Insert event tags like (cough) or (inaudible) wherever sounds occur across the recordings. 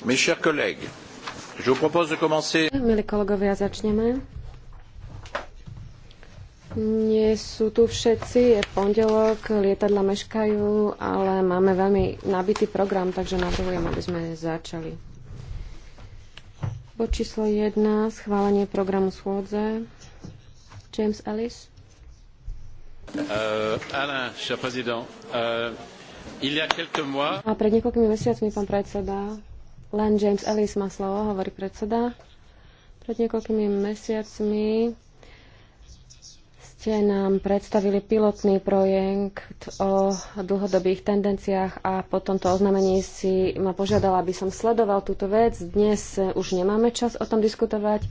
Mes chers collègues, je vous propose de commencer. Milí kolegovia, začneme. Nie sú tu všetci, je pondelok, lietadla meškajú, ale máme veľmi nabitý program, takže navrhujem, aby sme začali. Bod číslo 1, schválenie programu schôdze. James Ellis. Uh, Alain, cher président, uh, il y a quelques mois... A pred niekoľkými mesiacmi, pán predseda, len James Ellis má slovo, hovorí predseda. Pred niekoľkými mesiacmi ste nám predstavili pilotný projekt o dlhodobých tendenciách a po tomto oznamení si ma požiadala, aby som sledoval túto vec. Dnes už nemáme čas o tom diskutovať.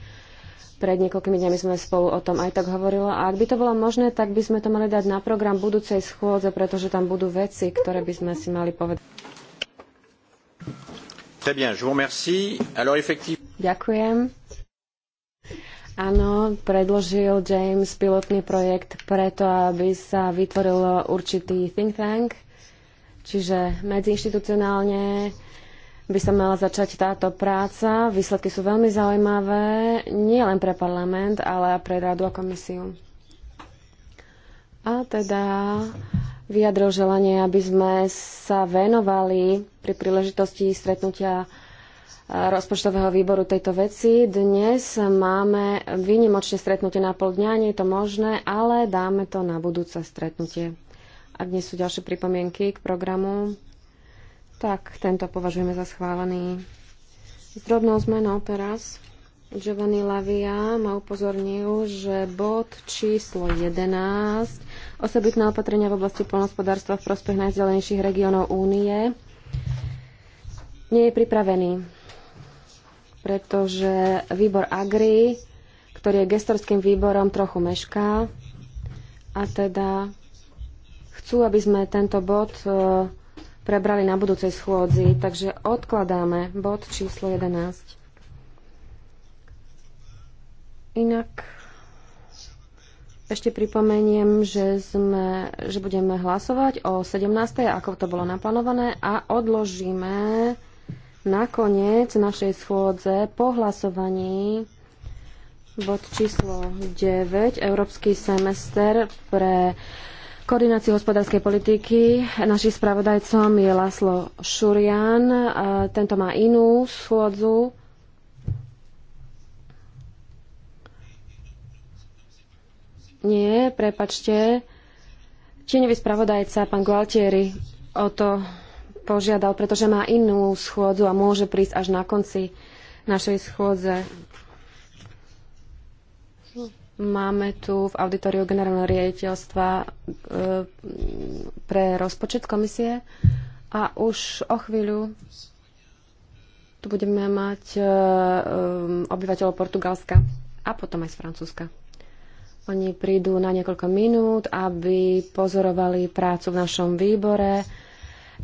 Pred niekoľkými dňami sme spolu o tom aj tak hovorilo. A ak by to bolo možné, tak by sme to mali dať na program budúcej schôdze, pretože tam budú veci, ktoré by sme si mali povedať. Très bien, je vous remercie. Alors, effectivement... Ďakujem. Áno, predložil James pilotný projekt preto, aby sa vytvoril určitý think tank, čiže medziinstitucionálne by sa mala začať táto práca. Výsledky sú veľmi zaujímavé, nie len pre parlament, ale aj pre radu a komisiu. A teda vyjadril želanie, aby sme sa venovali pri príležitosti stretnutia e, rozpočtového výboru tejto veci. Dnes máme výnimočne stretnutie na pol dňa, nie je to možné, ale dáme to na budúce stretnutie. Ak nie sú ďalšie pripomienky k programu, tak tento považujeme za schválený. S drobnou zmenou teraz. Giovanni Lavia ma upozornil, že bod číslo 11, osobitné opatrenia v oblasti polnospodárstva v prospech najzelenejších regiónov únie, nie je pripravený, pretože výbor Agri, ktorý je gestorským výborom, trochu mešká a teda chcú, aby sme tento bod e, prebrali na budúcej schôdzi, takže odkladáme bod číslo 11. Inak ešte pripomeniem, že, sme, že budeme hlasovať o 17. ako to bolo naplánované a odložíme nakoniec našej schôdze po hlasovaní bod číslo 9, Európsky semester pre koordináciu hospodárskej politiky. Našim spravodajcom je Laslo Šurian. Tento má inú schôdzu Nie, prepačte. Tieňový spravodajca, pán Gualtieri, o to požiadal, pretože má inú schôdzu a môže prísť až na konci našej schôdze. Máme tu v auditoriu generálneho riaditeľstva e, pre rozpočet komisie a už o chvíľu tu budeme mať e, e, obyvateľov Portugalska a potom aj z Francúzska. Oni prídu na niekoľko minút, aby pozorovali prácu v našom výbore.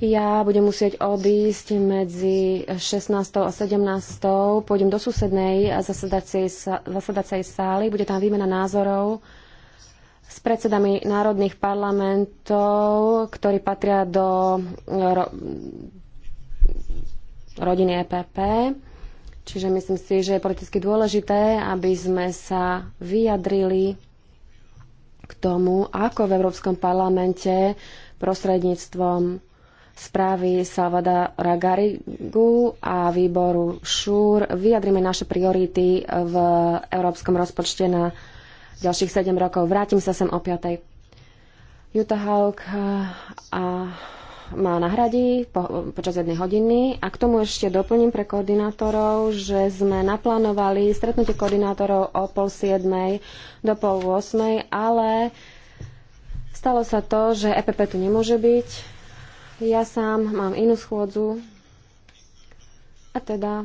Ja budem musieť odísť medzi 16. a 17. Pôjdem do susednej zasadacej sály. Bude tam výmena názorov s predsedami národných parlamentov, ktorí patria do ro- rodiny EPP. Čiže myslím si, že je politicky dôležité, aby sme sa vyjadrili k tomu, ako v Európskom parlamente prostredníctvom správy Salvada Ragarigu a výboru ŠUR vyjadrime naše priority v európskom rozpočte na ďalších 7 rokov. Vrátim sa sem o 5. Jutta Haug a ma nahradí po, počas jednej hodiny. A k tomu ešte doplním pre koordinátorov, že sme naplánovali stretnutie koordinátorov o pol siedmej do pol osmej, ale stalo sa to, že EPP tu nemôže byť. Ja sám mám inú schôdzu. A teda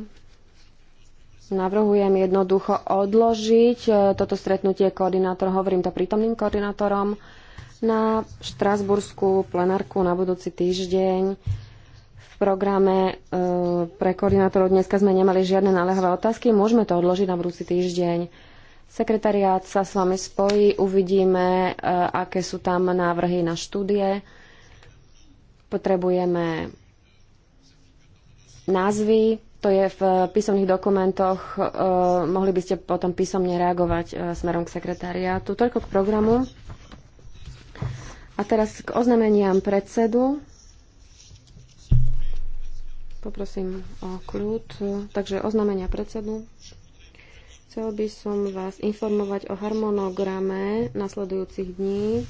navrhujem jednoducho odložiť e, toto stretnutie koordinátor, hovorím to prítomným koordinátorom, na Štrasburskú plenárku na budúci týždeň. V programe e, pre koordinátorov dneska sme nemali žiadne naliehavé otázky. Môžeme to odložiť na budúci týždeň. Sekretariát sa s vami spojí, uvidíme, e, aké sú tam návrhy na štúdie. Potrebujeme názvy, to je v písomných dokumentoch, e, mohli by ste potom písomne reagovať smerom k sekretariátu. Toľko k programu. A teraz k oznameniam predsedu. Poprosím o kľud. Takže oznamenia predsedu. Chcel by som vás informovať o harmonograme nasledujúcich dní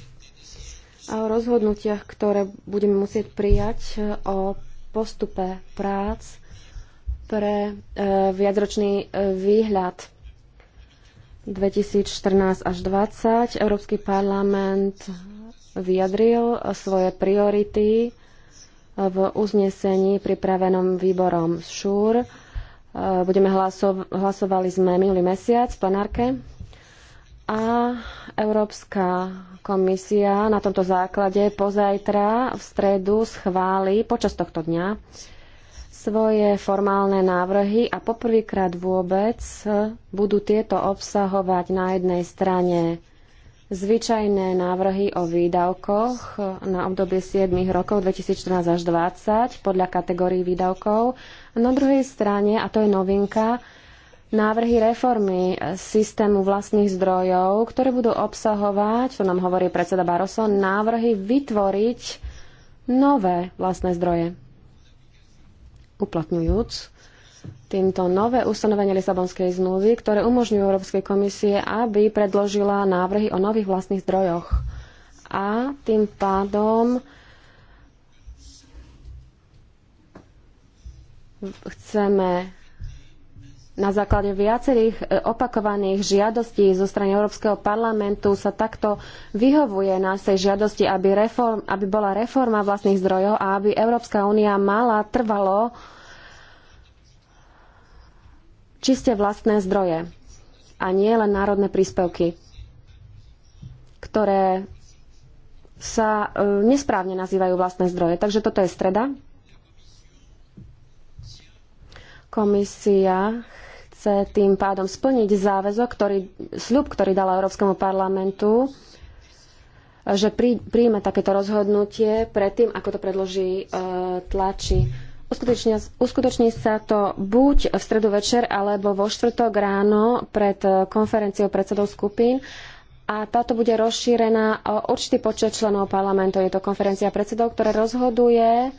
a o rozhodnutiach, ktoré budeme musieť prijať o postupe prác pre e, viacročný e, výhľad 2014 až 2020. Európsky parlament vyjadril svoje priority v uznesení pripravenom výborom ŠUR. E, budeme hlasov- hlasovali sme minulý mesiac v plenárke a Európska komisia na tomto základe pozajtra v stredu schváli počas tohto dňa svoje formálne návrhy a poprvýkrát vôbec budú tieto obsahovať na jednej strane zvyčajné návrhy o výdavkoch na obdobie 7 rokov 2014 až 2020 podľa kategórií výdavkov. Na druhej strane, a to je novinka, návrhy reformy systému vlastných zdrojov, ktoré budú obsahovať, to nám hovorí predseda Barroso, návrhy vytvoriť nové vlastné zdroje uplatňujúc týmto nové ustanovenie Lisabonskej zmluvy, ktoré umožňujú Európskej komisie, aby predložila návrhy o nových vlastných zdrojoch. A tým pádom chceme na základe viacerých e, opakovaných žiadostí zo strany Európskeho parlamentu sa takto vyhovuje na tej žiadosti, aby, reform, aby bola reforma vlastných zdrojov a aby Európska únia mala trvalo čiste vlastné zdroje a nie len národné príspevky, ktoré sa e, nesprávne nazývajú vlastné zdroje. Takže toto je streda. Komisia chce tým pádom splniť záväzok, ktorý, sľub, ktorý dala Európskemu parlamentu, že prí, príjme takéto rozhodnutie predtým, ako to predloží e, tlači uskutoční sa to buď v stredu večer, alebo vo štvrtok ráno pred e, konferenciou predsedov skupín a táto bude rozšírená o určitý počet členov parlamentu. Je to konferencia predsedov, ktorá rozhoduje.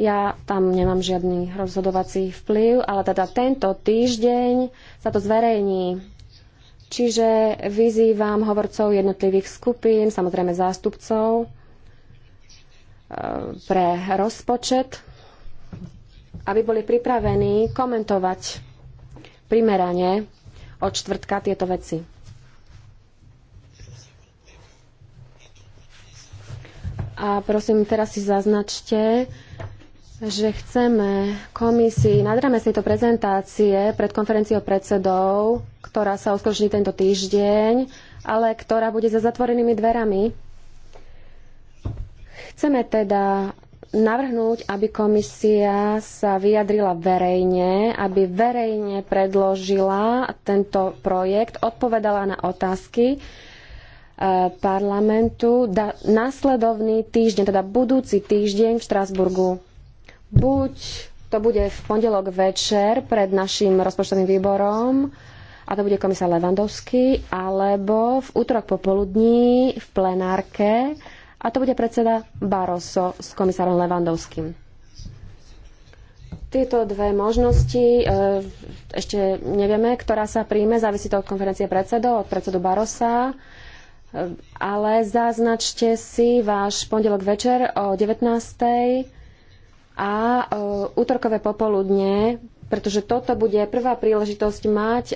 Ja tam nemám žiadny rozhodovací vplyv, ale teda tento týždeň sa to zverejní. Čiže vyzývam hovorcov jednotlivých skupín, samozrejme zástupcov e, pre rozpočet aby boli pripravení komentovať primerane od štvrtka tieto veci. A prosím, teraz si zaznačte, že chceme komisii nad rámec tejto prezentácie pred konferenciou predsedov, ktorá sa uskutoční tento týždeň, ale ktorá bude za zatvorenými dverami. Chceme teda navrhnúť, aby komisia sa vyjadrila verejne, aby verejne predložila tento projekt, odpovedala na otázky e, parlamentu da, nasledovný týždeň, teda budúci týždeň v Štrasburgu. Buď to bude v pondelok večer pred našim rozpočtovým výborom, a to bude komisár Levandovský, alebo v útorok popoludní v plenárke a to bude predseda Barroso s komisárom Levandovským. Tieto dve možnosti, e, ešte nevieme, ktorá sa príjme, závisí to od konferencie predsedov, od predsedu Barosa, e, ale zaznačte si váš pondelok večer o 19. a e, útorkové popoludne, pretože toto bude prvá príležitosť mať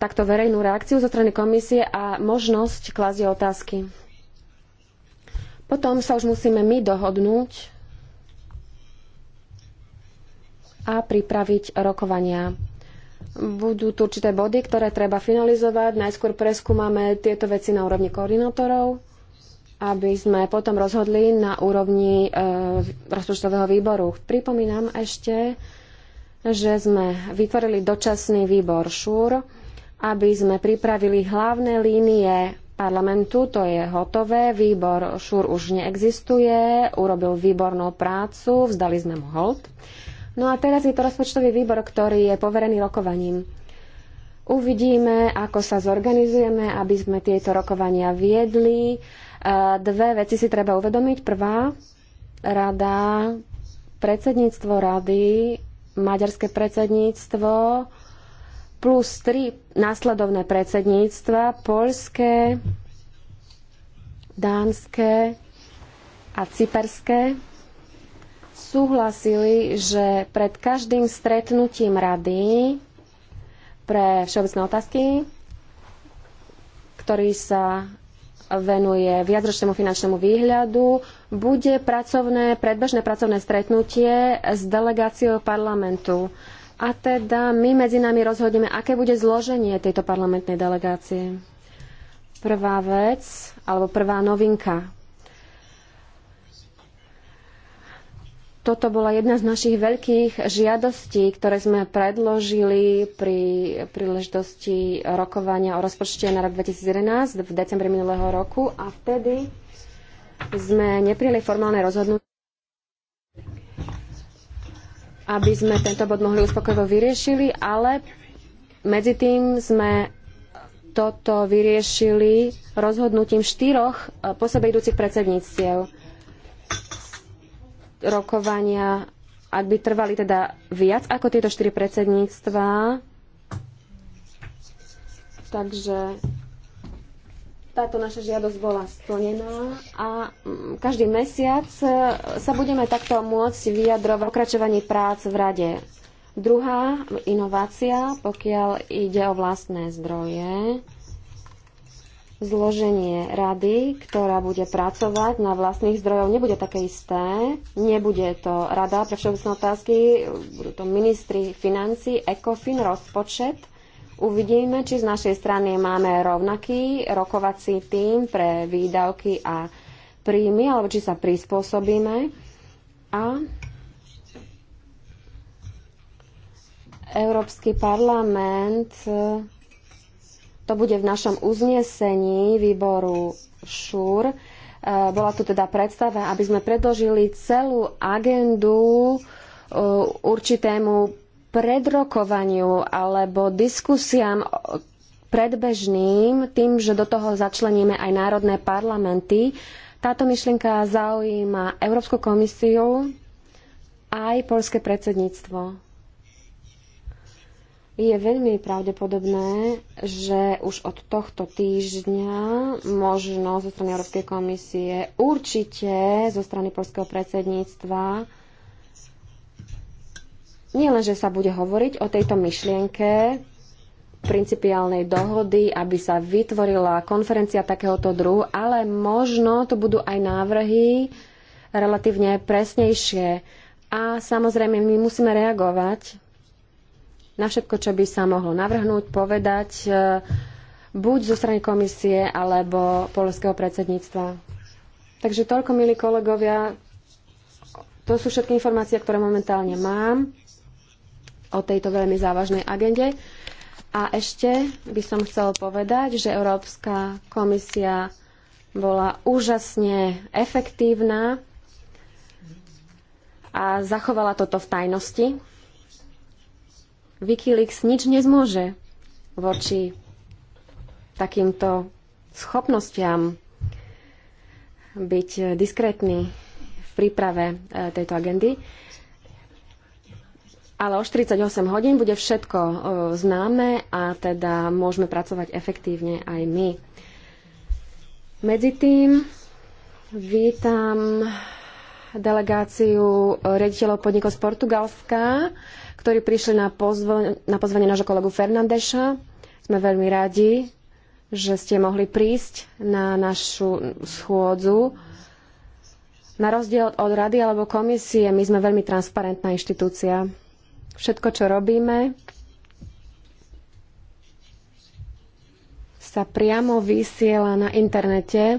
takto verejnú reakciu zo strany komisie a možnosť klásť otázky. Potom sa už musíme my dohodnúť a pripraviť rokovania. Budú tu určité body, ktoré treba finalizovať. Najskôr preskúmame tieto veci na úrovni koordinátorov, aby sme potom rozhodli na úrovni e, rozpočtového výboru. Pripomínam ešte, že sme vytvorili dočasný výbor ŠUR, aby sme pripravili hlavné línie parlamentu, to je hotové, výbor ŠUR už neexistuje, urobil výbornú prácu, vzdali sme mu hold. No a teraz je to rozpočtový výbor, ktorý je poverený rokovaním. Uvidíme, ako sa zorganizujeme, aby sme tieto rokovania viedli. E, dve veci si treba uvedomiť. Prvá, rada, predsedníctvo rady, maďarské predsedníctvo plus tri následovné predsedníctva, poľské, dánske a cyperské, súhlasili, že pred každým stretnutím rady pre všeobecné otázky, ktorý sa venuje viacročnému finančnému výhľadu, bude pracovné, predbežné pracovné stretnutie s delegáciou parlamentu a teda my medzi nami rozhodneme, aké bude zloženie tejto parlamentnej delegácie. Prvá vec, alebo prvá novinka. Toto bola jedna z našich veľkých žiadostí, ktoré sme predložili pri príležitosti rokovania o rozpočte na rok 2011 v decembri minulého roku a vtedy sme neprijeli formálne rozhodnutie aby sme tento bod mohli uspokojivo vyriešili, ale medzi tým sme toto vyriešili rozhodnutím štyroch eh, po sebe idúcich predsedníctiev. Rokovania, ak by trvali teda viac ako tieto štyri predsedníctvá, takže táto naša žiadosť bola splnená a mm, každý mesiac e, sa budeme takto môcť vyjadrovať pokračovanie prác v rade. Druhá inovácia, pokiaľ ide o vlastné zdroje, zloženie rady, ktorá bude pracovať na vlastných zdrojov, nebude také isté. Nebude to rada pre všeobecné otázky, budú to ministri financí, ECOFIN, rozpočet – Uvidíme, či z našej strany máme rovnaký rokovací tým pre výdavky a príjmy, alebo či sa prispôsobíme. A Európsky parlament to bude v našom uznesení výboru ŠUR. E, bola tu teda predstava, aby sme predložili celú agendu e, určitému predrokovaniu alebo diskusiám predbežným, tým, že do toho začleníme aj národné parlamenty. Táto myšlienka zaujíma Európsku komisiu aj poľské predsedníctvo. Je veľmi pravdepodobné, že už od tohto týždňa možno zo strany Európskej komisie, určite zo strany poľského predsedníctva, nie len, že sa bude hovoriť o tejto myšlienke principiálnej dohody, aby sa vytvorila konferencia takéhoto druhu, ale možno to budú aj návrhy relatívne presnejšie. A samozrejme, my musíme reagovať na všetko, čo by sa mohlo navrhnúť, povedať, e, buď zo strany komisie, alebo polského predsedníctva. Takže toľko, milí kolegovia, to sú všetky informácie, ktoré momentálne mám o tejto veľmi závažnej agende. A ešte by som chcel povedať, že Európska komisia bola úžasne efektívna a zachovala toto v tajnosti. Wikileaks nič nezmôže voči takýmto schopnostiam byť diskrétny v príprave e, tejto agendy ale o 48 hodín bude všetko e, známe a teda môžeme pracovať efektívne aj my. Medzi tým vítam delegáciu rediteľov podnikov z Portugalska, ktorí prišli na, pozvo- na pozvanie nášho kolegu Fernandeša. Sme veľmi radi, že ste mohli prísť na našu schôdzu. Na rozdiel od rady alebo komisie, my sme veľmi transparentná inštitúcia. Všetko, čo robíme, sa priamo vysiela na internete.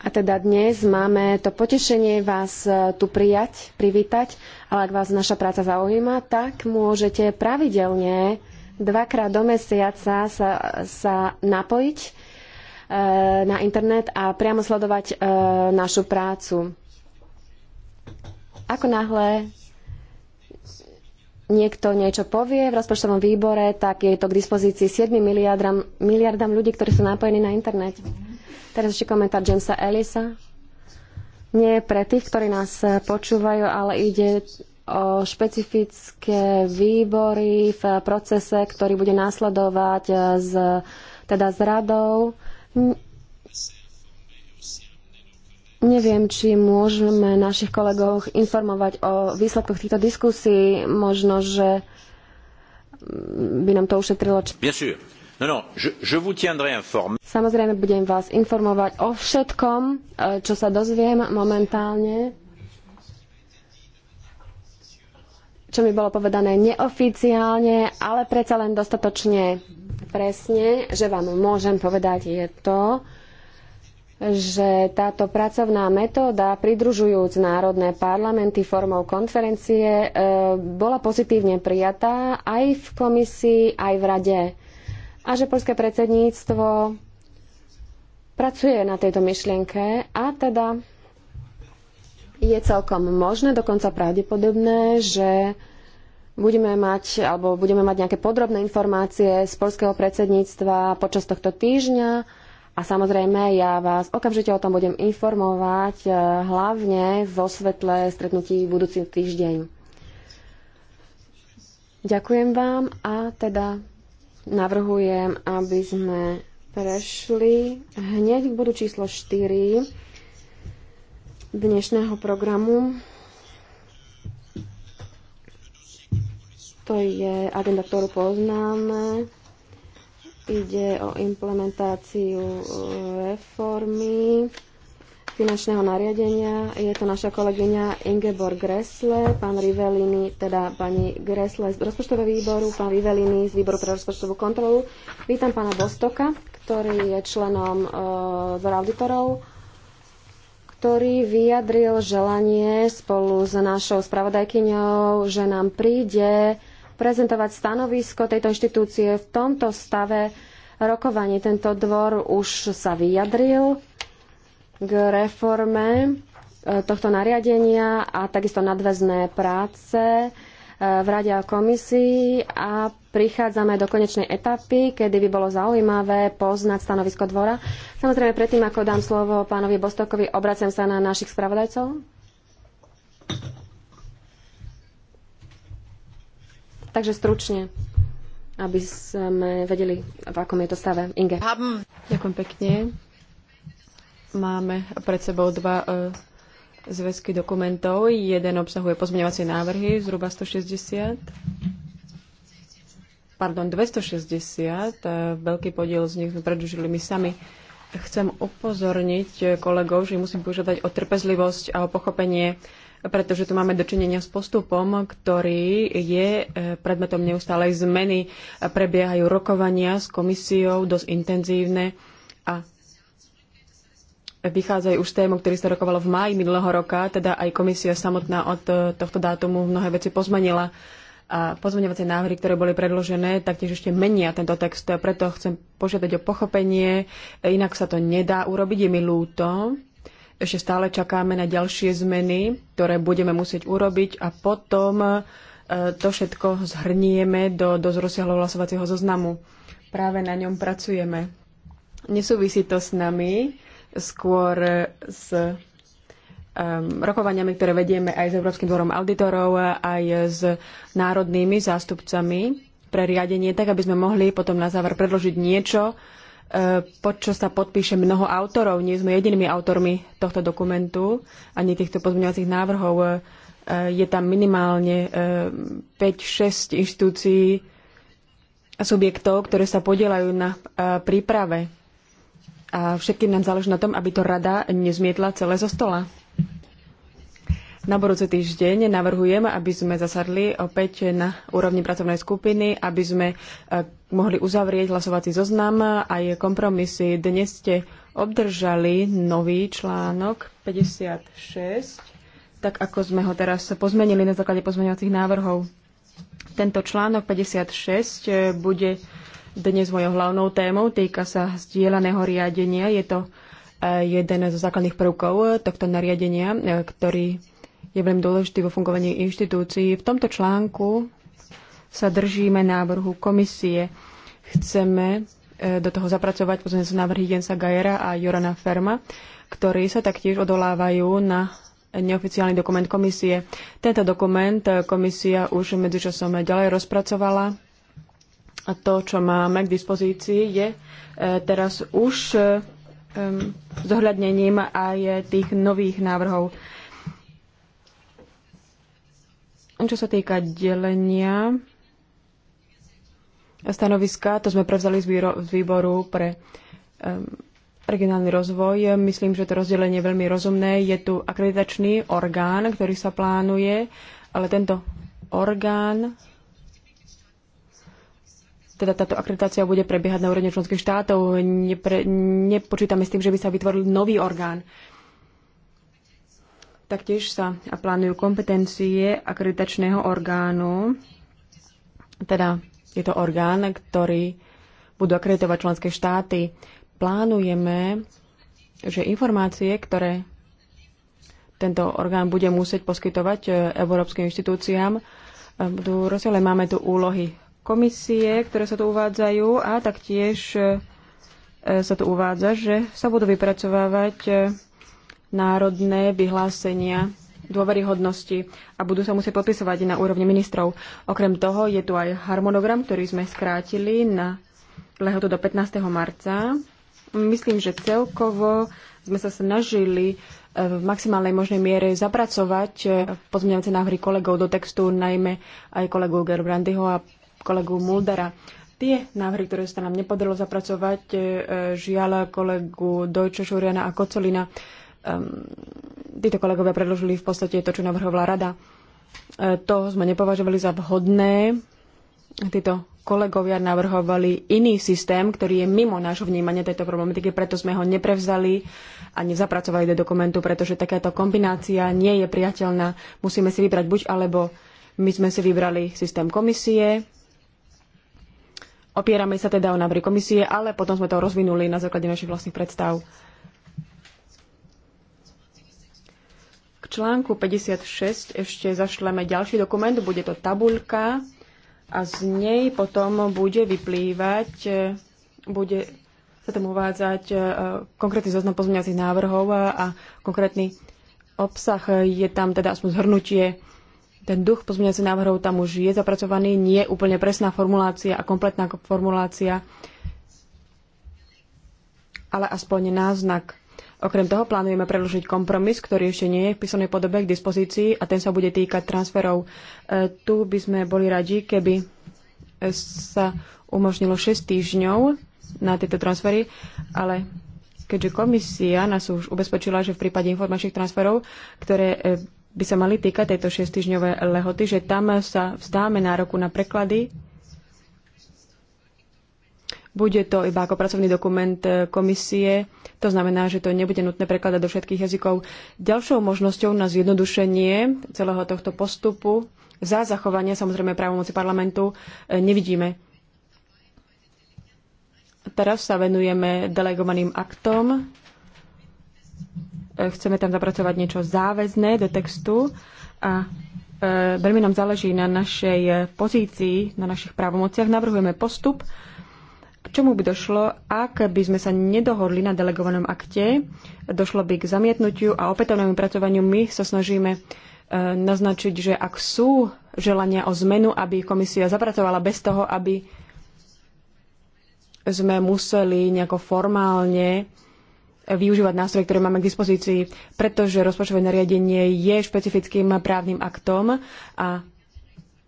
A teda dnes máme to potešenie vás e, tu prijať, privítať, ale ak vás naša práca zaujíma, tak môžete pravidelne dvakrát do mesiaca sa, sa napojiť e, na internet a priamo sledovať e, našu prácu. Ako náhle niekto niečo povie v rozpočtovom výbore, tak je to k dispozícii 7 miliardám, miliardám ľudí, ktorí sú napojení na internet. Teraz ešte komentár Jamesa Ellisa. Nie pre tých, ktorí nás počúvajú, ale ide o špecifické výbory v procese, ktorý bude následovať z, teda z radou. Neviem, či môžeme našich kolegov informovať o výsledkoch týchto diskusí. Možno, že by nám to ušetrilo. No, no, je, je Samozrejme, budem vás informovať o všetkom, e, čo sa dozviem momentálne. Čo mi bolo povedané neoficiálne, ale predsa len dostatočne presne, že vám môžem povedať, je to, že táto pracovná metóda, pridružujúc národné parlamenty formou konferencie, e, bola pozitívne prijatá aj v komisii, aj v rade. A že polské predsedníctvo pracuje na tejto myšlienke a teda je celkom možné, dokonca pravdepodobné, že budeme mať, alebo budeme mať nejaké podrobné informácie z polského predsedníctva počas tohto týždňa a samozrejme, ja vás okamžite o tom budem informovať, eh, hlavne vo svetle stretnutí budúci týždeň. Ďakujem vám a teda navrhujem, aby sme prešli hneď k bodu číslo 4 dnešného programu. To je agenda, ktorú poznáme. Ide o implementáciu e, reformy finančného nariadenia. Je to naša kolegyňa Ingeborg Gressle, pán Rivelini, teda pani Gressle z rozpočtového výboru, pán Rivelini z výboru pre rozpočtovú kontrolu. Vítam pána Bostoka, ktorý je členom e, dvora auditorov, ktorý vyjadril želanie spolu s našou spravodajkyňou, že nám príde prezentovať stanovisko tejto inštitúcie v tomto stave rokovaní. Tento dvor už sa vyjadril k reforme e, tohto nariadenia a takisto nadväzné práce e, v Rade a komisii a prichádzame do konečnej etapy, kedy by bolo zaujímavé poznať stanovisko dvora. Samozrejme, predtým, ako dám slovo pánovi Bostokovi, obraciam sa na našich spravodajcov. Takže stručne, aby sme vedeli, v akom je to stave. Inge. Ďakujem pekne. Máme pred sebou dva e, zväzky dokumentov. Jeden obsahuje pozmeňovacie návrhy, zhruba 160. Pardon, 260. E, veľký podiel z nich sme predlžili my sami. Chcem upozorniť kolegov, že musím požiadať o trpezlivosť a o pochopenie pretože tu máme dočinenia s postupom, ktorý je e, predmetom neustálej zmeny. Prebiehajú rokovania s komisiou, dosť intenzívne a vychádzajú už tému, ktorý sa rokovalo v máji minulého roka, teda aj komisia samotná od e, tohto dátumu mnohé veci pozmenila a pozmeňovacie návrhy, ktoré boli predložené, taktiež ešte menia tento text. Preto chcem požiadať o pochopenie, inak sa to nedá urobiť, je mi ľúto ešte stále čakáme na ďalšie zmeny, ktoré budeme musieť urobiť a potom e, to všetko zhrnieme do dosť rozsiahlo hlasovacieho zoznamu. Práve na ňom pracujeme. Nesúvisí to s nami, skôr s um, rokovaniami, ktoré vedieme aj s Európskym dvorom auditorov, aj s národnými zástupcami pre riadenie, tak aby sme mohli potom na záver predložiť niečo, Eh, pod čo sa podpíše mnoho autorov. Nie sme jedinými autormi tohto dokumentu ani týchto pozmeňovacích návrhov. Eh, je tam minimálne 5-6 eh, inštitúcií a subjektov, ktoré sa podielajú na príprave. A všetkým nám záleží na tom, aby to rada nezmietla celé zo stola. Na budúci týždeň navrhujem, aby sme zasadli opäť na úrovni pracovnej skupiny, aby sme e, mohli uzavrieť hlasovací zoznam aj kompromisy. Dnes ste obdržali nový článok 56, tak ako sme ho teraz pozmenili na základe pozmeňovacích návrhov. Tento článok 56 e, bude dnes mojou hlavnou témou, týka sa zdieľaného riadenia. Je to e, jeden zo základných prvkov tohto nariadenia, ktorý je veľmi dôležitý vo fungovaní inštitúcií. V tomto článku sa držíme návrhu komisie. Chceme e, do toho zapracovať pozornosť návrhy Jensa Gajera a Jorana Ferma, ktorí sa taktiež odolávajú na neoficiálny dokument komisie. Tento dokument komisia už medzičasom ďalej rozpracovala. A to, čo máme k dispozícii, je e, teraz už e, zohľadnením aj tých nových návrhov. Čo sa týka delenia stanoviska, to sme prevzali z výboru pre um, regionálny rozvoj. Myslím, že to rozdelenie je veľmi rozumné. Je tu akreditačný orgán, ktorý sa plánuje, ale tento orgán teda táto akreditácia bude prebiehať na úrovni členských štátov. Nepre, nepočítame s tým, že by sa vytvoril nový orgán. Taktiež sa plánujú kompetencie akreditačného orgánu, teda je to orgán, ktorý budú akreditovať členské štáty. Plánujeme, že informácie, ktoré tento orgán bude musieť poskytovať e, európskym inštitúciám, e, budú rozdielne. Máme tu úlohy komisie, ktoré sa tu uvádzajú a taktiež e, sa tu uvádza, že sa budú vypracovávať národné vyhlásenia dôveryhodnosti a budú sa musieť podpisovať na úrovni ministrov. Okrem toho je tu aj harmonogram, ktorý sme skrátili na lehotu do 15. marca. Myslím, že celkovo sme sa snažili e, v maximálnej možnej miere zapracovať e, pozmeňovacie návrhy kolegov do textu, najmä aj kolegu Gerbrandyho a kolegu Muldera. Tie návrhy, ktoré sa nám nepodarilo zapracovať, e, žiala kolegu Dojča, Šuriana a Kocolina, títo kolegovia predložili v podstate to, čo navrhovala rada. E, to sme nepovažovali za vhodné. Títo kolegovia navrhovali iný systém, ktorý je mimo nášho vnímania tejto problematiky, preto sme ho neprevzali a nezapracovali do dokumentu, pretože takáto kombinácia nie je priateľná. Musíme si vybrať buď alebo my sme si vybrali systém komisie, opierame sa teda o návrhy komisie, ale potom sme to rozvinuli na základe našich vlastných predstav. K článku 56 ešte zašleme ďalší dokument, bude to tabuľka a z nej potom bude vyplývať, e, bude sa tam uvádzať e, konkrétny zoznam pozmeňacích návrhov a konkrétny obsah. Je tam teda aspoň zhrnutie ten duch pozmeňacích návrhov tam už je zapracovaný, nie je úplne presná formulácia a kompletná formulácia, ale aspoň náznak. Okrem toho plánujeme predložiť kompromis, ktorý ešte nie je v písomnej podobe k dispozícii a ten sa bude týkať transferov. E, tu by sme boli radi, keby sa umožnilo 6 týždňov na tieto transfery, ale keďže komisia nás už ubezpečila, že v prípade informačných transferov, ktoré e, by sa mali týkať tejto 6-týždňové lehoty, že tam sa vzdáme nároku na preklady. Bude to iba ako pracovný dokument e, komisie to znamená, že to nebude nutné prekladať do všetkých jazykov. Ďalšou možnosťou na zjednodušenie celého tohto postupu za zachovanie samozrejme právomoci parlamentu e, nevidíme. Teraz sa venujeme delegovaným aktom. E, chceme tam zapracovať niečo záväzné do textu a e, veľmi nám záleží na našej pozícii, na našich právomociach. Navrhujeme postup, k čomu by došlo, ak by sme sa nedohodli na delegovanom akte? Došlo by k zamietnutiu a opätovnému pracovaniu. My sa snažíme e, naznačiť, že ak sú želania o zmenu, aby komisia zapracovala bez toho, aby sme museli nejako formálne využívať nástroje, ktoré máme k dispozícii, pretože rozpočtové nariadenie je špecifickým právnym aktom a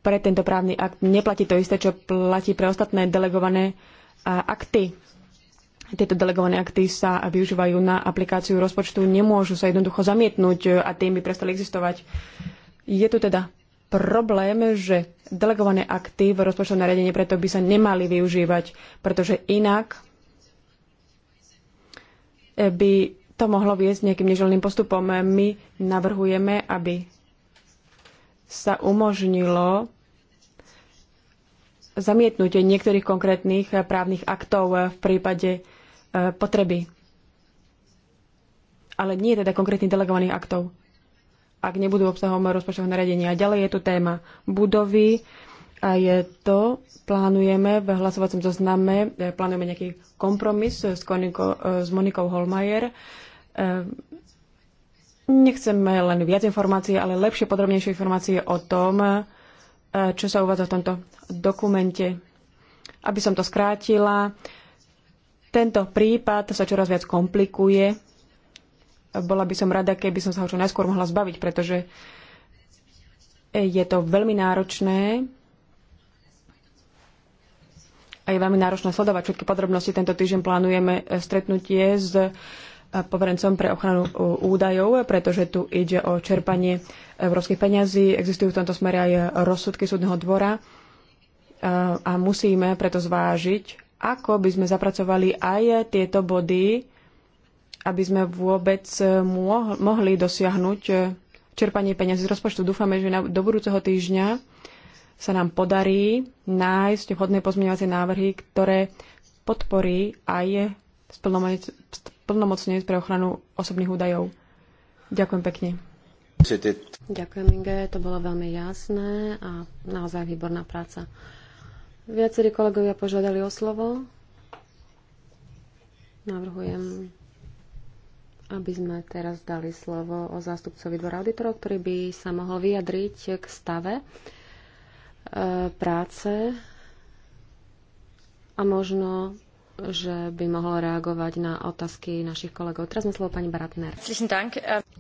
pre tento právny akt neplatí to isté, čo platí pre ostatné delegované akty. Tieto delegované akty sa využívajú na aplikáciu rozpočtu, nemôžu sa jednoducho zamietnúť eh, a tým by prestali existovať. Je tu teda problém, že delegované akty v rozpočtovom nariadení preto by sa nemali využívať, pretože inak eh, by to mohlo viesť nejakým neželným postupom. My navrhujeme, aby sa umožnilo zamietnutie niektorých konkrétnych právnych aktov v prípade e, potreby. Ale nie teda konkrétnych delegovaných aktov, ak nebudú obsahom rozpočtového nariadenia. Ďalej je tu téma budovy a je to, plánujeme v hlasovacom zozname, e, plánujeme nejaký kompromis s, Koniko, e, s Monikou Holmajer. Nechceme len viac informácií, ale lepšie, podrobnejšie informácie o tom, Eh, čo sa uvádza v tomto dokumente. Aby som to skrátila, tento prípad sa čoraz viac komplikuje. Bola by som rada, keby som sa ho čo najskôr mohla zbaviť, pretože eh, je to veľmi náročné a je veľmi náročné sledovať všetky podrobnosti. Tento týždeň plánujeme eh, stretnutie s poverencom pre ochranu e, údajov, pretože tu ide o čerpanie európskych peňazí. Existujú v tomto smere aj rozsudky súdneho dvora e, a musíme preto zvážiť, ako by sme zapracovali aj tieto body, aby sme vôbec e, mohli dosiahnuť čerpanie peňazí z rozpočtu. Dúfame, že do budúceho týždňa sa nám podarí nájsť vhodné pozmeňovacie návrhy, ktoré podporí aj splnomocnenec pre ochranu osobných údajov. Ďakujem pekne. Ďakujem, Inge, to bolo veľmi jasné a naozaj výborná práca. Viacerí kolegovia požiadali o slovo. Navrhujem, aby sme teraz dali slovo o zástupcovi dvora auditorov, ktorý by sa mohol vyjadriť k stave e, práce a možno že by mohol reagovať na otázky našich kolegov. Teraz má slovo pani Baratner.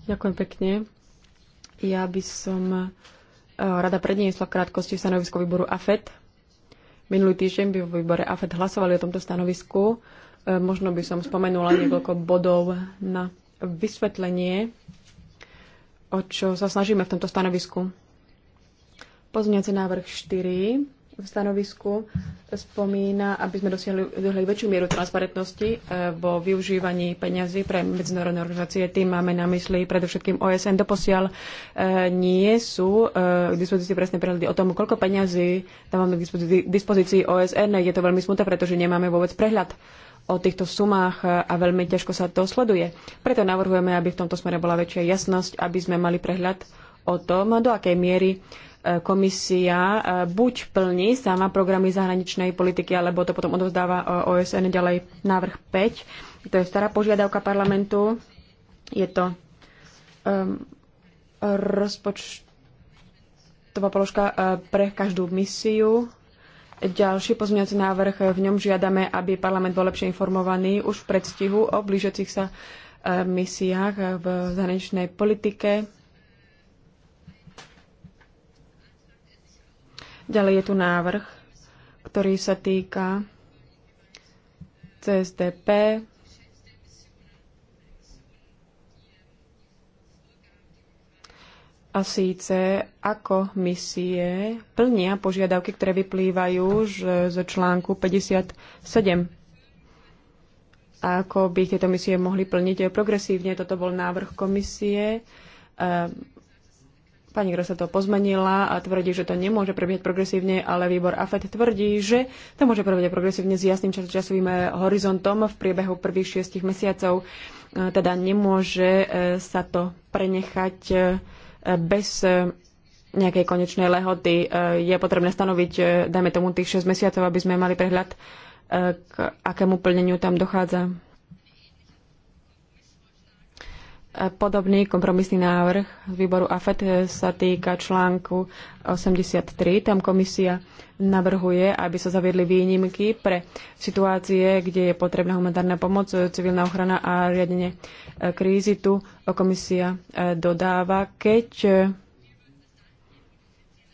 Ďakujem pekne. Ja by som eh, rada predniesla v krátkosti stanovisko výboru AFET. Minulý týždeň by vo výbore AFET hlasovali o tomto stanovisku. Eh, možno by som spomenula niekoľko bodov na vysvetlenie, o čo sa snažíme v tomto stanovisku. Pozňujúci návrh 4 v stanovisku spomína, aby sme dosiahli, dosiahli väčšiu mieru transparentnosti e, vo využívaní peňazí pre medzinárodné organizácie. Tým máme na mysli predovšetkým OSN. Doposiaľ e, nie sú e, k dispozícii presné prehľady o tom, koľko peňazí máme k dispozícii OSN. Je to veľmi smutné, pretože nemáme vôbec prehľad o týchto sumách a veľmi ťažko sa to sleduje. Preto navrhujeme, aby v tomto smere bola väčšia jasnosť, aby sme mali prehľad o tom, do akej miery E, komisia e, buď plní sama programy zahraničnej politiky, alebo to potom odovzdáva e, OSN ďalej návrh 5. To je stará požiadavka parlamentu. Je to um, rozpočtová položka pre každú misiu. Ďalší pozmeňovací návrh, v ňom žiadame, aby parlament bol lepšie informovaný už v predstihu o blížiacich sa misiách v zahraničnej politike Ďalej je tu návrh, ktorý sa týka CSDP, a síce ako misie plnia požiadavky, ktoré vyplývajú z, článku 57 a ako by tieto misie mohli plniť progresívne. Toto bol návrh komisie. Ehm, Pani Grosa to pozmenila a tvrdí, že to nemôže prebiehať progresívne, ale výbor AFET tvrdí, že to môže prebiehať progresívne s jasným časovým eh, horizontom v priebehu prvých šiestich mesiacov. Eh, teda nemôže eh, sa to prenechať bez nejakej konečnej lehoty. Je potrebné stanoviť, dajme tomu, tých 6 mesiacov, aby sme mali prehľad, k akému plneniu tam dochádza. Podobný kompromisný návrh výboru AFET sa týka článku 83. Tam komisia navrhuje, aby sa zaviedli výnimky pre situácie, kde je potrebná humanitárna pomoc, civilná ochrana a riadenie e, krízy. Tu e, komisia e, dodáva, keď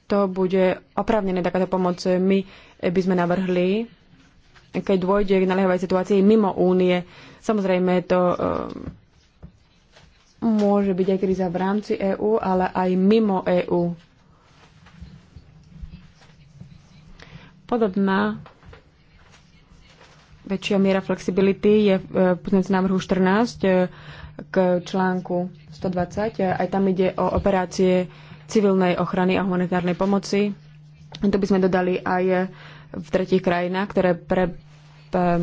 to bude oprávnené takáto pomoc. My by sme navrhli, keď dôjde k naliehavej situácii mimo únie. Samozrejme, to môže byť aj kríza v rámci EÚ, ale aj mimo EÚ. Podobná väčšia miera flexibility je v e, pozmeňujúcom návrhu 14 e, k článku 120. E, aj tam ide o operácie civilnej ochrany a humanitárnej pomoci. To by sme dodali aj v tretich krajinách, ktoré pre,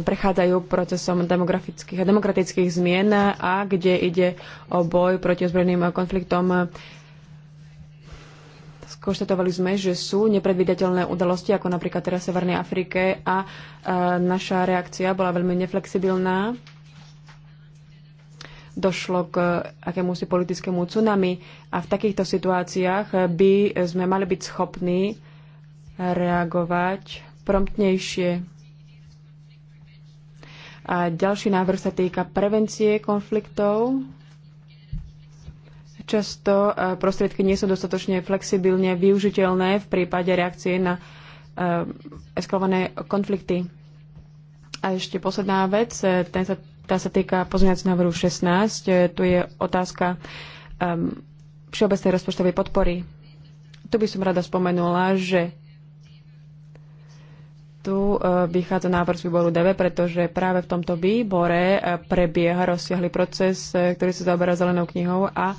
prechádzajú procesom demografických a demokratických zmien a kde ide o boj proti ozbrojeným konfliktom. Skonštatovali sme, že sú nepredvídateľné udalosti, ako napríklad teraz v Severnej Afrike a e, naša reakcia bola veľmi neflexibilná. Došlo k e, akémusi politickému tsunami a v takýchto situáciách e, by sme mali byť schopní reagovať promptnejšie a ďalší návrh sa týka prevencie konfliktov. Často e, prostriedky nie sú dostatočne flexibilne využiteľné v prípade reakcie na e, eskalované konflikty. A ešte posledná vec, e, ten sa, tá sa týka pozmeňovacieho návrhu 16. Tu je otázka um, všeobecnej rozpočtovej podpory. Tu by som rada spomenula, že tu e, vychádza návrh z výboru DV, pretože práve v tomto výbore e, prebieha rozsiahly proces, e, ktorý sa zaoberá zelenou knihou a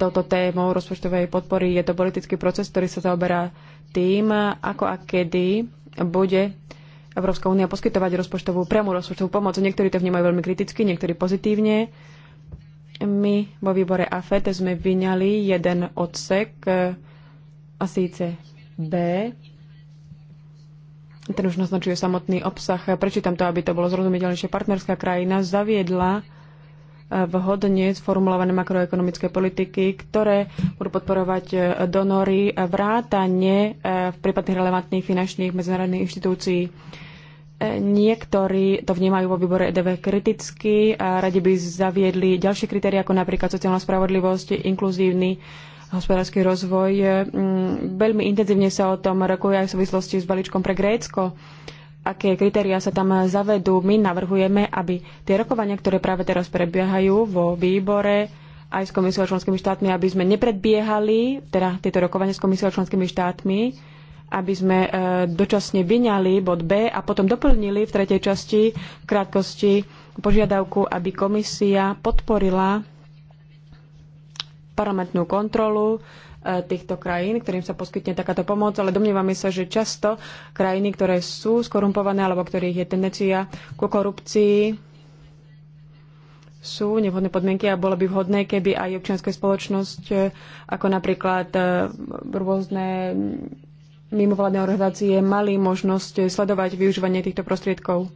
touto témou rozpočtovej podpory. Je to politický proces, ktorý sa zaoberá tým, ako a kedy bude Európska únia poskytovať rozpočtovú, priamu rozpočtovú pomoc. Niektorí to vnímajú veľmi kriticky, niektorí pozitívne. My vo výbore AFET sme vyňali jeden odsek, a síce B, ten už naznačuje samotný obsah. Prečítam to, aby to bolo zrozumiteľnejšie. Partnerská krajina zaviedla e, vhodne sformulované makroekonomické politiky, ktoré budú podporovať e, donory vrátane e, v prípadných relevantných finančných medzinárodných inštitúcií. Niektorí to vnímajú vo výbore EDV kriticky a radi by zaviedli ďalšie kritéria, ako napríklad sociálna spravodlivosť, inkluzívny hospodársky rozvoj. Eh, mm, veľmi intenzívne sa o tom rokuje aj v súvislosti s balíčkom pre Grécko. Aké kritériá sa tam zavedú? My navrhujeme, aby tie rokovania, ktoré práve teraz prebiehajú vo výbore, aj s komisiou a členskými štátmi, aby sme nepredbiehali, teda tieto rokovania s komisiou a členskými štátmi, aby sme eh, dočasne vyňali bod B a potom doplnili v tretej časti v krátkosti požiadavku, aby komisia podporila parlamentnú kontrolu e, týchto krajín, ktorým sa poskytne takáto pomoc, ale domnievame sa, že často krajiny, ktoré sú skorumpované alebo ktorých je tendencia ku korupcii, sú nevhodné podmienky a bolo by vhodné, keby aj občianská spoločnosť, e, ako napríklad e, rôzne mimovládne organizácie, mali možnosť sledovať využívanie týchto prostriedkov.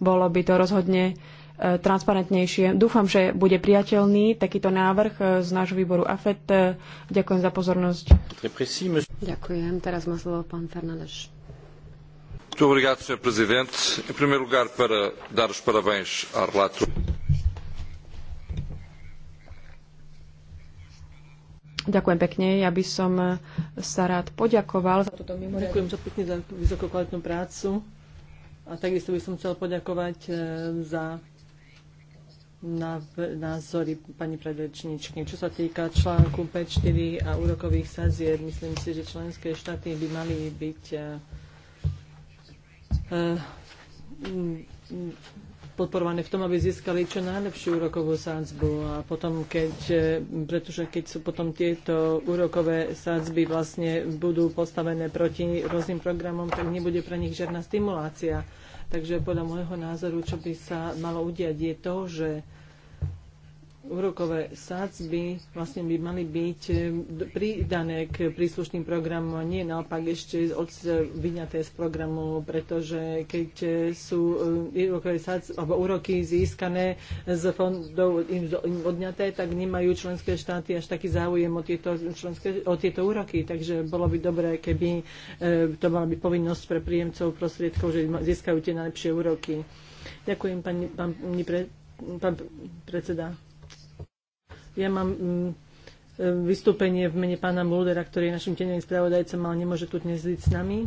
Bolo by to rozhodne transparentnejšie. Dúfam, že bude priateľný takýto návrh e, z nášho výboru AFET. E, Ďakujem za pozornosť. Ďakujem. Teraz má slovo pán Fernández. Ďakujem pekne. Ja by som e, sa rád poďakoval za túto mimoriadnú... Ďakujem za pekne za vysokokvalitnú prácu. A takisto by som chcel poďakovať za názory pani predrečníčky. Čo sa týka článku 5.4 a úrokových sadzieb, myslím si, že členské štáty by mali byť eh, eh, podporované v tom, aby získali čo najlepšiu úrokovú sádzbu. A potom, keď, e, pretože keď sú potom tieto úrokové sádzby vlastne budú postavené proti rôznym programom, tak nebude pre nich žiadna stimulácia. Takže podľa môjho názoru, čo by sa malo udiať, je to, že úrokové sádzby vlastne by mali byť eh, pridané k príslušným programom a nie naopak ešte od vyňaté z programu, pretože keď eh, sú eh, úrokové sádzby, alebo úroky získané z fondov im, odňaté, tak nemajú členské štáty až taký záujem o tieto, členské, o tieto úroky. Takže bolo by dobré, keby to mala byť povinnosť pre príjemcov prostriedkov, že získajú tie najlepšie úroky. Ďakujem, pani, pre, pán predseda ja mám mm, e, vystúpenie v mene pána Muldera, ktorý je našim tenovým spravodajcom, ale nemôže tu dnes byť s nami.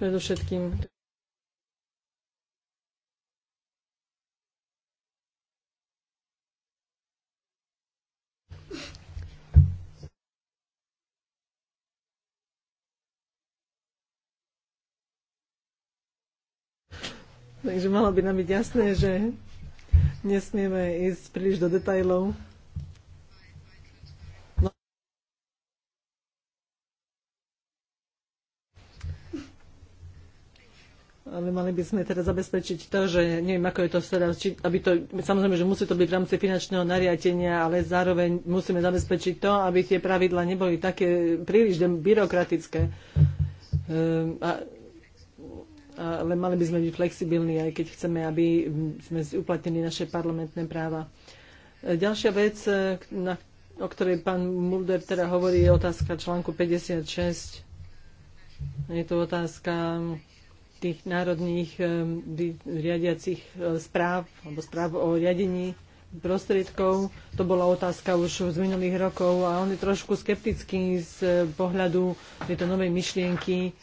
Predovšetkým Takže malo by nám byť jasné, že Nesmieme ísť príliš do detajlov. No. Ale mali by sme teda zabezpečiť to, že neviem, ako je to teda. či, aby to, samozrejme, že musí to byť v rámci finančného nariadenia, ale zároveň musíme zabezpečiť to, aby tie pravidla neboli také príliš byrokratické. Ehm, a ale mali by sme byť flexibilní, aj keď chceme, aby sme uplatnili naše parlamentné práva. E, ďalšia vec, e, na, o ktorej pán Mulder teda hovorí, je otázka článku 56. Je to otázka tých národných e, riadiacich správ alebo správ o riadení prostriedkov. To bola otázka už z minulých rokov a on je trošku skeptický z pohľadu tejto novej myšlienky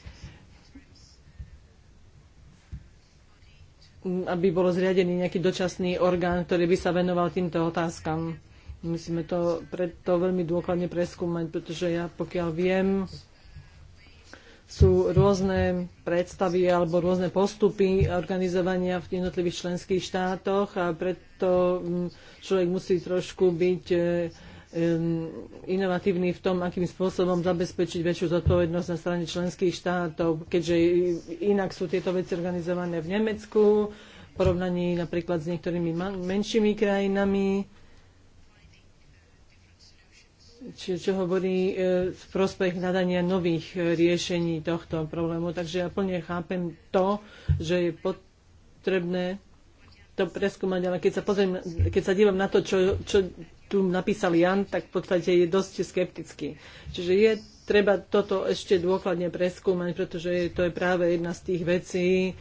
aby bol zriadený nejaký dočasný orgán, ktorý by sa venoval týmto otázkam. Musíme to preto veľmi dôkladne preskúmať, pretože ja pokiaľ viem, sú rôzne predstavy alebo rôzne postupy organizovania v jednotlivých členských štátoch a preto mm, človek musí trošku byť e, inovatívny v tom, akým spôsobom zabezpečiť väčšiu zodpovednosť na strane členských štátov, keďže inak sú tieto veci organizované v Nemecku, v porovnaní napríklad s niektorými menšími krajinami. Čiže čo hovorí e, v prospech nadania nových e, riešení tohto problému. Takže ja plne chápem to, že je potrebné to preskúmať, ale keď sa, pozriem, keď sa dívam na to, čo, čo tu napísal Jan, tak v podstate je dosť skeptický. Čiže je treba toto ešte dôkladne preskúmať, pretože to je práve jedna z tých vecí, e,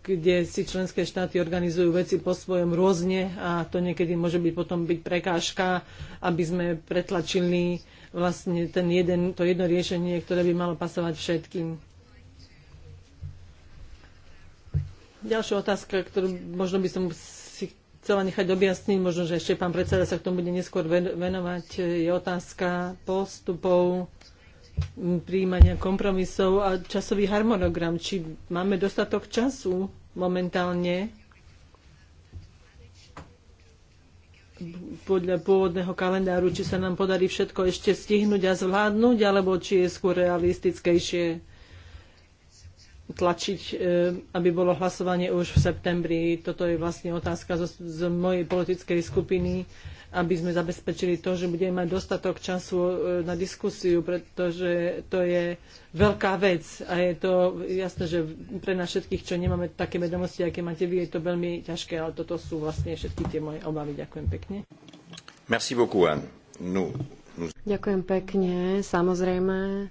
kde si členské štáty organizujú veci po svojom rôzne a to niekedy môže byť potom byť prekážka, aby sme pretlačili vlastne ten jeden, to jedno riešenie, ktoré by malo pasovať všetkým. Ďalšia otázka, ktorú možno by som chcela nechať objasniť, možno, že ešte pán predseda sa k tomu bude neskôr venovať, je otázka postupov príjmania kompromisov a časový harmonogram. Či máme dostatok času momentálne podľa pôvodného kalendáru, či sa nám podarí všetko ešte stihnúť a zvládnuť, alebo či je skôr realistickejšie tlačiť, e, aby bolo hlasovanie už v septembri. Toto je vlastne otázka z, z mojej politickej skupiny, aby sme zabezpečili to, že budeme mať dostatok času e, na diskusiu, pretože to je veľká vec a je to jasné, že pre nás všetkých, čo nemáme také vedomosti, aké máte vy, je to veľmi ťažké, ale toto sú vlastne všetky tie moje obavy. Ďakujem pekne. Merci beaucoup, Anne. No. Ďakujem pekne. Samozrejme,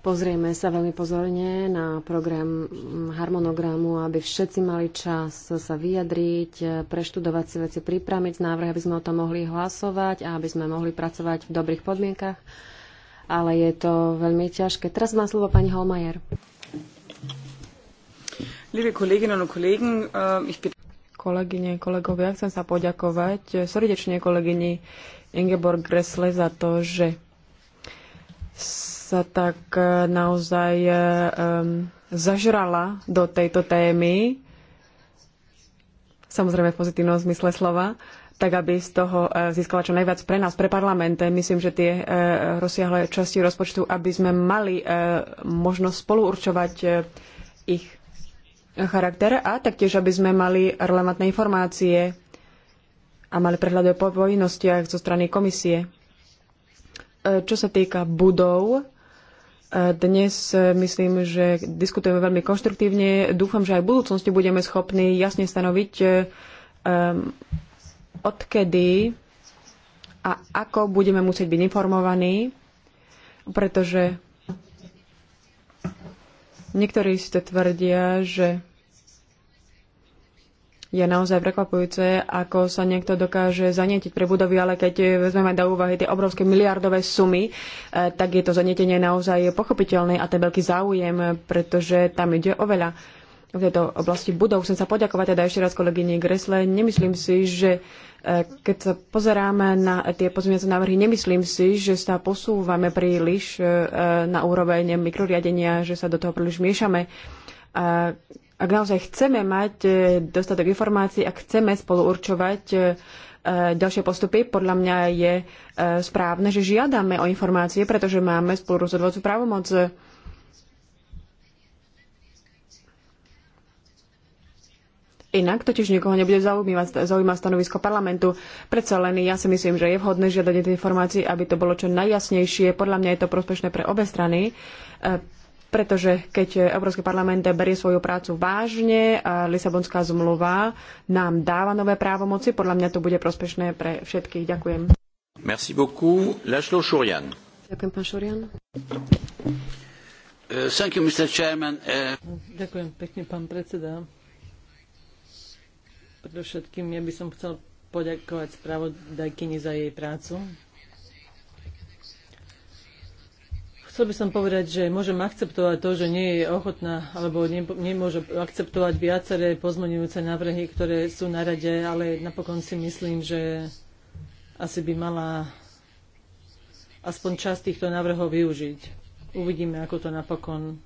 Pozrieme sa veľmi pozorne na program harmonogramu, aby všetci mali čas sa vyjadriť, preštudovať si veci, pripraviť návrh, aby sme o tom mohli hlasovať a aby sme mohli pracovať v dobrých podmienkach. Ale je to veľmi ťažké. Teraz má slovo pani Holmajer. Liebe kolegyne und Kollegen, äh, ich bitte... Kolegyne, kolegovia, chcem sa poďakovať srdečne kolegyni Ingeborg Gressle za to, že sa tak e, naozaj e, zažrala do tejto témy, samozrejme v pozitívnom zmysle slova, tak aby z toho e, získala čo najviac pre nás, pre parlament. Myslím, že tie rozsiahle časti rozpočtu, aby sme mali možnosť spoluurčovať ich charakter a taktiež, aby sme mali relevantné informácie a mali prehľad o povinnostiach zo strany komisie. Čo sa týka budov, dnes e, myslím, že diskutujeme veľmi konštruktívne. Dúfam, že aj v budúcnosti budeme schopní jasne stanoviť, um, odkedy a ako budeme musieť byť informovaní, pretože niektorí ste tvrdia, že je naozaj prekvapujúce, ako sa niekto dokáže zanietiť pre budovy, ale keď vezmeme do úvahy tie obrovské miliardové sumy, e, tak je to zanietenie naozaj pochopiteľné a ten veľký záujem, pretože tam ide o veľa v tejto oblasti budov. Chcem sa poďakovať teda ešte raz kolegyni Gresle. Nemyslím si, že e, keď sa pozeráme na tie pozmeňujúce návrhy, nemyslím si, že sa posúvame príliš e, na úroveň mikroriadenia, že sa do toho príliš miešame. Ak naozaj chceme mať e, dostatok informácií, ak chceme spolu určovať e, e, ďalšie postupy, podľa mňa je správne, že žiadame o informácie, pretože máme spolu rozhodovacú právomoc. Inak totiž nikoho nebude zaujímať, zaujímať stanovisko parlamentu. Predsa len ja si myslím, že je vhodné žiadať tie informácie, aby to bolo čo najjasnejšie. Podľa mňa je to prospešné pre obe strany pretože keď Európsky parlament berie svoju prácu vážne, a Lisabonská zmluva nám dáva nové právomoci, podľa mňa to bude prospešné pre všetkých. Ďakujem. Merci beaucoup. Laszlo Šurian. Ďakujem, pán Šurian. Uh, thank you, Mr. Chairman. Uh... Ďakujem pekne, pán predseda. Predovšetkým ja by som chcel poďakovať spravodajkyni za jej prácu. Chcel by som povedať, že môžem akceptovať to, že nie je ochotná alebo nemôže akceptovať viaceré pozmenujúce návrhy, ktoré sú na rade, ale napokon si myslím, že asi by mala aspoň časť týchto návrhov využiť. Uvidíme, ako to napokon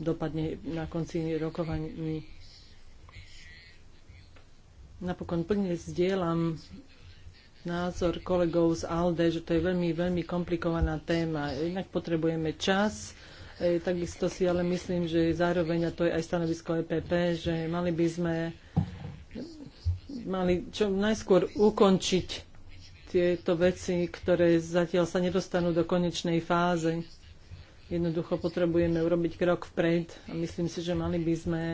dopadne na konci rokovaní. Napokon plne zdieľam názor kolegov z ALDE, že to je veľmi, veľmi komplikovaná téma. Inak potrebujeme čas, e, takisto si ale myslím, že zároveň, a to je aj stanovisko EPP, že mali by sme mali čo najskôr ukončiť tieto veci, ktoré zatiaľ sa nedostanú do konečnej fáze. Jednoducho potrebujeme urobiť krok vpred a myslím si, že mali by sme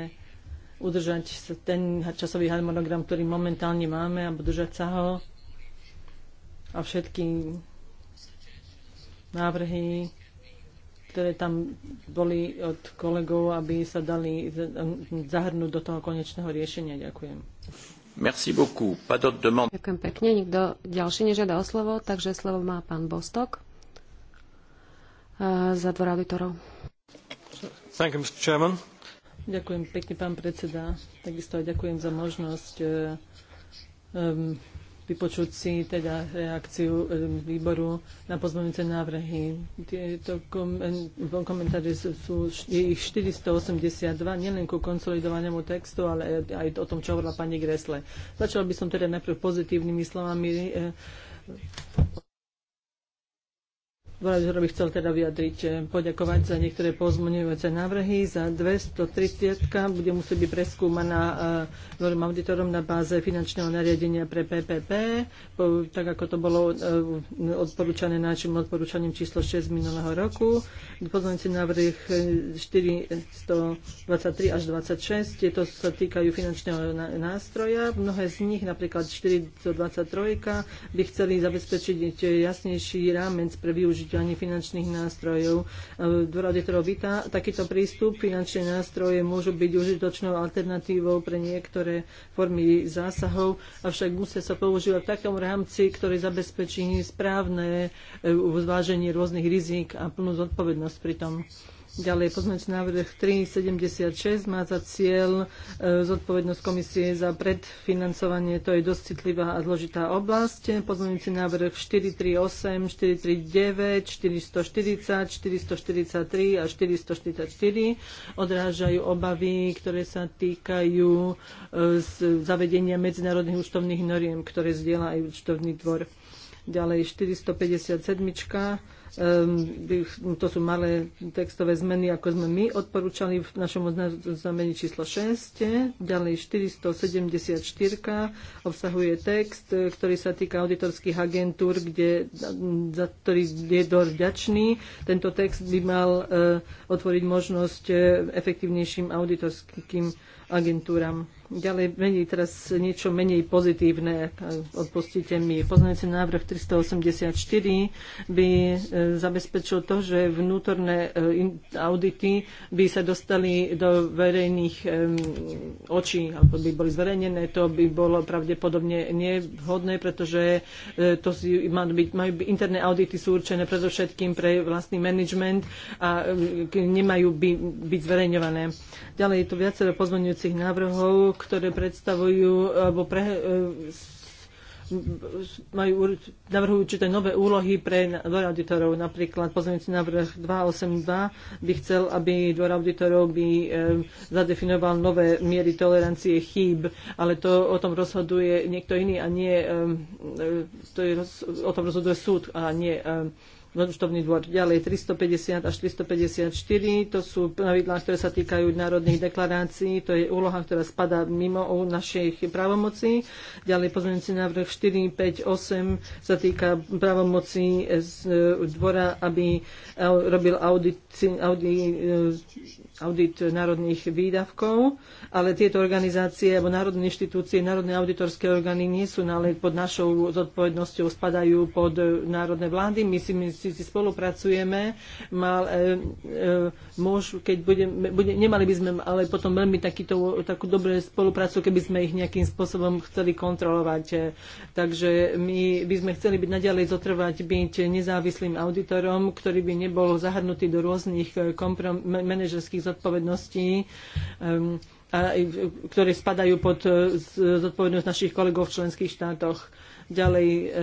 udržať ten časový harmonogram, ktorý momentálne máme a udržať sa ho a všetky návrhy, ktoré tam boli od kolegov, aby sa dali zahrnúť do toho konečného riešenia. Ďakujem. Merci beaucoup. demand. Ďakujem pekne. Nikto ďalší nežiada o slovo, takže slovo má pán Bostok eh, za dvor auditorov. Thank you, Mr. Chairman. Ďakujem pekne, pán predseda. Takisto aj ďakujem za možnosť um, vypočuť si teda reakciu e, výboru na pozmeňujúce návrhy. Tieto komentáre sú, sú je ich 482, nielen ku konsolidovanému textu, ale aj o tom, čo hovorila pani Gresle. Začal by som teda najprv pozitívnymi slovami e, Veľmi by chcel teda vyjadriť, eh, poďakovať za niektoré pozmenujúce návrhy. Za 230 bude musieť byť preskúmaná eh, novým auditorom na báze finančného nariadenia pre PPP, tak ako to bolo eh, odporúčané našim odporúčaním číslo 6 minulého roku. Pozmeňujúci návrh 423 až 26, tieto sa týkajú finančného nástroja. Mnohé z nich, napríklad 423, by chceli zabezpečiť jasnejší rámec pre využitie ani finančných nástrojov. E, je to vita. takýto prístup. Finančné nástroje môžu byť užitočnou alternatívou pre niektoré formy zásahov, avšak musia sa používať v takom rámci, ktorý zabezpečí správne e, zváženie rôznych rizik a plnú zodpovednosť pri tom. Ďalej pozmeňujúci návrh 376 má za cieľ e, zodpovednosť komisie za predfinancovanie. To je dosť citlivá a zložitá oblasť. Pozmeňujúci návrh 438, 439, 440, 443 a 444 odrážajú obavy, ktoré sa týkajú e, zavedenia medzinárodných účtovných noriem, ktoré zdieľa aj účtovný dvor. Ďalej 457 Ehm, to sú malé textové zmeny, ako sme my odporúčali v našom oznámení číslo 6. Ďalej 474 obsahuje text, e, ktorý sa týka auditorských agentúr, kde, za ktorý je dosť vďačný. Tento text by mal e, otvoriť možnosť e, efektívnejším auditorským agentúram ďalej mení teraz niečo menej pozitívne. Odpustite mi. Poznajúci návrh 384 by e, zabezpečil to, že vnútorné e, audity by sa dostali do verejných e, očí, alebo by boli zverejnené. To by bolo pravdepodobne nevhodné, pretože to má byť, majú byť, interné audity sú určené predovšetkým pre vlastný management a nemajú by, byť zverejňované. Ďalej je tu viacero pozvoňujúcich návrhov, ktoré predstavujú alebo pre, e, majú, navrhujú určité nové úlohy pre dvor auditorov. Napríklad pozmeňujúci návrh 282 by chcel, aby dvor auditorov by e, zadefinoval nové miery tolerancie chýb, ale to o tom rozhoduje niekto iný a nie e, e to je, o tom rozhoduje súd a nie e, účtovný dvor. Ďalej 350 až 354, to sú pravidlá, ktoré sa týkajú národných deklarácií, to je úloha, ktorá spadá mimo našich právomocí. Ďalej pozmeňujúci návrh 4, 5, 8 sa týka právomocí z e, dvora, aby robil audit, audit, e, audit národných výdavkov, ale tieto organizácie alebo národné inštitúcie, národné auditorské orgány nie sú ale pod našou zodpovednosťou, spadajú pod národné vlády. My si my si spolupracujeme, mal, e, e, môž, keď budeme, bude, nemali by sme ale potom veľmi takýto, takú dobrú spoluprácu, keby sme ich nejakým spôsobom chceli kontrolovať. E, takže my by sme chceli byť naďalej zotrvať, byť nezávislým auditorom, ktorý by nebol zahrnutý do rôznych e, komprom- manažerských zodpovedností. E, a, ktoré spadajú pod e, zodpovednosť našich kolegov v členských štátoch. Ďalej,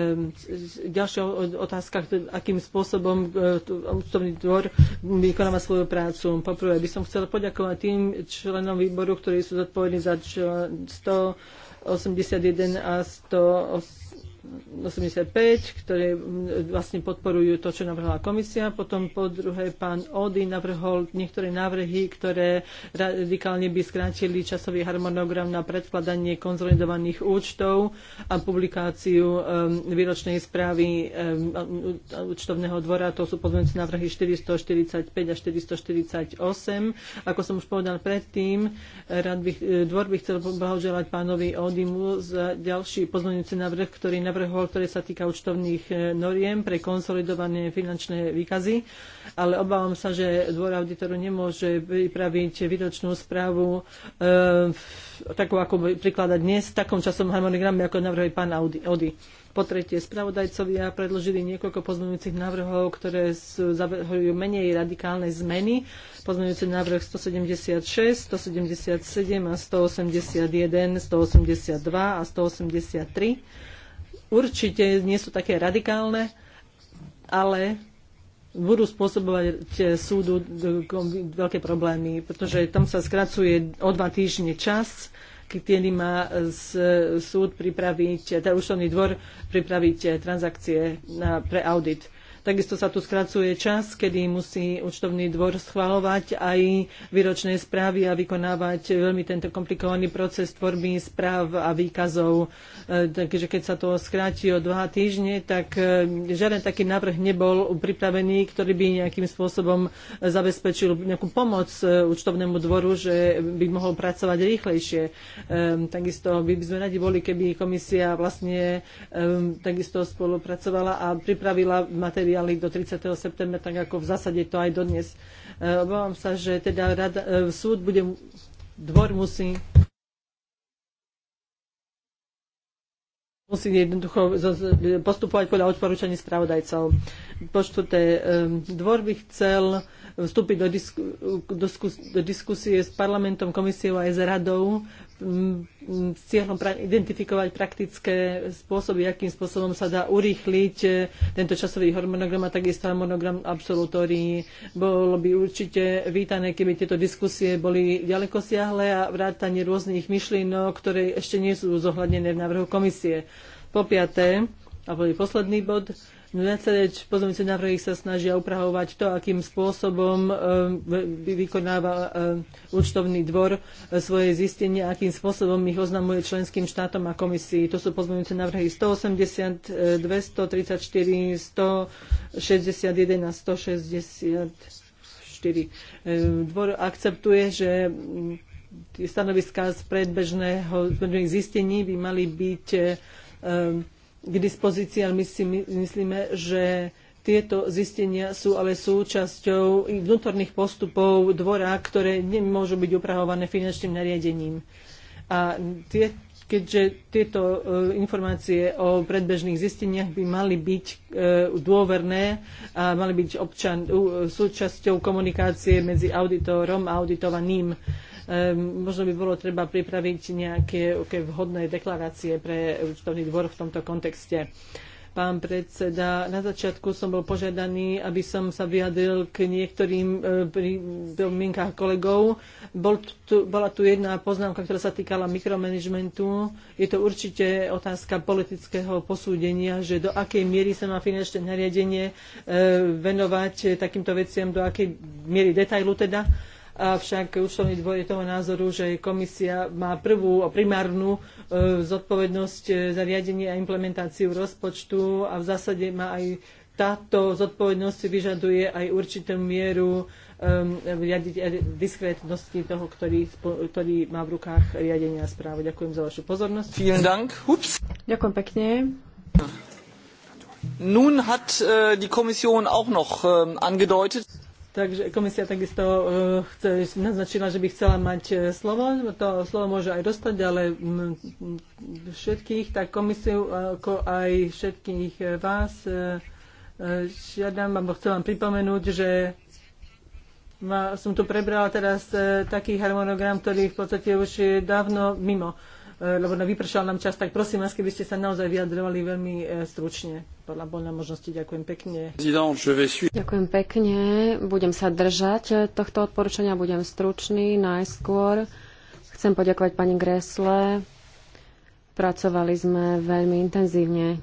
ďalšia otázka, akým spôsobom e, ústavný dvor vykonáva svoju prácu. Poprvé by som chcela poďakovať tým členom výboru, ktorí sú zodpovední za 181 a 180 85, ktoré mm, vlastne podporujú to, čo navrhla komisia. Potom po druhé pán Ody navrhol niektoré návrhy, ktoré radikálne by skrátili časový harmonogram na predkladanie konzolidovaných účtov a publikáciu výročnej správy účtovného dvora. To sú pozmeňujúce návrhy 445 a 448. Ako som už povedal predtým, rád by, dvor by chcel blahoželať pánovi Odymu za ďalší pozmeňujúci návrh, ktorý navrhol navrhol, ktoré sa týka účtovných e, noriem pre konsolidované finančné výkazy, ale obávam sa, že dvor auditoru nemôže pripraviť výročnú správu e, takú, ako prikladať dnes, v takom časom harmonogramu ako navrhuje pán Audi. Po tretie, spravodajcovia predložili niekoľko pozmeňujúcich návrhov, ktoré zavrhujú menej radikálne zmeny. Pozmeňujúci návrh 176, 177 a 181, 182 a 183 určite nie sú také radikálne, ale budú spôsobovať súdu veľké problémy, pretože tam sa skracuje o dva týždne čas, kedy má súd pripraviť, teda účtovný dvor pripraviť transakcie pre audit. Takisto sa tu skracuje čas, kedy musí účtovný dvor schvalovať aj výročné správy a vykonávať veľmi tento komplikovaný proces tvorby správ a výkazov. E, takže keď sa to skráti o dva týždne, tak e, žiaden taký návrh nebol pripravený, ktorý by nejakým spôsobom zabezpečil nejakú pomoc e, účtovnému dvoru, že by mohol pracovať rýchlejšie. Takisto by sme radi boli, keby komisia vlastne takisto spolupracovala a pripravila materiál udiali do 30. septembra, tak ako v zásade to aj dodnes. E, obávam sa, že teda rada, e, súd bude, dvor musí musí jednoducho postupovať podľa odporúčaní spravodajcov. Po štvrté, e, dvor by chcel vstúpiť do, disku, do, skus, do diskusie s parlamentom, komisiou aj s radou s cieľom identifikovať praktické spôsoby, akým spôsobom sa dá urýchliť e, tento časový harmonogram a takisto harmonogram absolutórií. Bolo by určite vítané, keby tieto diskusie boli ďaleko siahle a vrátanie rôznych myšlienok, ktoré ešte nie sú zohľadnené v návrhu komisie. Po piaté, alebo posledný bod, Viaceré pozornice návrhy sa snažia upravovať to, akým spôsobom e, vykonáva e, účtovný dvor e, svoje zistenie, akým spôsobom ich oznamuje členským štátom a komisii. To sú pozornice návrhy 180, 234, 161 a 164. Dvor akceptuje, že mm, stanoviská z predbežného zistení by mali byť k dispozícii, ale my si myslíme, že tieto zistenia sú ale súčasťou vnútorných postupov dvora, ktoré nemôžu byť upravované finančným nariadením. A tie, keďže tieto e, informácie o predbežných zisteniach by mali byť e, dôverné a mali byť občan, e, súčasťou komunikácie medzi auditorom a auditovaným. Ehm, možno by bolo treba pripraviť nejaké vhodné deklarácie pre účtovný dvor v tomto kontexte pán predseda. Na začiatku som bol požiadaný, aby som sa vyjadril k niektorým e, domienkách kolegov. Bol tu, bola tu jedna poznámka, ktorá sa týkala mikromanagementu. Je to určite otázka politického posúdenia, že do akej miery sa má finančné nariadenie e, venovať takýmto veciam, do akej miery detailu teda avšak účtovný dvor je toho názoru, že komisia má prvú a primárnu e, zodpovednosť e, za riadenie a implementáciu rozpočtu a v zásade má aj táto zodpovednosť si vyžaduje aj určitú mieru diskrétnosti toho, ktorý, ktorý má v rukách riadenia správy. Ďakujem za vašu pozornosť. Vielen Dank. Ups. Ďakujem pekne. Nun hat äh, die Kommission auch noch ähm, angedeutet. Takže komisia takisto eh, chce, naznačila, že by chcela mať eh, slovo. To slovo môže aj dostať, ale mm, všetkých, tak komisiu, ako aj všetkých eh, vás žiadam, alebo chcem vám pripomenúť, že som tu prebrala teraz taký harmonogram, ktorý v podstate už je dávno mimo. Eh, lebo na vypršal nám čas, tak prosím vás, keby ste sa naozaj vyjadrovali veľmi eh, stručne. Podľa voľná možnosti ďakujem pekne. Ďakujem pekne. Budem sa držať eh, tohto odporúčania, budem stručný najskôr. Chcem poďakovať pani Gresle. Pracovali sme veľmi intenzívne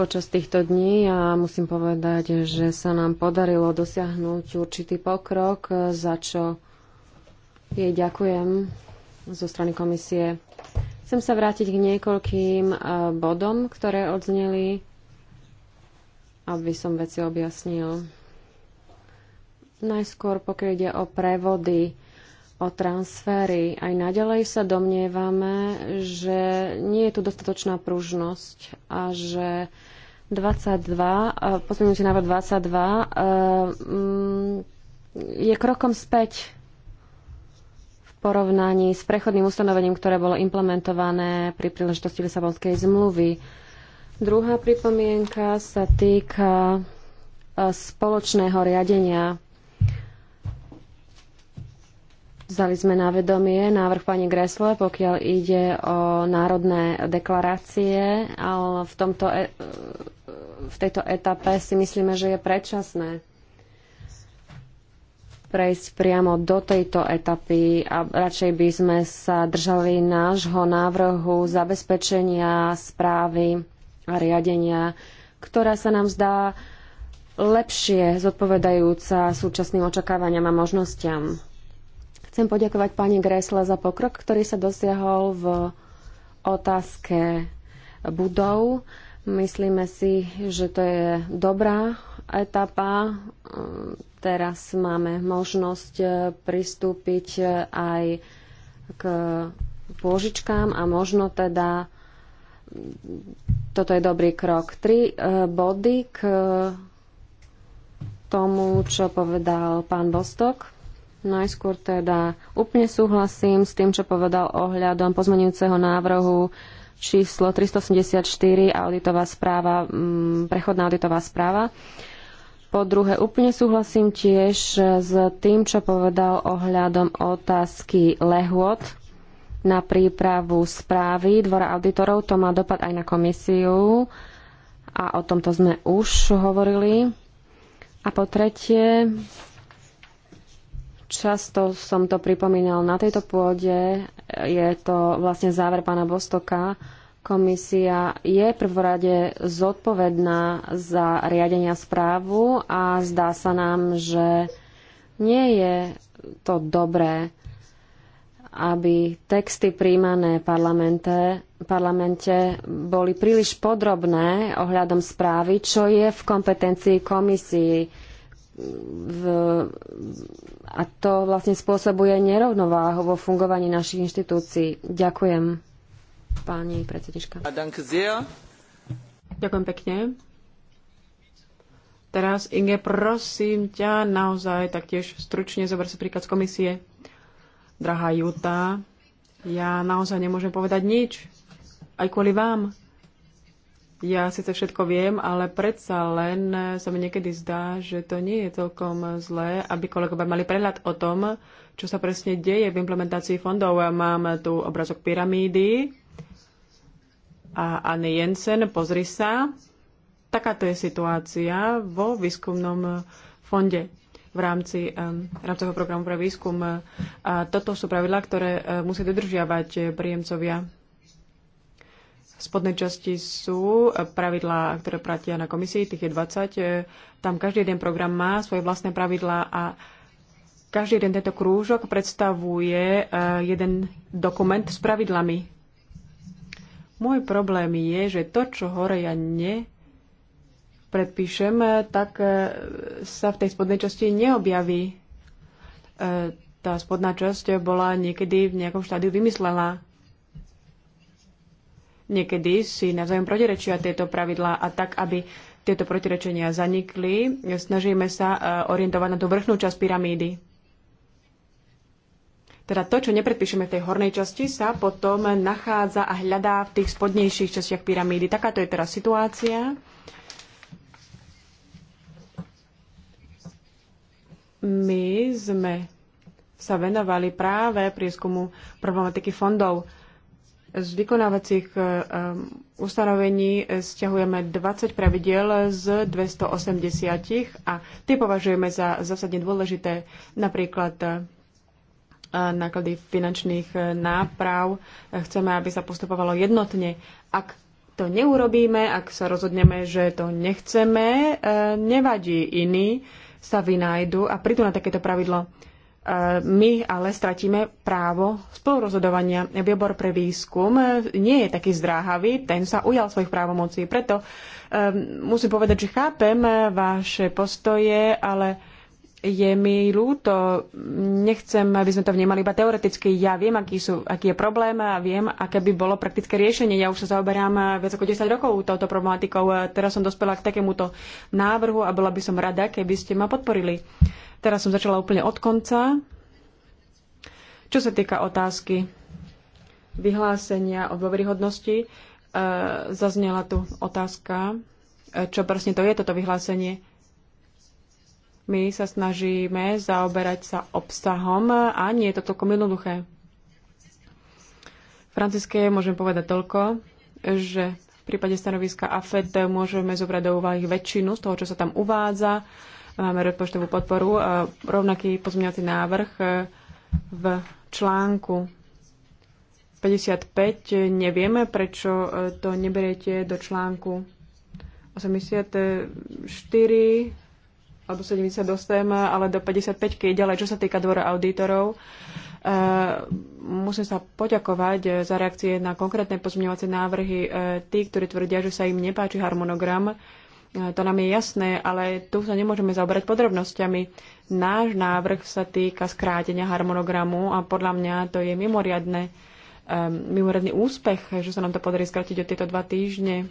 počas týchto dní a musím povedať, že sa nám podarilo dosiahnuť určitý pokrok, za čo jej ďakujem zo strany komisie. Chcem sa vrátiť k niekoľkým eh, bodom, ktoré odzneli, aby som veci objasnil. Najskôr, pokiaľ ide o prevody, o transfery, aj naďalej sa domnievame, že nie je tu dostatočná pružnosť a že 22, eh, pozmeňujúci návrh 22, eh, mm, je krokom späť porovnaní s prechodným ustanovením, ktoré bolo implementované pri príležitosti Lisabonskej zmluvy. Druhá pripomienka sa týka e, spoločného riadenia. Vzali sme na vedomie návrh pani Gresle, pokiaľ ide o národné deklarácie, ale v, tomto, e, v tejto etape si myslíme, že je predčasné prejsť priamo do tejto etapy a radšej by sme sa držali nášho návrhu zabezpečenia správy a riadenia, ktorá sa nám zdá lepšie zodpovedajúca súčasným očakávaniam a možnostiam. Chcem poďakovať pani Gresle za pokrok, ktorý sa dosiahol v otázke budov. Myslíme si, že to je dobrá etapa. Eh, teraz máme možnosť eh, pristúpiť eh, aj k pôžičkám a možno teda mm, toto je dobrý krok. Tri body k tomu, čo povedal pán Bostok. Najskôr teda úplne súhlasím s tým, čo povedal ohľadom pozmenujúceho návrhu číslo 384 auditová správa, mm, prechodná auditová správa. Po druhé, úplne súhlasím tiež s tým, čo povedal ohľadom otázky lehôd na prípravu správy Dvora auditorov. To má dopad aj na komisiu a o tomto sme už hovorili. A po tretie, často som to pripomínal na tejto pôde, je to vlastne záver pána Bostoka, Komisia je prvorade zodpovedná za riadenia správu a zdá sa nám, že nie je to dobré, aby texty príjmané parlamente, parlamente boli príliš podrobné ohľadom správy, čo je v kompetencii komisii. V, a to vlastne spôsobuje nerovnováhu vo fungovaní našich inštitúcií. Ďakujem pani predsednička. Ďakujem pekne. Teraz, Inge, prosím ťa, naozaj taktiež stručne zober si príklad z komisie. Drahá Juta, ja naozaj nemôžem povedať nič. Aj kvôli vám. Ja síce všetko viem, ale predsa len sa mi niekedy zdá, že to nie je celkom zlé, aby kolegovia mali prehľad o tom, čo sa presne deje v implementácii fondov. Mám tu obrazok pyramídy, a Anne Jensen, pozri sa, takáto je situácia vo výskumnom eh, fonde v rámci rámcového programu pre výskum. A toto sú pravidlá, ktoré eh, musia dodržiavať príjemcovia. V spodnej časti sú eh, pravidlá, ktoré platia na komisii, tých je 20. Tam každý jeden program má svoje vlastné pravidlá a každý jeden tento krúžok predstavuje jeden dokument s pravidlami môj problém je, že to, čo hore ja ne predpíšem, tak e, sa v tej spodnej časti neobjaví. E, tá spodná časť bola niekedy v nejakom štádiu vymyslená. Niekedy si navzájom protirečia tieto pravidlá a tak, aby tieto protirečenia zanikli, snažíme sa e, orientovať na tú vrchnú časť pyramídy teda to, čo nepredpíšeme v tej hornej časti, sa potom nachádza a hľadá v tých spodnejších častiach pyramídy. Takáto je teraz situácia. My sme sa venovali práve prieskumu problematiky fondov. Z vykonávacích eh, eh, ustanovení stiahujeme 20 pravidel z 280 a tie považujeme za zásadne dôležité. Napríklad eh, náklady finančných e, náprav. E, chceme, aby sa postupovalo jednotne. Ak to neurobíme, ak sa rozhodneme, že to nechceme, e, nevadí. Iní sa vynajdu a prídu na takéto pravidlo. My ale stratíme právo spolurozhodovania. Výbor pre výskum nie je taký zdráhavý, ten sa ujal svojich právomocí. Preto musím povedať, že chápem vaše postoje, ale je mi ľúto, nechcem, aby sme to vnímali iba teoreticky. Ja viem, aký, sú, aký je problém a viem, aké by bolo praktické riešenie. Ja už sa zaoberám viac ako 10 rokov touto problematikou. Teraz som dospela k takémuto návrhu a bola by som rada, keby ste ma podporili. Teraz som začala úplne od konca. Čo sa týka otázky vyhlásenia o dôveryhodnosti, eh, zaznela tu otázka, eh, čo presne to je toto vyhlásenie my sa snažíme zaoberať sa obsahom a nie je to toľkom jednoduché. Franciske môžem povedať toľko, že v prípade stanoviska AFED môžeme zobrať do úvahy väčšinu z toho, čo sa tam uvádza. Máme rozpočtovú podporu. E, rovnaký pozmeňovací návrh e, v článku 55. Nevieme, prečo e, to neberiete do článku 84 alebo 78, ale do 55-ky ďalej, čo sa týka dvora auditorov. Uh, musím sa poďakovať e, za reakcie na konkrétne pozmeňovacie návrhy. Uh, tí, ktorí tvrdia, že sa im nepáči harmonogram, uh, to nám je jasné, ale tu sa nemôžeme zaoberať podrobnosťami. Náš návrh sa týka skrátenia harmonogramu a podľa mňa to je mimoriadne, um, mimoriadný úspech, že sa nám to podarí skrátiť o tieto dva týždne.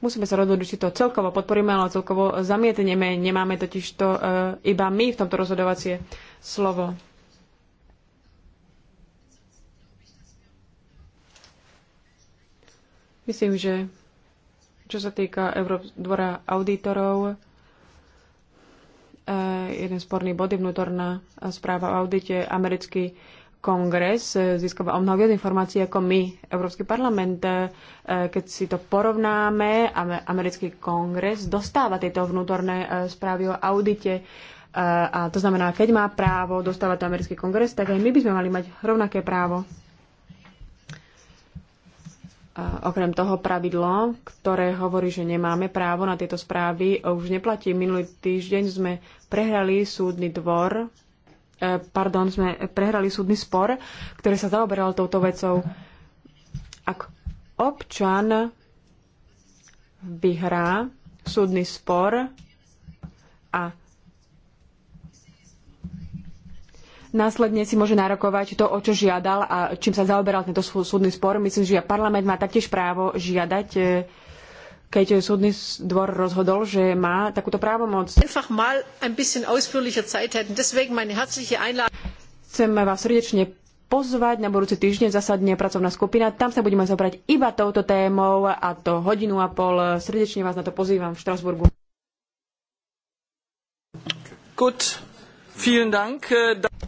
Musíme sa rozhodnúť, či to celkovo podporíme, ale celkovo zamietneme. Nemáme totiž to e, iba my v tomto rozhodovacie slovo. Myslím, že čo sa týka Európ- dvora auditorov, e, jeden sporný bod je vnútorná správa o audite. Americký kongres e, získava o mnoho viac informácií ako my, Európsky parlament. E, keď si to porovnáme, americký kongres dostáva tieto vnútorné e, správy o audite. A to znamená, keď má právo dostávať to americký kongres, tak aj my by sme mali mať rovnaké právo. A okrem toho pravidlo, ktoré hovorí, že nemáme právo na tieto správy, už neplatí. Minulý týždeň sme prehrali súdny dvor E, pardon, sme prehrali súdny spor, ktorý sa zaoberal touto vecou. Ak občan vyhrá súdny spor a následne si môže narokovať to, o čo žiadal a čím sa zaoberal tento súdny spor. Myslím, že parlament má taktiež právo žiadať e, keď súdny dvor rozhodol, že má takúto právomoc. Chcem vás srdečne pozvať. Na budúci týždeň zasadne pracovná skupina. Tam sa budeme zobrať iba touto témou a to hodinu a pol. Srdečne vás na to pozývam v Štrasburgu.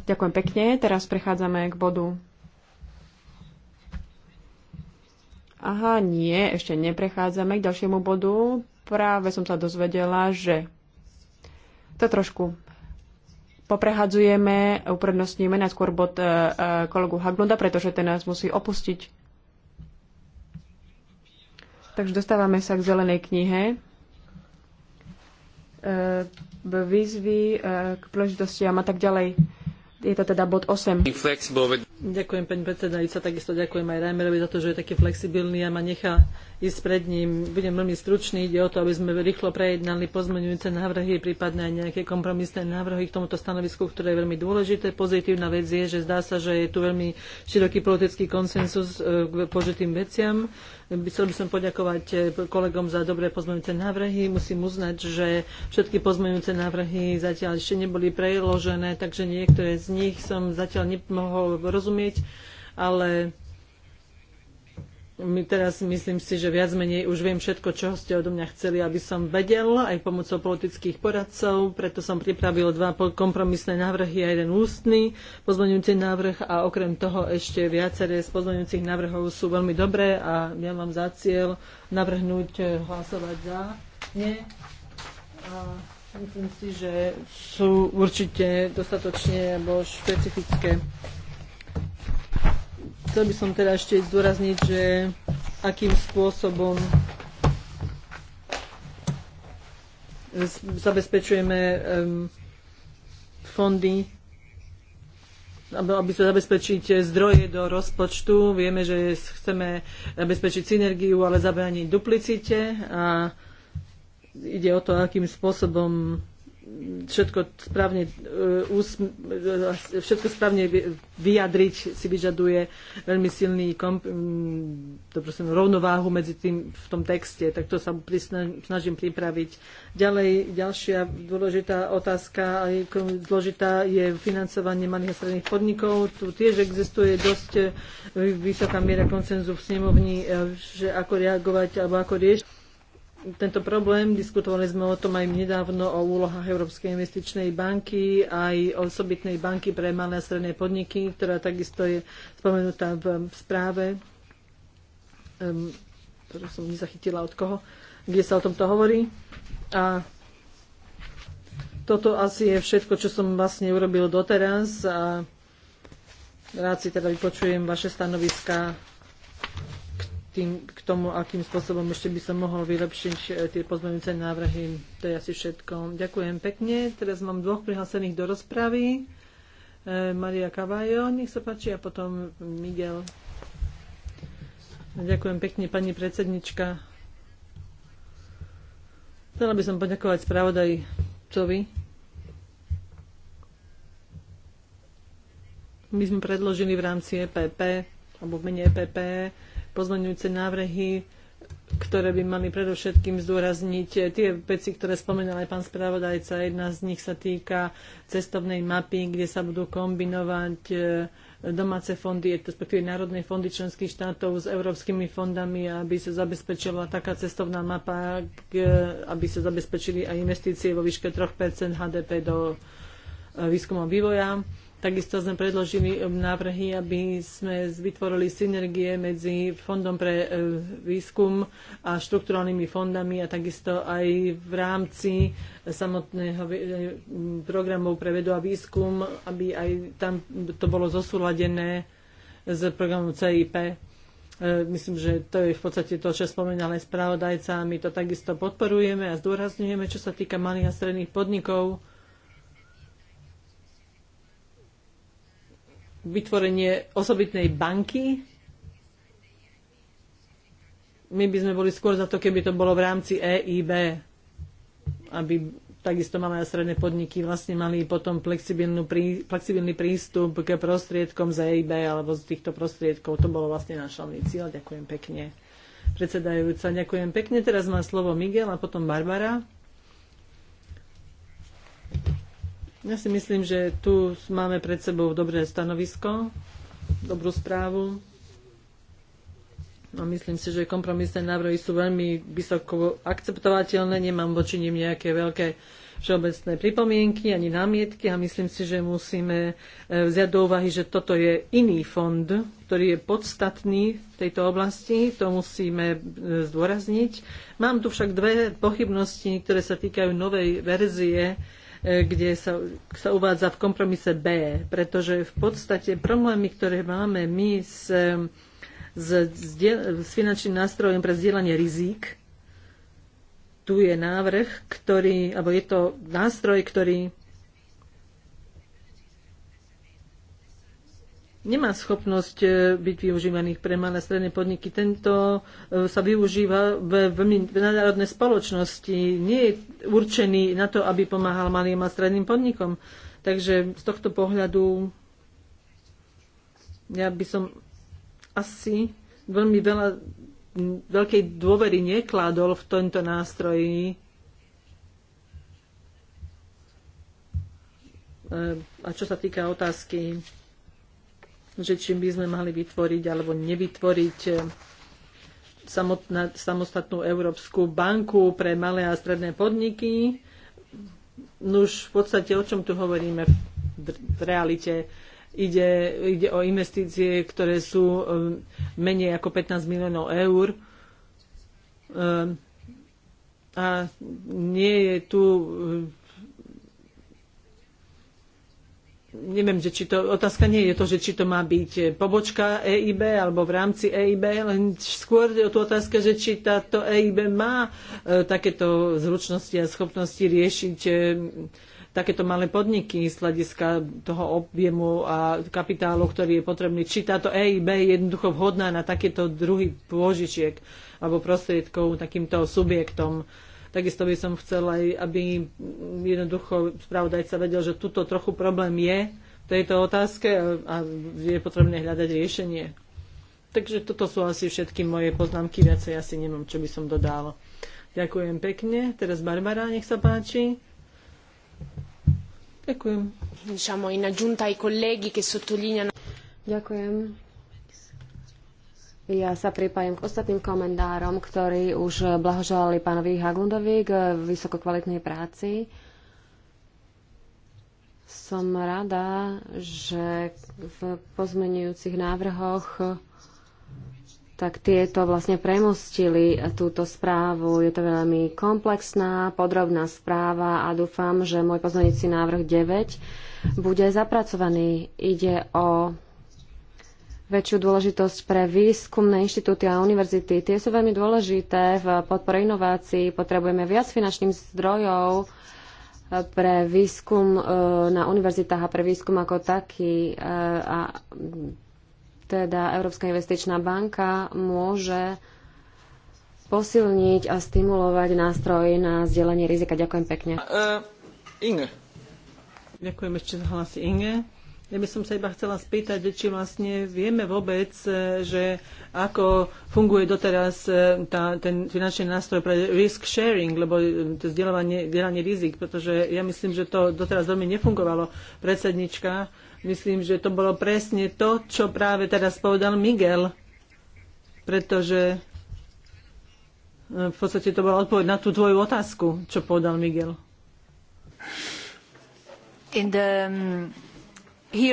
Ďakujem pekne. Teraz prechádzame k bodu Aha, nie, ešte neprechádzame k ďalšiemu bodu. Práve som sa dozvedela, že to trošku poprehadzujeme, uprednostníme najskôr bod e, e, kolegu Haglunda, pretože ten nás musí opustiť. Takže dostávame sa k zelenej knihe. E, výzvy k príležitostiam a tak ďalej je to teda bod 8. Ďakujem, pani predsedajúca, takisto ďakujem aj Reimerovi za to, že je taký flexibilný a ma nechá ísť pred ním. Budem veľmi stručný, ide o to, aby sme rýchlo prejednali pozmeňujúce návrhy, prípadne aj nejaké kompromisné návrhy k tomuto stanovisku, ktoré je veľmi dôležité. Pozitívna vec je, že zdá sa, že je tu veľmi široký politický konsensus eh, k požitým veciam. Chcel by som poďakovať eh, kolegom za dobré pozmeňujúce návrhy. Musím uznať, že všetky pozmeňujúce návrhy zatiaľ ešte neboli preložené, takže niektoré z nich som zatiaľ nemohol rozumieť, ale my teraz myslím si, že viac menej už viem všetko, čo ste odo mňa chceli, aby som vedel, aj pomocou politických poradcov, preto som pripravil dva kompromisné návrhy a jeden ústny pozmeňujúci návrh a okrem toho ešte viaceré z pozmeňujúcich návrhov sú veľmi dobré a ja mám za cieľ navrhnúť eh, hlasovať za ne. A myslím si, že sú určite dostatočne alebo špecifické. Chcel by som teda ešte zdôrazniť, že akým spôsobom zabezpečujeme fondy, aby sa zabezpečiť zdroje do rozpočtu. Vieme, že chceme zabezpečiť synergiu, ale zabrániť duplicite a ide o to, akým spôsobom všetko správne, e, e, všetko správne vyjadriť si vyžaduje veľmi silný komp- prosím, rovnováhu medzi tým v tom texte. Tak to sa snažím pripraviť. Ďalej, ďalšia dôležitá otázka, aj zložitá je financovanie malých a stredných podnikov. Tu tiež existuje dosť e, vysoká miera koncenzu v snemovni, že ako reagovať alebo ako riešiť tento problém. Diskutovali sme o tom aj nedávno o úlohách Európskej investičnej banky, aj o osobitnej banky pre malé a stredné podniky, ktorá takisto je spomenutá v správe, ktorú som nezachytila od koho, kde sa o tomto hovorí. A toto asi je všetko, čo som vlastne urobil doteraz a rád si teda vypočujem vaše stanoviská tým, k tomu, akým spôsobom ešte by som mohol vylepšiť e, tie pozmeňujúce návrhy. To je asi všetko. Ďakujem pekne. Teraz mám dvoch prihlásených do rozpravy. E, Maria Kavajo, nech sa páči, a potom Miguel. Ďakujem pekne, pani predsednička. Chcela by som poďakovať spravodajcovi. My sme predložili v rámci EPP, alebo v mene EPP, pozmeňujúce návrhy, ktoré by mali predovšetkým zdôrazniť eh, tie veci, ktoré spomenal aj pán spravodajca. Jedna z nich sa týka cestovnej mapy, kde sa budú kombinovať eh, domáce fondy, respektíve národné fondy členských štátov s európskymi fondami, aby sa zabezpečila taká cestovná mapa, eh, aby sa zabezpečili aj investície vo výške 3 HDP do výskumu vývoja. Takisto sme predložili um, návrhy, aby sme vytvorili synergie medzi Fondom pre uh, výskum a štrukturálnymi fondami a takisto aj v rámci samotného uh, programu pre vedu a výskum, aby aj tam to bolo zosúladené s programom CIP. Uh, myslím, že to je v podstate to, čo spomenal aj spravodajca. My to takisto podporujeme a zdôrazňujeme, čo sa týka malých a stredných podnikov vytvorenie osobitnej banky. My by sme boli skôr za to, keby to bolo v rámci EIB, aby takisto malé a stredné podniky vlastne mali potom flexibilný prístup k prostriedkom z EIB alebo z týchto prostriedkov. To bolo vlastne náš hlavný cieľ. Ďakujem pekne. Predsedajúca, ďakujem pekne. Teraz má slovo Miguel a potom Barbara. Ja si myslím, že tu máme pred sebou dobré stanovisko, dobrú správu. A myslím si, že kompromisné návrhy sú veľmi vysoko akceptovateľné, nemám voči nim nejaké veľké všeobecné pripomienky ani námietky a myslím si, že musíme e, vziať do úvahy, že toto je iný fond, ktorý je podstatný v tejto oblasti, to musíme e, zdôrazniť. Mám tu však dve pochybnosti, ktoré sa týkajú novej verzie E, kde sa, sa uvádza v kompromise B, pretože v podstate problémy, ktoré máme my s, s, s finančným nástrojom pre zdieľanie rizík, tu je návrh, ktorý, alebo je to nástroj, ktorý nemá schopnosť e, byť využívaných pre malé a stredné podniky. Tento e, sa využíva v, v, v nadnárodné spoločnosti. Nie je určený na to, aby pomáhal malým a stredným podnikom. Takže z tohto pohľadu ja by som asi veľmi veľa veľkej dôvery nekládol v tento nástroji. E, a čo sa týka otázky že či by sme mali vytvoriť alebo nevytvoriť eh, samotná, samostatnú Európsku banku pre malé a stredné podniky. No už v podstate o čom tu hovoríme v realite. Ide, ide o investície, ktoré sú eh, menej ako 15 miliónov eur. Eh, a nie je tu neviem, že či to, otázka nie je to, že či to má byť e, pobočka EIB alebo v rámci EIB, len skôr je tu otázka, že či táto EIB má e, takéto zručnosti a schopnosti riešiť e, takéto malé podniky z hľadiska toho objemu a kapitálu, ktorý je potrebný. Či táto EIB je jednoducho vhodná na takéto druhy pôžičiek alebo prostriedkov takýmto subjektom. E, Takisto by som chcel aj, aby jednoducho spravodajca vedel, že tuto trochu problém je v tejto otázke a je potrebné hľadať riešenie. Takže toto sú asi všetky moje poznámky, viacej asi nemám, čo by som dodala. Ďakujem pekne. Teraz Barbara, nech sa páči. Ďakujem. Ďakujem. Ďakujem. Ja sa pripájam k ostatným komendárom, ktorí už blahoželali pánovi Haglundovi k vysokokvalitnej práci. Som rada, že v pozmenujúcich návrhoch tak tieto vlastne premostili túto správu. Je to veľmi komplexná, podrobná správa a dúfam, že môj pozmenujúci návrh 9 bude zapracovaný. Ide o väčšiu dôležitosť pre výskumné inštitúty a univerzity. Tie sú veľmi dôležité v podpore inovácií. Potrebujeme viac finančných zdrojov eh, pre výskum eh, na univerzitách a pre výskum ako taký. Eh, a teda Európska investičná banka môže posilniť a stimulovať nástroj na zdieľanie rizika. Ďakujem pekne. Inge. Ďakujem ešte za Inge. Ja by som sa iba chcela spýtať, či vlastne vieme vôbec, e, že ako funguje doteraz e, tá, ten finančný nástroj pre risk sharing, lebo e, to zdieľanie, zdieľanie rizik, pretože ja myslím, že to doteraz veľmi nefungovalo. Predsednička, myslím, že to bolo presne to, čo práve teraz povedal Miguel, pretože v podstate to bola odpoveď na tú tvoju otázku, čo povedal Miguel. In the, um, v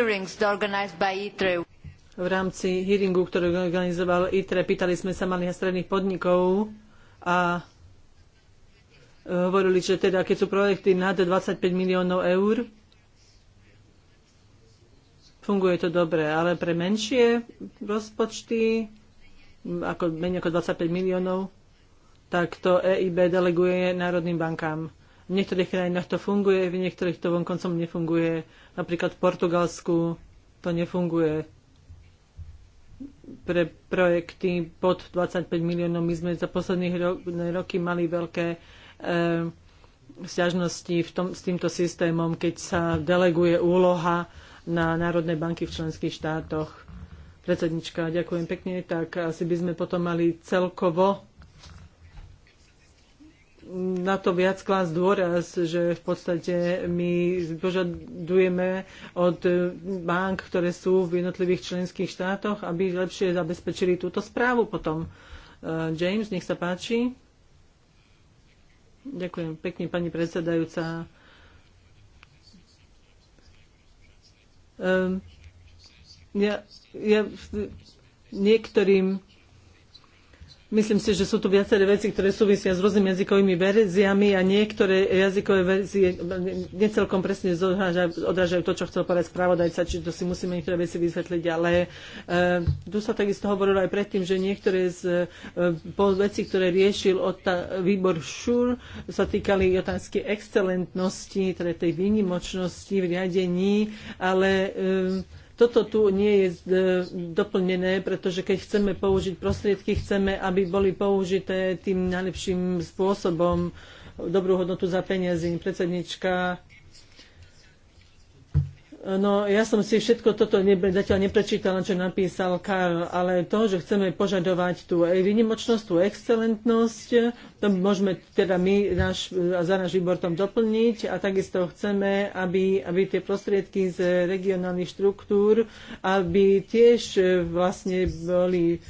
rámci hearingu, ktorý organizoval ITRE, pýtali sme sa malých a stredných podnikov a e, hovorili, že teda keď sú projekty nad 25 miliónov eur, funguje to dobre, ale pre menšie rozpočty, ako menej ako 25 miliónov, tak to EIB deleguje národným bankám. V niektorých krajinách to funguje, v niektorých to vonkoncom nefunguje. Napríklad v Portugalsku to nefunguje pre projekty pod 25 miliónov. My sme za posledných ro- roky mali veľké e, sťažnosti v tom, s týmto systémom, keď sa deleguje úloha na národné banky v členských štátoch. Predsednička, ďakujem pekne. Tak asi by sme potom mali celkovo na to viac klásť dôraz, že v podstate my požadujeme od bank, ktoré sú v jednotlivých členských štátoch, aby lepšie zabezpečili túto správu potom. Eh, James, nech sa páči. Ďakujem pekne, pani predsedajúca. Eh, ja, ja niektorým Myslím si, že sú tu viaceré veci, ktoré súvisia s rôznymi jazykovými verziami a niektoré jazykové verzie necelkom presne odrážajú to, čo chcel povedať spravodajca, či to si musíme niektoré veci vysvetliť, ale uh, tu sa takisto hovorilo aj predtým, že niektoré z uh, e, vecí, ktoré riešil tá, výbor ŠUR, sa týkali otázky excelentnosti, teda tej výnimočnosti v riadení, ale Uh, toto tu nie je e, doplnené, pretože keď chceme použiť prostriedky, chceme, aby boli použité tým najlepším spôsobom dobrú hodnotu za peniazy. Predsednička No, ja som si všetko toto ne, zatiaľ neprečítala, čo napísal Karl, ale to, že chceme požadovať tú výnimočnosť, tú excelentnosť, to môžeme teda my náš, za náš výbor tom doplniť a takisto chceme, aby, aby tie prostriedky z regionálnych štruktúr, aby tiež e, vlastne boli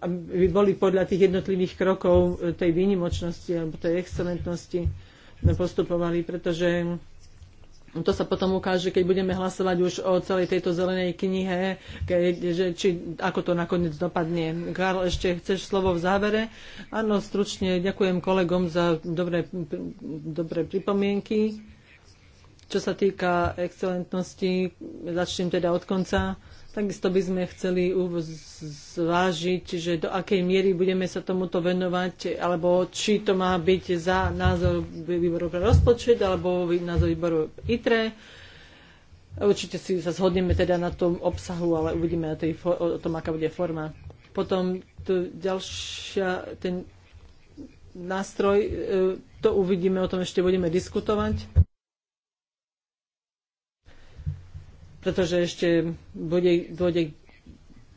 aby boli podľa tých jednotlivých krokov e, tej výnimočnosti alebo tej excelentnosti no, postupovali, pretože to sa potom ukáže, keď budeme hlasovať už o celej tejto zelenej knihe, keď, že, či ako to nakoniec dopadne. Karl, ešte chceš slovo v závere? Áno, stručne ďakujem kolegom za dobré, dobré pripomienky. Čo sa týka excelentnosti, začnem teda od konca Takisto by sme chceli zvážiť, že do akej miery budeme sa tomuto venovať, alebo či to má byť za názor výboru pre rozpočet, alebo názor výboru ITRE. Určite si sa zhodneme teda na tom obsahu, ale uvidíme na tej, o tom, aká bude forma. Potom to ďalšia, ten nástroj, e, to uvidíme, o tom ešte budeme diskutovať. pretože ešte bude, dôjde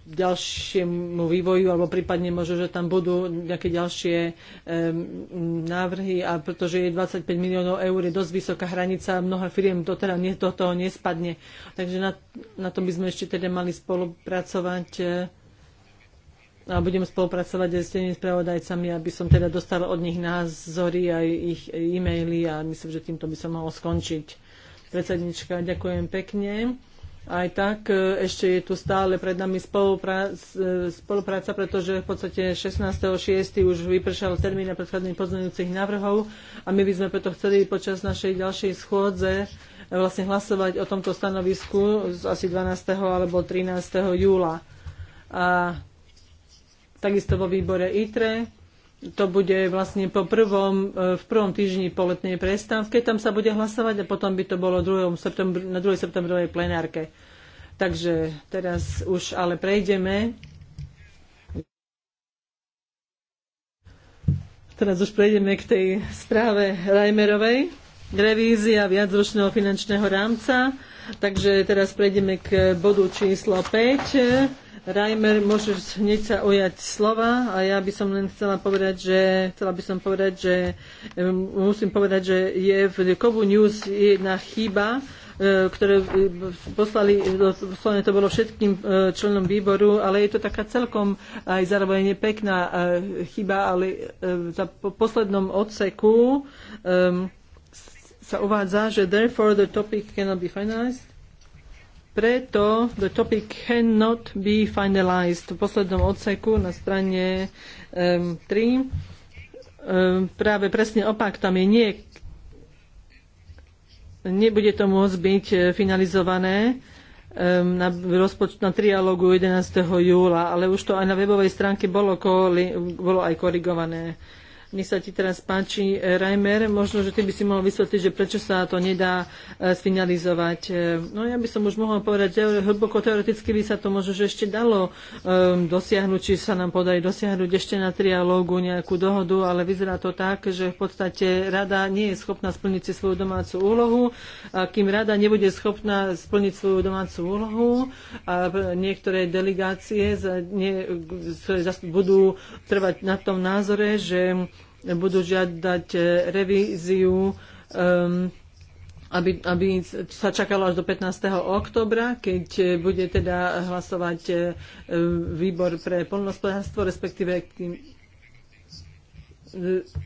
k ďalšiemu vývoju, alebo prípadne možno, že tam budú nejaké ďalšie um, návrhy a pretože je 25 miliónov eur, je dosť vysoká hranica, mnoha firiem to teda nie, do toho nespadne. Takže na, na tom by sme ešte teda mali spolupracovať eh, a budeme spolupracovať aj s tými spravodajcami, aby som teda dostala od nich názory aj ich e-maily a myslím, že týmto by som mohol skončiť. Predsednička, ďakujem pekne aj tak e, ešte je tu stále pred nami spolupráca, e, spolupráca pretože v podstate 16.6. už vypršal termín na predchádzanie pozmeňujúcich návrhov a my by sme preto chceli počas našej ďalšej schôdze e, vlastne hlasovať o tomto stanovisku z asi 12. alebo 13. júla. A takisto vo výbore ITRE to bude vlastne po prvom, e, v prvom týždni po letnej prestávke, tam sa bude hlasovať a potom by to bolo 2. Septembr, na 2. septembrovej plenárke. Takže teraz už ale prejdeme. Teraz už prejdeme k tej správe Reimerovej. Revízia viacročného finančného rámca. Takže teraz prejdeme k bodu číslo 5 Reimer, môžeš hneď sa ujať slova a ja by som len chcela povedať, že chcela by som povedať, že musím povedať, že je v Kovu News jedna chyba, e, ktoré e, poslali, no, poslane to bolo všetkým e, členom výboru, ale je to taká celkom aj zároveň pekná chyba, ale za poslednom odseku sa uvádza, že therefore the topic cannot be finalized preto the topic cannot be finalized v poslednom odseku na strane um, 3. Um, práve presne opak tam je nie nebude to môcť byť e, finalizované um, na, rozpoč- na trialógu 11. júla, ale už to aj na webovej stránke bolo, bolo aj korigované. Nech sa ti teraz páči, eh, Reimer, možno, že ty by si mohol vysvetliť, že prečo sa to nedá eh, sfinalizovať. Eh, no ja by som už mohla povedať, že hlboko teoreticky by sa to možno že ešte dalo um, dosiahnuť, či sa nám podarí dosiahnuť ešte na trialógu nejakú dohodu, ale vyzerá to tak, že v podstate rada nie je schopná splniť si svoju domácu úlohu. A kým rada nebude schopná splniť svoju domácu úlohu, a niektoré delegácie za, nie, budú trvať na tom názore, že budú žiadať e, revíziu ehm, aby, aby sa čakalo až do 15. oktobra, keď e, bude teda hlasovať e, výbor pre polnospodárstvo, respektíve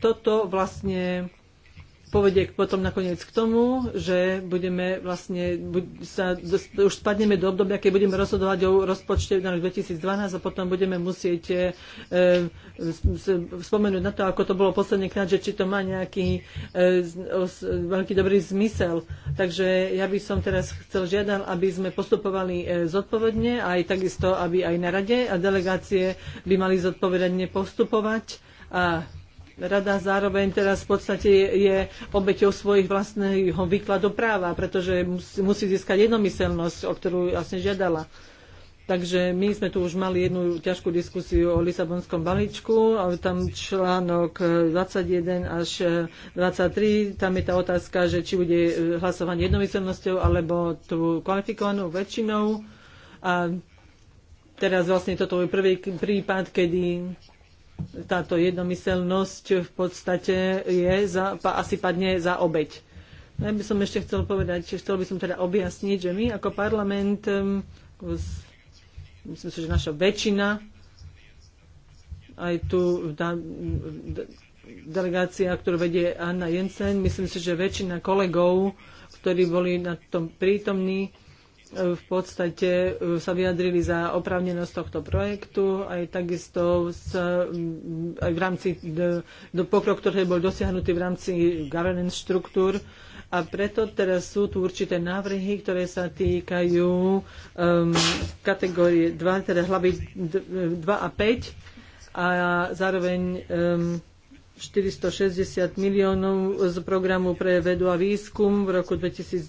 toto vlastne povedie potom nakoniec k tomu, že budeme vlastne, sa, už spadneme do obdobia, keď budeme rozhodovať o rozpočte na rok 2012 a potom budeme musieť e, spomenúť na to, ako to bolo posledný krát, že či to má nejaký e, os, veľký dobrý zmysel. Takže ja by som teraz chcel žiadal, aby sme postupovali e, zodpovedne, aj takisto, aby aj na rade a delegácie by mali zodpovedne postupovať a rada zároveň teraz v podstate je obeťou svojich vlastného výkladu práva, pretože musí získať jednomyselnosť, o ktorú vlastne žiadala. Takže my sme tu už mali jednu ťažkú diskusiu o Lisabonskom balíčku, ale tam článok 21 až 23, tam je tá otázka, že či bude hlasovanie jednomyselnosťou alebo tú kvalifikovanou väčšinou. A teraz vlastne toto je prvý prípad, kedy táto jednomyselnosť v podstate je za, pa, asi padne za obeď. Ja by som ešte chcel povedať, chcel by som teda objasniť, že my ako parlament, myslím si, že naša väčšina, aj tu delegácia, ktorú vedie Anna Jensen, myslím si, že väčšina kolegov, ktorí boli na tom prítomní, v podstate e, sa vyjadrili za oprávnenosť tohto projektu, aj takisto s, mm, aj v rámci do, e, do pokrok, ktorý bol dosiahnutý v rámci governance štruktúr. A preto teraz sú tu určité návrhy, ktoré sa týkajú um, kategórie 2, teda hlavy 2 e, a 5 a zároveň um, 460 miliónov z programu pre vedu a výskum v roku 2012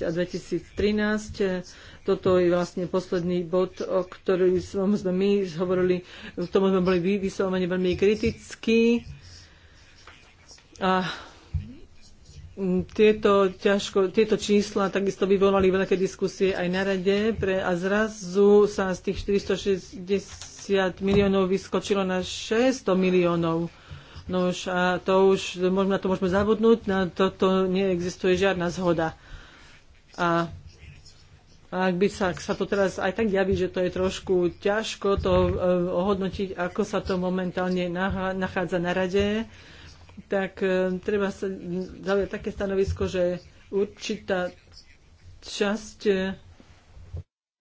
a 2013. Toto je vlastne posledný bod, o ktorý sme my hovorili, v tom sme boli vyslovene veľmi kritickí. A tieto, ťažko, tieto čísla takisto vyvolali veľké diskusie aj na rade pre, a zrazu sa z tých 460 miliónov vyskočilo na 600 miliónov. No už a to už, na to môžeme zabudnúť, na toto neexistuje žiadna zhoda. A a ak by sa, ak sa to teraz aj tak javí, že to je trošku ťažko to uh, ohodnotiť, ako sa to momentálne nachádza na rade, tak uh, treba sa zaujať také stanovisko, že určitá časť, e,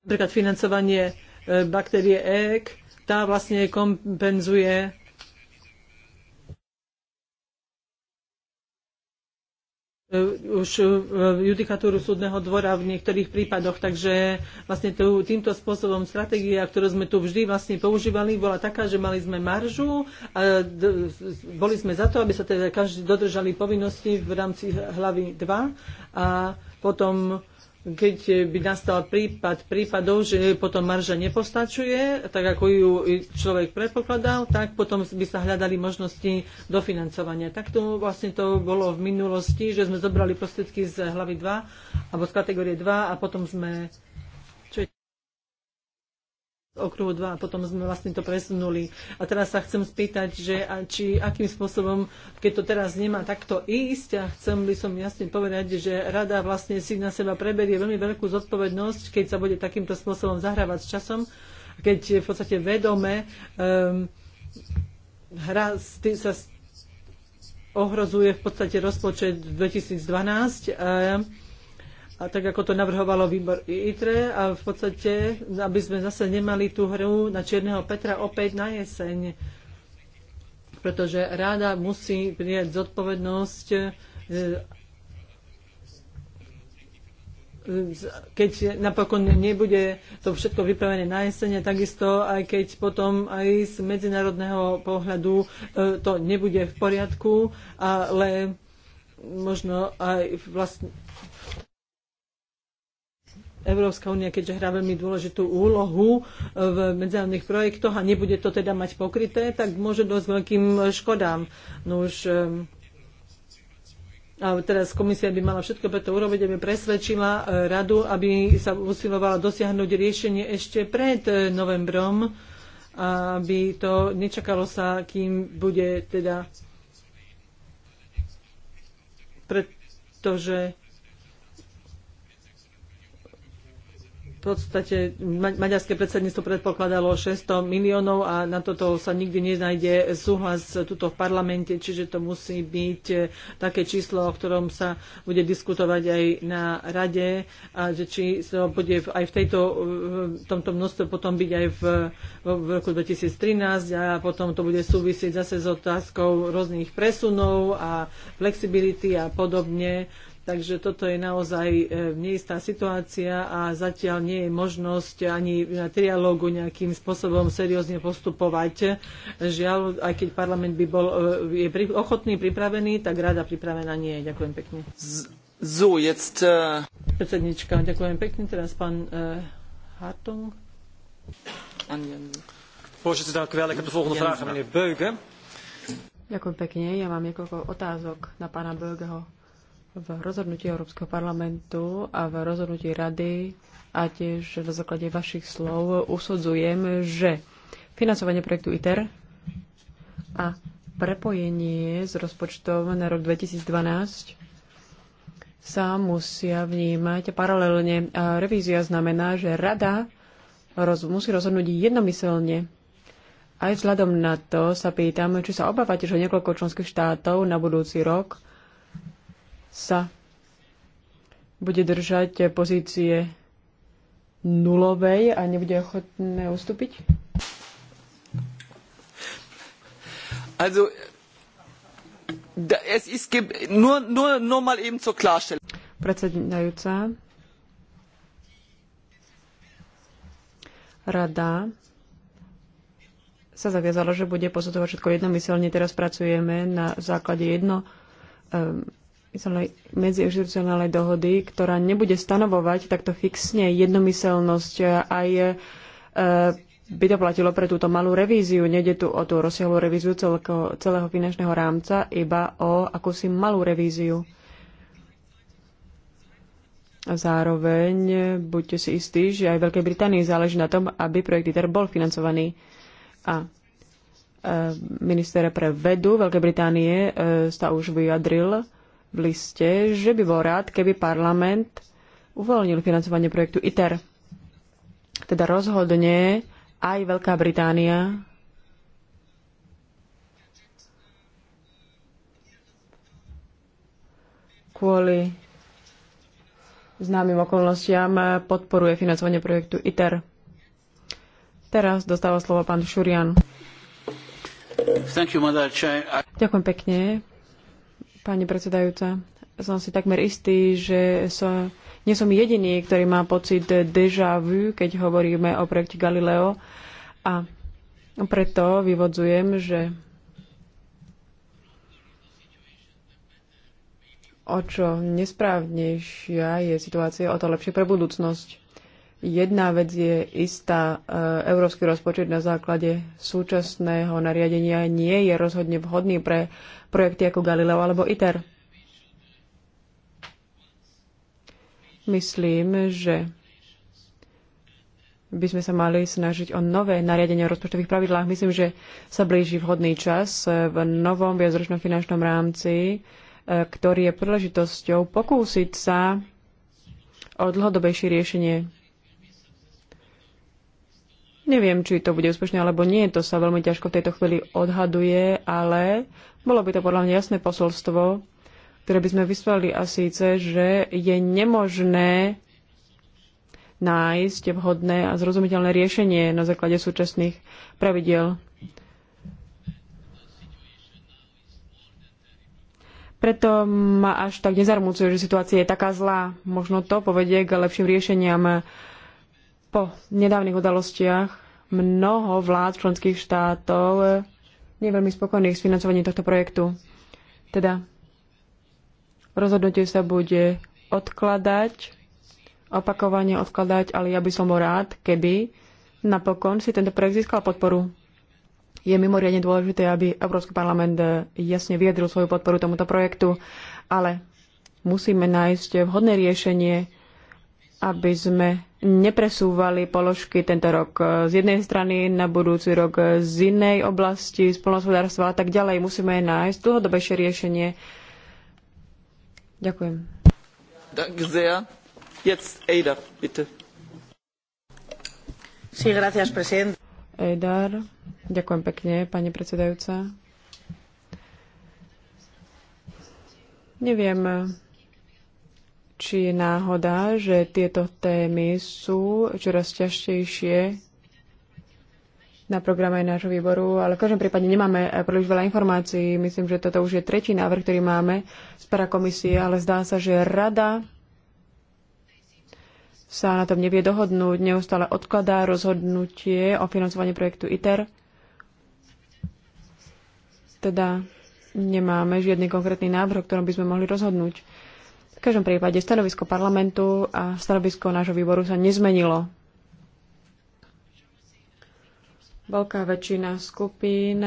napríklad financovanie uh, baktérie EK, tá vlastne kompenzuje E, už e, judikatúru súdneho dvora v niektorých prípadoch. Takže vlastne to, týmto spôsobom stratégia, ktorú sme tu vždy vlastne používali, bola taká, že mali sme maržu a boli sme za to, aby sa teda každý dodržali povinnosti v rámci hlavy 2 a potom keď by nastal prípad prípadov, že potom marža nepostačuje, tak ako ju človek predpokladal, tak potom by sa hľadali možnosti dofinancovania. Tak to vlastne to bolo v minulosti, že sme zobrali prostriedky z hlavy 2 alebo z kategórie 2 a potom sme okruhu 2 a potom sme vlastne to presunuli. A teraz sa chcem spýtať, že a či akým spôsobom, keď to teraz nemá takto ísť a chcem by som jasne povedať, že rada vlastne si na seba preberie veľmi veľkú zodpovednosť, keď sa bude takýmto spôsobom zahrávať s časom, keď v podstate vedome um, hra sa ohrozuje v podstate rozpočet 2012. Um, ehm, a tak ako to navrhovalo výbor ITRE a v podstate, aby sme zase nemali tú hru na Čierneho Petra opäť na jeseň, pretože ráda musí prijať zodpovednosť e, keď napokon nebude to všetko vypravené na jesene, takisto aj keď potom aj z medzinárodného pohľadu e, to nebude v poriadku, ale možno aj vlastne Európska únia, keďže hrá veľmi dôležitú úlohu v medzinárodných projektoch a nebude to teda mať pokryté, tak môže dosť veľkým škodám. No už ehm, a teraz komisia by mala všetko preto urobiť, aby presvedčila e, radu, aby sa usilovala dosiahnuť riešenie ešte pred e, novembrom, aby to nečakalo sa, kým bude teda pretože podstate maďarské predsedníctvo predpokladalo 600 miliónov a na toto sa nikdy nenájde súhlas e, tuto v parlamente, čiže to musí byť e, také číslo, o ktorom sa bude diskutovať aj na rade a že či sa bude aj v tejto, e, v tomto množstve potom byť aj v, v roku 2013 a potom to bude súvisieť zase s otázkou rôznych presunov a flexibility a podobne. Takže toto je naozaj e, neistá situácia a zatiaľ nie je možnosť ani na trialógu nejakým spôsobom seriózne postupovať. Žiaľ, aj keď parlament by bol, e, je ochotný, pripravený, tak rada pripravená nie je. Ďakujem pekne. So, jetzt, uh... Predsednička, ďakujem pekne. Teraz pán uh, Hartung. Ďakujem pekne. Ja mám niekoľko otázok na pána Bögeho v rozhodnutí Európskeho parlamentu a v rozhodnutí Rady a tiež na základe vašich slov usudzujem, že financovanie projektu ITER a prepojenie s rozpočtom na rok 2012 sa musia vnímať paralelne. A revízia znamená, že Rada roz, musí rozhodnúť jednomyselne. Aj vzhľadom na to sa pýtam, či sa obávate, že niekoľko členských štátov na budúci rok sa bude držať pozície nulovej a nebude ochotné ustúpiť? Also, da, es ist nur, nur, nur mal eben zur Klarstellung. Predsedajúca. Rada sa zaviazala, že bude posudzovať všetko jednomyselne. Teraz pracujeme na základe jedno um, medziinstitucionálnej dohody, ktorá nebude stanovovať takto fixne jednomyselnosť aj e, by to platilo pre túto malú revíziu. Nede tu o tú rozsiahlu revíziu celko, celého finančného rámca, iba o akúsi malú revíziu. A zároveň buďte si istí, že aj Veľkej Británii záleží na tom, aby projekt ITER bol financovaný. A e, minister pre vedu Veľkej Británie e, sa už vyjadril, v liste, že by bol rád, keby parlament uvoľnil financovanie projektu ITER. Teda rozhodne aj Veľká Británia kvôli známym okolnostiam podporuje financovanie projektu ITER. Teraz dostáva slovo pán Šurian. Ďakujem pekne, Pani predsedajúca, som si takmer istý, že som, nie som jediný, ktorý má pocit déjà vu, keď hovoríme o projekte Galileo. A preto vyvodzujem, že o čo nesprávnejšia je situácia, o to lepšie pre budúcnosť. Jedna vec je istá. E, európsky rozpočet na základe súčasného nariadenia nie je rozhodne vhodný pre projekty ako Galileo alebo ITER. Myslím, že by sme sa mali snažiť o nové nariadenie o rozpočtových pravidlách. Myslím, že sa blíži vhodný čas v novom viacročnom finančnom rámci, e, ktorý je príležitosťou pokúsiť sa o dlhodobejšie riešenie Neviem, či to bude úspešné alebo nie, to sa veľmi ťažko v tejto chvíli odhaduje, ale bolo by to podľa mňa jasné posolstvo, ktoré by sme vyslali a síce, že je nemožné nájsť vhodné a zrozumiteľné riešenie na základe súčasných pravidiel. Preto ma až tak nezarmúcuje, že situácia je taká zlá. Možno to povedie k lepším riešeniam po nedávnych udalostiach mnoho vlád členských štátov nie veľmi spokojných s financovaním tohto projektu. Teda rozhodnutie sa bude odkladať, opakovane odkladať, ale ja by som bol rád, keby napokon si tento projekt získal podporu. Je mimoriadne dôležité, aby Európsky parlament jasne vyjadril svoju podporu tomuto projektu, ale musíme nájsť vhodné riešenie, aby sme nepresúvali položky tento rok z jednej strany na budúci rok z inej oblasti, z polnohospodárstva a tak ďalej. Musíme nájsť dlhodobejšie riešenie. Ďakujem. Eidar, ďakujem pekne, pani predsedajúca. Neviem, či je náhoda, že tieto témy sú čoraz ťažšejšie na programe nášho výboru, ale v každom prípade nemáme eh, príliš veľa informácií. Myslím, že toto už je tretí návrh, ktorý máme z parakomisie, ale zdá sa, že rada sa na tom nevie dohodnúť, neustále odkladá rozhodnutie o financovaní projektu ITER. Teda nemáme žiadny konkrétny návrh, o ktorom by sme mohli rozhodnúť. V každom prípade stanovisko parlamentu a stanovisko nášho výboru sa nezmenilo. Veľká väčšina skupín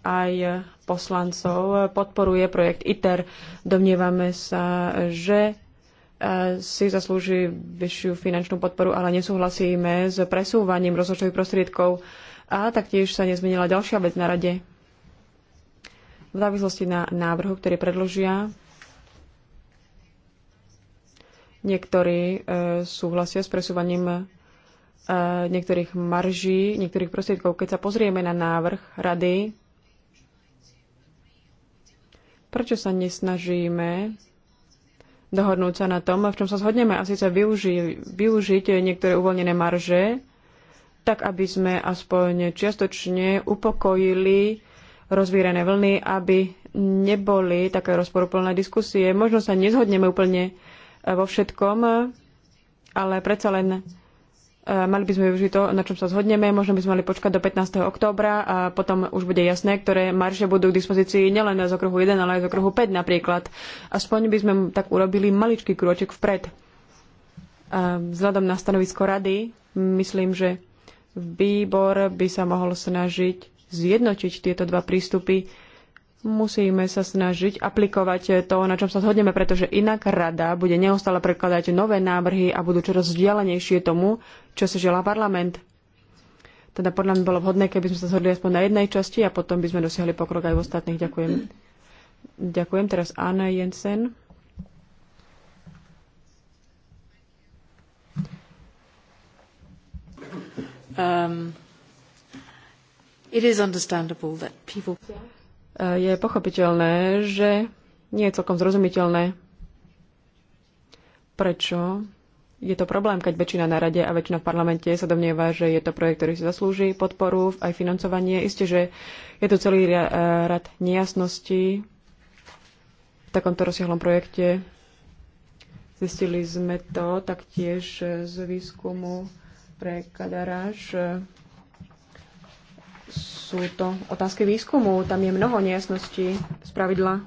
aj poslancov podporuje projekt ITER. Domnievame sa, že e, si zaslúži vyššiu finančnú podporu, ale nesúhlasíme s presúvaním rozpočtových prostriedkov a taktiež sa nezmenila ďalšia vec na rade. V závislosti na návrhu, ktorý predložia Niektorí e, súhlasia s presúvaním e, niektorých marží, niektorých prostriedkov. Keď sa pozrieme na návrh rady, prečo sa nesnažíme dohodnúť sa na tom, v čom sa zhodneme, a síce využi- využiť niektoré uvoľnené marže, tak aby sme aspoň čiastočne upokojili rozvírené vlny, aby neboli také rozporuplné diskusie. Možno sa nezhodneme úplne E, vo všetkom, e, ale predsa len e, mali by sme využiť to, na čom sa zhodneme. Možno by sme mali počkať do 15. októbra a potom už bude jasné, ktoré marže budú k dispozícii nielen z okruhu 1, ale aj z okruhu 5 napríklad. Aspoň by sme tak urobili maličký krôček vpred. A vzhľadom na stanovisko rady, myslím, že výbor by sa mohol snažiť zjednotiť tieto dva prístupy musíme sa snažiť aplikovať to, na čom sa zhodneme, pretože inak rada bude neustále predkladať nové návrhy a budú čoraz vzdialenejšie tomu, čo si želá parlament. Teda podľa mňa bolo vhodné, keby sme sa zhodli aspoň na jednej časti a potom by sme dosiahli pokrok aj v ostatných. Ďakujem. Ďakujem. Teraz Anna Jensen. Um, it is understandable that people... Yeah Eh, je pochopiteľné, že nie je celkom zrozumiteľné, prečo je to problém, keď väčšina na rade a väčšina v parlamente sa domnieva, že je to projekt, ktorý si zaslúži podporu, aj financovanie. Isté, že je tu celý eh, rad nejasností v takomto rozsiahlom projekte. Zistili sme to taktiež z výskumu pre Kadaráš sú to otázky výskumu. Tam je mnoho nejasností z pravidla.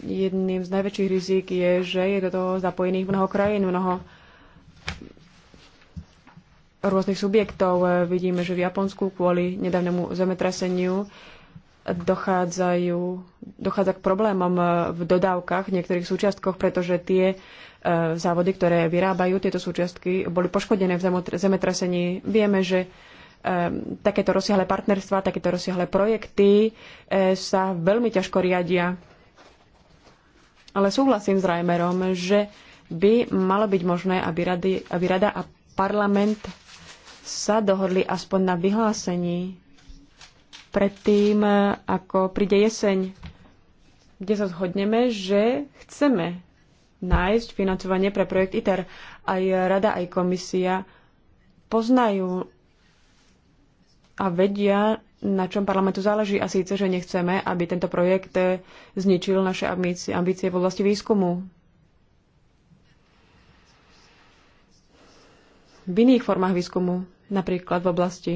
Jedným z najväčších rizik je, že je do toho zapojených mnoho krajín, mnoho rôznych subjektov. Vidíme, že v Japonsku kvôli nedávnemu zemetraseniu dochádzajú, dochádza k problémom v dodávkach v niektorých súčiastkoch, pretože tie E, závody, ktoré vyrábajú tieto súčiastky, boli poškodené v zemetrasení. Vieme, že e, takéto rozsiahle partnerstva, takéto rozsiahle projekty e, sa veľmi ťažko riadia. Ale súhlasím s Reimerom, že by malo byť možné, aby, rady, aby rada a parlament sa dohodli aspoň na vyhlásení predtým, ako príde jeseň, kde sa zhodneme, že chceme nájsť financovanie pre projekt ITER. Aj rada, aj komisia poznajú a vedia, na čom parlamentu záleží a síce, že nechceme, aby tento projekt zničil naše ambície, ambície v oblasti výskumu. V iných formách výskumu, napríklad v oblasti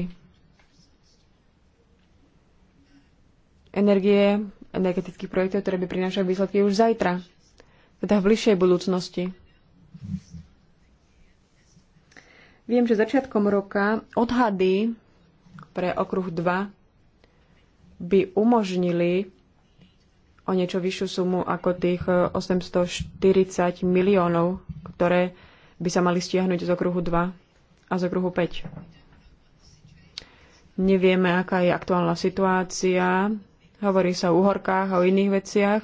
energie, energetických projektov, ktoré by prinášali výsledky už zajtra teda v bližšej budúcnosti. Viem, že začiatkom roka odhady pre okruh 2 by umožnili o niečo vyššiu sumu ako tých 840 e, miliónov, ktoré by sa mali stiahnuť z okruhu 2 a z okruhu 5. Nevieme, aká je aktuálna situácia, hovorí sa o uhorkách a o iných veciach,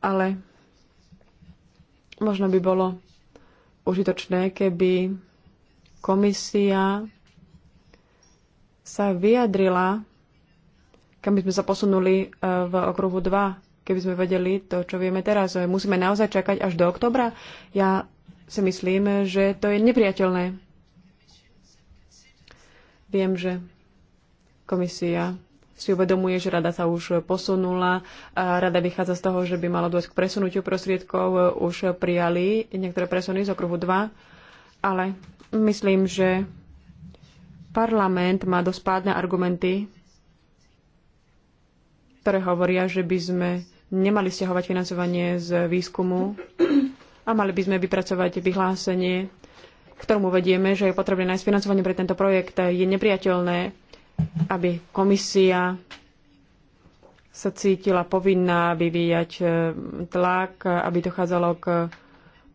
ale Možno by bolo užitočné, keby komisia sa vyjadrila, kam by sme sa posunuli e, v okruhu 2, keby sme vedeli to, čo vieme teraz. E, musíme naozaj čakať až do oktobra? Ja si myslím, že to je nepriateľné. Viem, že komisia si uvedomuje, že rada sa už posunula. A rada vychádza z toho, že by malo dôjsť k presunutiu prostriedkov. Už prijali niektoré presuny z okruhu 2, ale myslím, že parlament má dosť pádne argumenty, ktoré hovoria, že by sme nemali stiahovať financovanie z výskumu a mali by sme vypracovať vyhlásenie, ktorom uvedieme, že je potrebné nájsť financovanie pre tento projekt. Je nepriateľné, aby komisia sa cítila povinná vyvíjať e, tlak, aby dochádzalo k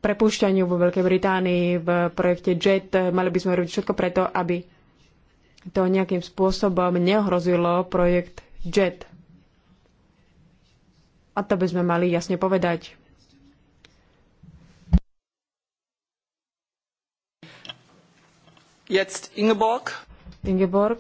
prepušťaniu vo Veľkej Británii v projekte JET. Mali by sme robiť všetko preto, aby to nejakým spôsobom neohrozilo projekt JET. A to by sme mali jasne povedať. Jetzt Ingeborg. Ingeborg.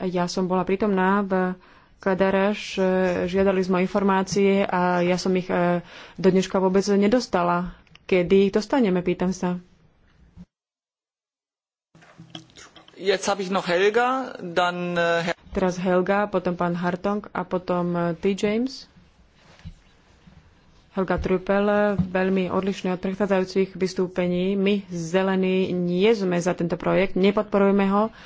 Ja som bola prítomná v Kadaraš, žiadali sme informácie a ja som ich e, do dneška vôbec nedostala. Kedy ich dostaneme, pýtam sa. Helga, dann... Äh, Teraz Helga, potom pán Hartong a potom e, T. James. Helga Trupel, e, veľmi odlišné od predchádzajúcich vystúpení. My, zelení, nie sme za tento projekt, nepodporujeme ho. Uh,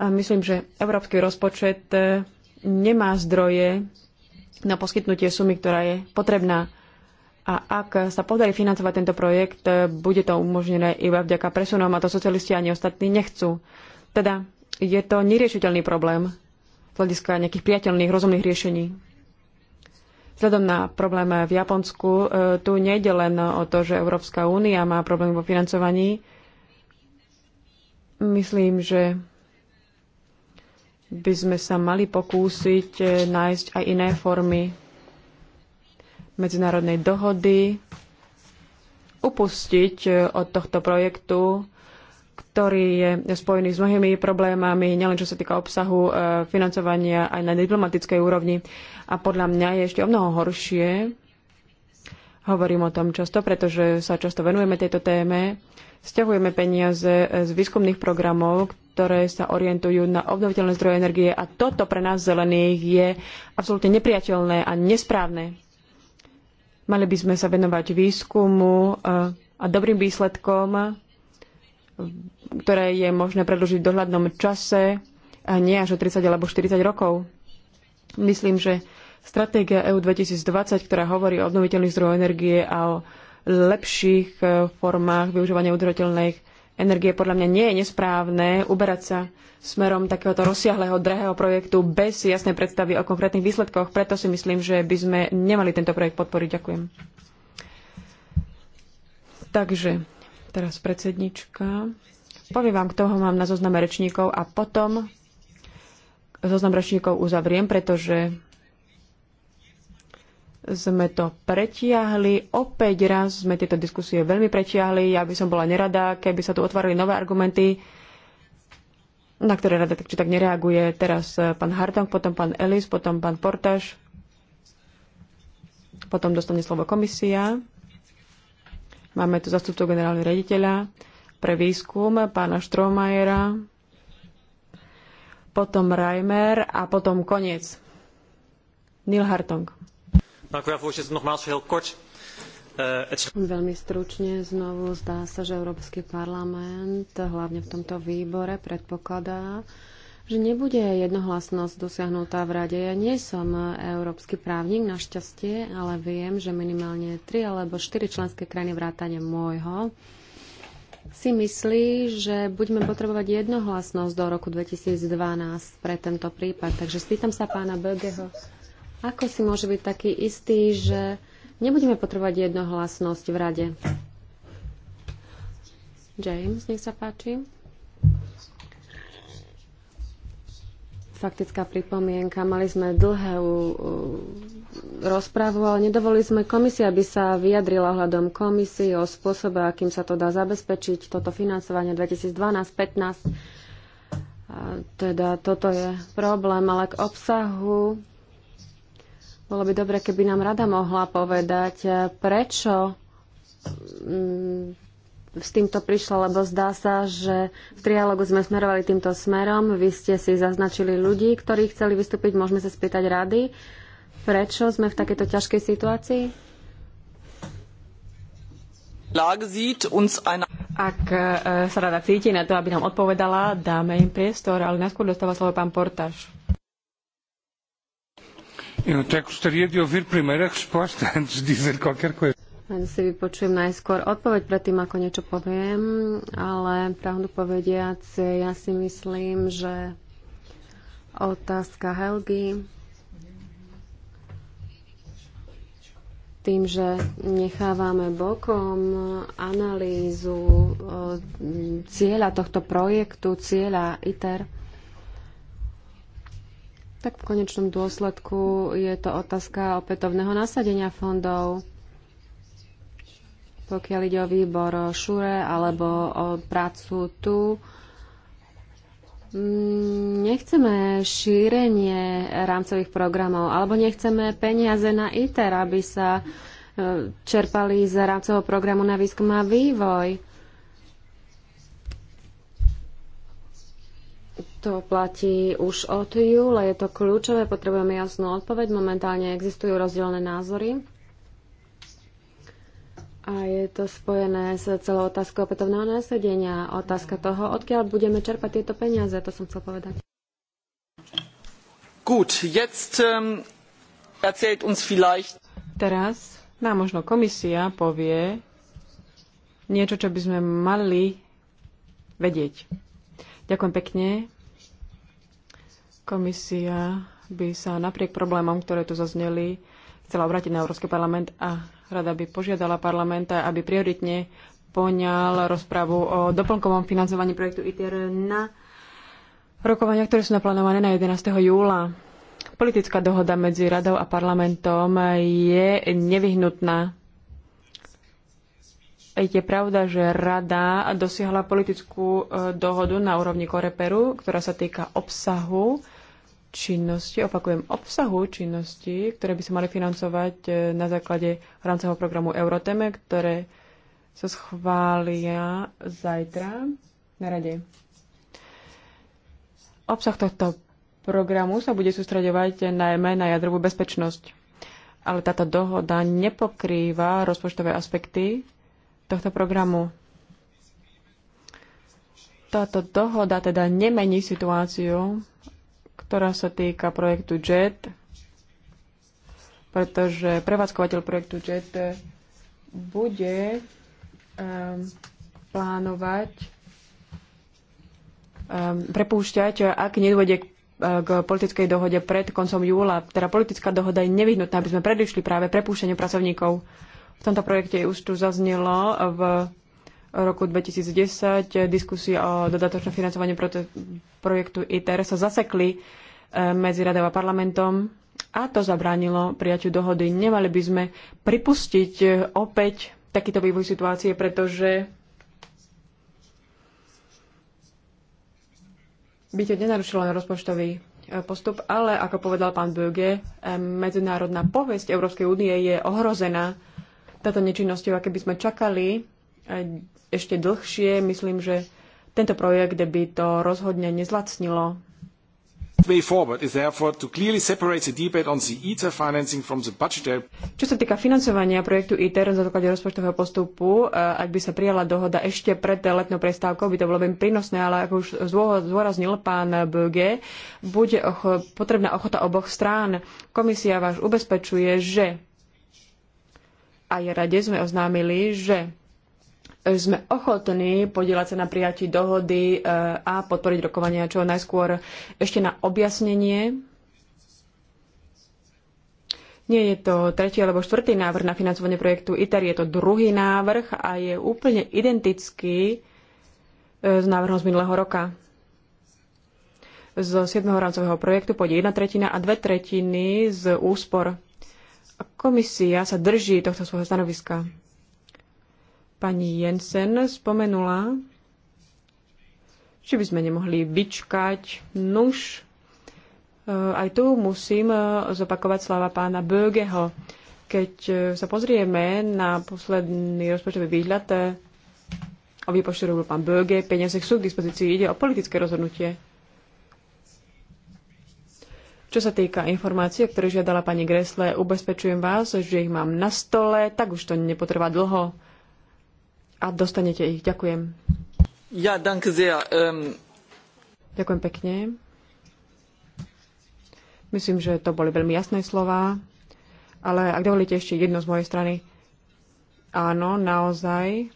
a myslím, že európsky rozpočet e, nemá zdroje na poskytnutie sumy, ktorá je potrebná. A ak sa podarí financovať tento projekt, e, bude to umožnené iba vďaka presunom a to socialisti ani ostatní nechcú. Teda je to neriešiteľný problém z hľadiska nejakých priateľných, rozumných riešení. Vzhľadom na problém v Japonsku, e, tu nejde len o to, že Európska únia má problém vo financovaní. Myslím, že by sme sa mali pokúsiť eh, nájsť aj iné formy medzinárodnej dohody, upustiť eh, od tohto projektu, ktorý je spojený s mnohými problémami, nielen čo sa týka obsahu eh, financovania aj na diplomatickej úrovni. A podľa mňa je ešte o mnoho horšie, hovorím o tom často, pretože sa často venujeme tejto téme, stiahujeme peniaze z výskumných programov, ktoré sa orientujú na obnoviteľné zdroje energie a toto pre nás zelených je absolútne nepriateľné a nesprávne. Mali by sme sa venovať výskumu e, a dobrým výsledkom, e, ktoré je možné predlžiť v dohľadnom čase a nie až o 30 alebo 40 rokov. Myslím, že stratégia EU 2020, ktorá hovorí o obnoviteľných zdrojoch energie a o lepších e, formách využívania udržateľných energie podľa mňa nie je nesprávne uberať sa smerom takéhoto rozsiahleho, drahého projektu bez jasnej predstavy o konkrétnych výsledkoch. Preto si myslím, že by sme nemali tento projekt podporiť. Ďakujem. Takže, teraz predsednička. Poviem vám, kto ho mám na zozname rečníkov a potom zoznam rečníkov uzavriem, pretože sme to pretiahli. Opäť raz sme tieto diskusie veľmi pretiahli. Ja by som bola nerada, keby sa tu otvárali nové argumenty, na ktoré rada tak či tak nereaguje. Teraz eh, pán Hartong, potom pán Ellis, potom pán Portaž. Potom dostane slovo komisia. Máme tu zastupcu generálneho rediteľa pre výskum, pána Štromajera, potom Reimer a potom koniec. Neil Hartong. Eh, Veľmi stručne znovu zdá sa, že Európsky parlament, hlavne v tomto výbore, predpokladá, že nebude jednohlasnosť dosiahnutá v rade. Ja nie som európsky právnik, našťastie, ale viem, že minimálne tri alebo štyri členské krajiny vrátane môjho si myslí, že budeme potrebovať jednohlasnosť do roku 2012 pre tento prípad. Takže spýtam sa pána Bögeho ako si môže byť taký istý, že nebudeme potrebovať jednohlasnosť v rade? James, nech sa páči. Faktická pripomienka. Mali sme dlhé uh, rozprávu, ale nedovolili sme komisii, aby sa vyjadrila hľadom komisii o spôsobe, akým sa to dá zabezpečiť, toto financovanie 2012-15. Teda toto je problém, ale k obsahu bolo by dobre, keby nám rada mohla povedať, eh, prečo mm, s týmto prišla, lebo zdá sa, že v trialogu sme smerovali týmto smerom. Vy ste si zaznačili ľudí, ktorí chceli vystúpiť. Môžeme sa spýtať rady, prečo sme v takejto ťažkej situácii? Ak eh, sa rada cíti na to, aby nám odpovedala, dáme im priestor, ale najskôr dostáva slovo pán Portáš. Eu até gostaria de ouvir primeiro a resposta antes (laughs) de dizer qualquer coisa. Ja si vypočujem najskôr odpoveď predtým, ako niečo poviem, ale pravdu povediac, ja si myslím, že otázka Helgy tým, že nechávame bokom analýzu eh, cieľa tohto projektu, cieľa ITER, tak v konečnom dôsledku je to otázka opätovného nasadenia fondov, pokiaľ ide o výbor Šure alebo o prácu tu. Mm, nechceme šírenie rámcových programov alebo nechceme peniaze na ITER, aby sa e, čerpali z rámcového programu na výskum a vývoj. To platí už od júla, je to kľúčové, potrebujeme jasnú odpoveď. Momentálne existujú rozdielne názory. A je to spojené s celou otázkou opätovného násadenia, otázka toho, odkiaľ budeme čerpať tieto peniaze, to som chcel povedať. Gut, jetzt um, erzählt uns vielleicht... Teraz nám možno komisia povie niečo, čo by sme mali vedieť. Ďakujem pekne. Komisia by sa napriek problémom, ktoré tu zazneli, chcela obrátiť na Európsky parlament a rada by požiadala parlamenta, aby prioritne poňal rozpravu o doplnkovom financovaní projektu ITR na rokovania, ktoré sú naplánované na 11. júla. Politická dohoda medzi radou a parlamentom je nevyhnutná. Je pravda, že rada dosiahla politickú eh, dohodu na úrovni Koreperu, ktorá sa týka obsahu činnosti, opakujem, obsahu činnosti, ktoré by sa mali financovať e, na základe rámcového programu Euroteme, ktoré sa schvália zajtra na rade. Obsah tohto programu sa bude sústredovať najmä na jadrovú bezpečnosť. Ale táto dohoda nepokrýva rozpočtové aspekty tohto programu. Táto dohoda teda nemení situáciu ktorá sa týka projektu JET, pretože prevádzkovateľ projektu JET bude um, plánovať um, prepúšťať, ak nedôjde k, e, k politickej dohode pred koncom júla. Teda politická dohoda je nevyhnutná, aby sme predišli práve prepúšťaniu pracovníkov. V tomto projekte už tu zaznelo v roku 2010 eh, diskusie o dodatočnom financovaní projektu ITER sa zasekli eh, medzi radou a parlamentom a to zabránilo prijaťu dohody. Nemali by sme pripustiť eh, opäť takýto vývoj situácie, pretože by to nenarušilo na rozpočtový postup, ale ako povedal pán Böge, medzinárodná povesť Európskej únie je ohrozená táto nečinnosťou, aké by sme čakali ešte dlhšie. Myslím, že tento projekt by to rozhodne nezlacnilo. Čo sa týka financovania projektu ITER na základe rozpočtového postupu, eh, ak by sa prijala dohoda ešte pred letnou prestávkou, by to bolo veľmi prínosné, ale ako už zdôraznil pán Böge, bude och potrebná ochota oboch strán. Komisia vás ubezpečuje, že aj rade sme oznámili, že sme ochotní podielať sa na prijatí dohody e, a podporiť rokovania čo najskôr. Ešte na objasnenie. Nie je to tretí alebo štvrtý návrh na financovanie projektu ITER, je to druhý návrh a je úplne identický e, s návrhom z minulého roka. Z 7. rámcového projektu pôjde jedna tretina a dve tretiny z úspor. Komisia sa drží tohto svojho stanoviska Pani Jensen spomenula, že by sme nemohli vyčkať. Nuž, e, aj tu musím e, zopakovať slava pána Bögeho. Keď e, sa pozrieme na posledný rozpočtový výhľad, o výpočtu robil pán Böge, peniaze sú k dispozícii, ide o politické rozhodnutie. Čo sa týka informácie, ktoré žiadala pani Gresle, ubezpečujem vás, že ich mám na stole, tak už to nepotrvá dlho a dostanete ich. Ďakujem. Ja, danke sehr. Um... Ďakujem pekne. Myslím, že to boli veľmi jasné slova, ale ak dovolíte ešte jedno z mojej strany. Áno, naozaj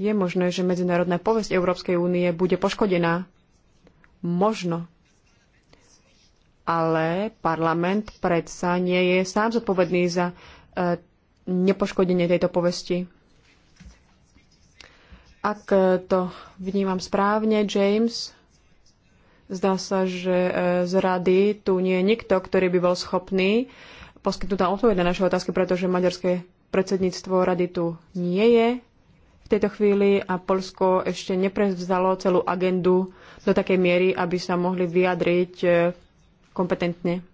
je možné, že medzinárodná povesť Európskej únie bude poškodená. Možno. Ale parlament predsa nie je sám zodpovedný za e, nepoškodenie tejto povesti. Ak to vnímam správne, James, zdá sa, že e, z rady tu nie je nikto, ktorý by bol schopný poskytnúť tam odpoveď na naše otázky, pretože maďarské predsedníctvo rady tu nie je v tejto chvíli a Polsko ešte neprevzalo celú agendu do takej miery, aby sa mohli vyjadriť e, kompetentne.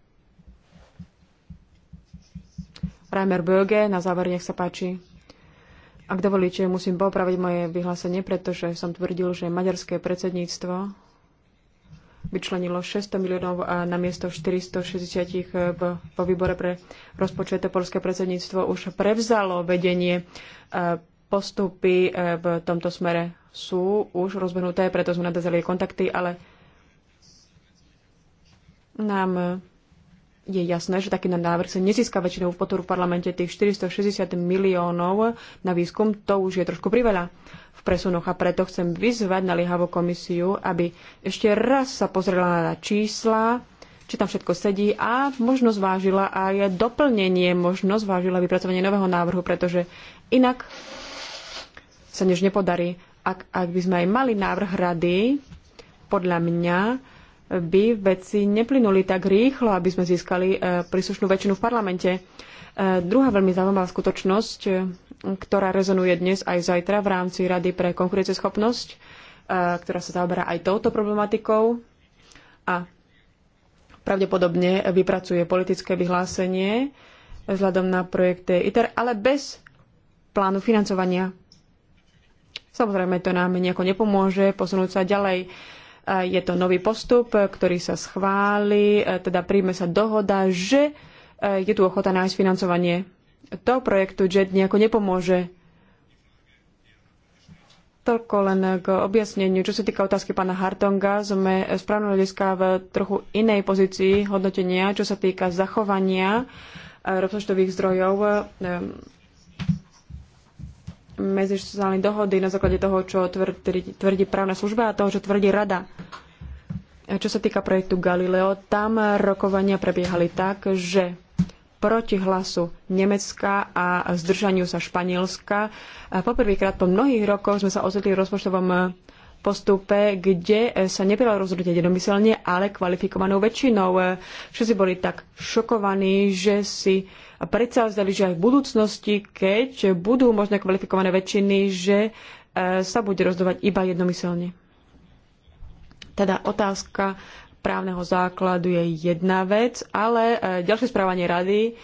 Reimer Böge, na záver nech sa páči. Ak dovolíte, musím popraviť moje vyhlásenie, pretože som tvrdil, že maďarské predsedníctvo vyčlenilo 600 miliónov a na miesto 460 po vo výbore pre rozpočet polské predsedníctvo už prevzalo vedenie. E, postupy e, v tomto smere sú už rozbehnuté, preto sme nadazali kontakty, ale nám je jasné, že taký návrh sa nezíska väčšinou v potoru v parlamente tých 460 miliónov na výskum, to už je trošku priveľa v presunoch a preto chcem vyzvať liehavú komisiu, aby ešte raz sa pozrela na čísla, či tam všetko sedí a možno zvážila aj doplnenie, možno zvážila vypracovanie nového návrhu, pretože inak sa než nepodarí. Ak, ak by sme aj mali návrh rady, podľa mňa by veci neplynuli tak rýchlo, aby sme získali e, príslušnú väčšinu v parlamente. E, druhá veľmi zaujímavá skutočnosť, e, ktorá rezonuje dnes aj zajtra v rámci Rady pre konkurencieschopnosť, ktorá sa zaoberá aj touto problematikou a pravdepodobne vypracuje politické vyhlásenie vzhľadom na projekty ITER, ale bez plánu financovania. Samozrejme, to nám nejako nepomôže posunúť sa ďalej. Je to nový postup, e, ktorý sa schváli, e, teda príjme sa dohoda, že e, je tu ochota nájsť financovanie. To projektu JET nejako nepomôže. Toľko len k objasneniu. Čo sa týka otázky pána Hartonga, sme správne hľadiska v trochu inej pozícii hodnotenia, čo sa týka zachovania rozpočtových zdrojov medzištátnej dohody na základe toho, čo tvrdí, tvrdí právna služba a toho, čo tvrdí rada. Čo sa týka projektu Galileo, tam rokovania prebiehali tak, že proti hlasu Nemecka a zdržaniu sa Španielska. Poprvýkrát po mnohých rokoch sme sa ocitli v rozpočtovom postupe, kde e, sa neprijalo rozhodnutie jednomyselne, ale kvalifikovanou väčšinou. E, Všetci boli tak šokovaní, že si predsa vzdali, že aj v budúcnosti, keď budú možné kvalifikované väčšiny, že e, sa bude rozhodovať iba jednomyselne. Teda otázka právneho základu je jedna vec, ale ďalšie správanie rady,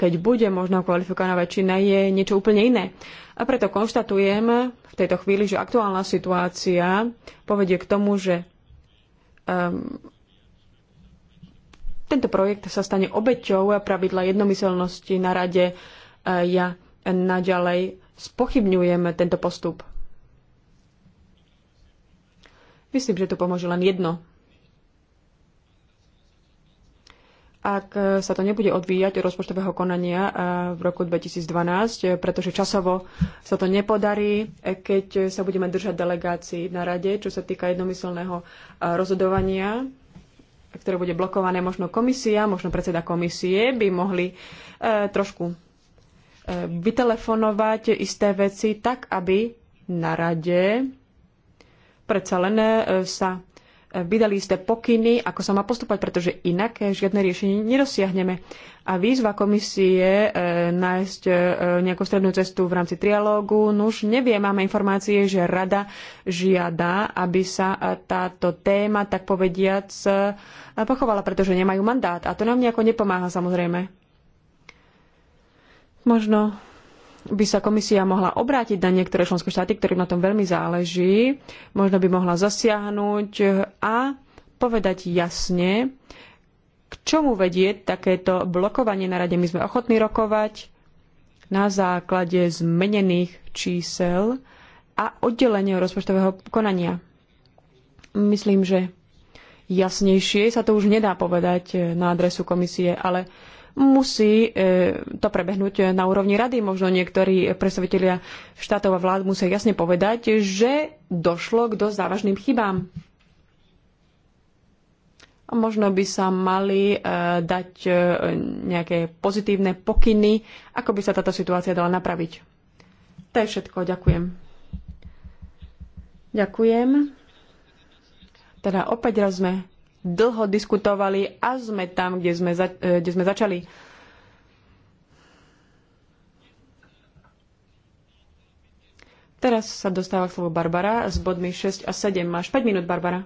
keď bude možná kvalifikovaná väčšina, je niečo úplne iné. A preto konštatujem v tejto chvíli, že aktuálna situácia povedie k tomu, že um, tento projekt sa stane obeťou pravidla jednomyselnosti na rade. E, ja naďalej spochybňujem tento postup. Myslím, že to pomôže len jedno ak e, sa to nebude odvíjať od rozpočtového konania e, v roku 2012, e, pretože časovo sa to nepodarí, keď sa budeme držať delegácií na rade, čo sa týka jednomyselného rozhodovania, ktoré bude blokované možno komisia, možno predseda komisie by mohli trošku vytelefonovať isté veci tak, aby na rade predsa len sa vydali isté pokyny, ako sa má postupovať, pretože inak žiadne riešenie nedosiahneme. A výzva komisie e, nájsť e, nejakú strednú cestu v rámci trialógu, no už neviem, máme informácie, že rada žiada, aby sa e, táto téma, tak povediac, e, pochovala, pretože nemajú mandát. A to nám nejako nepomáha samozrejme. Možno by sa komisia mohla obrátiť na niektoré členské štáty, ktorým na tom veľmi záleží, možno by mohla zasiahnuť a povedať jasne, k čomu vedie takéto blokovanie na rade. My sme ochotní rokovať na základe zmenených čísel a oddelenie rozpočtového konania. Myslím, že jasnejšie sa to už nedá povedať na adresu komisie, ale musí e, to prebehnúť na úrovni rady. Možno niektorí predstavitelia štátov a vlád musia jasne povedať, že došlo k dosť závažným chybám. Možno by sa mali e, dať e, nejaké pozitívne pokyny, ako by sa táto situácia dala napraviť. To je všetko. Ďakujem. Ďakujem. Teda opäť raz sme dlho diskutovali a sme tam, kde sme, za, e, kde sme začali. Teraz sa dostáva slovo Barbara s bodmi 6 a 7. Máš 5 minút, Barbara.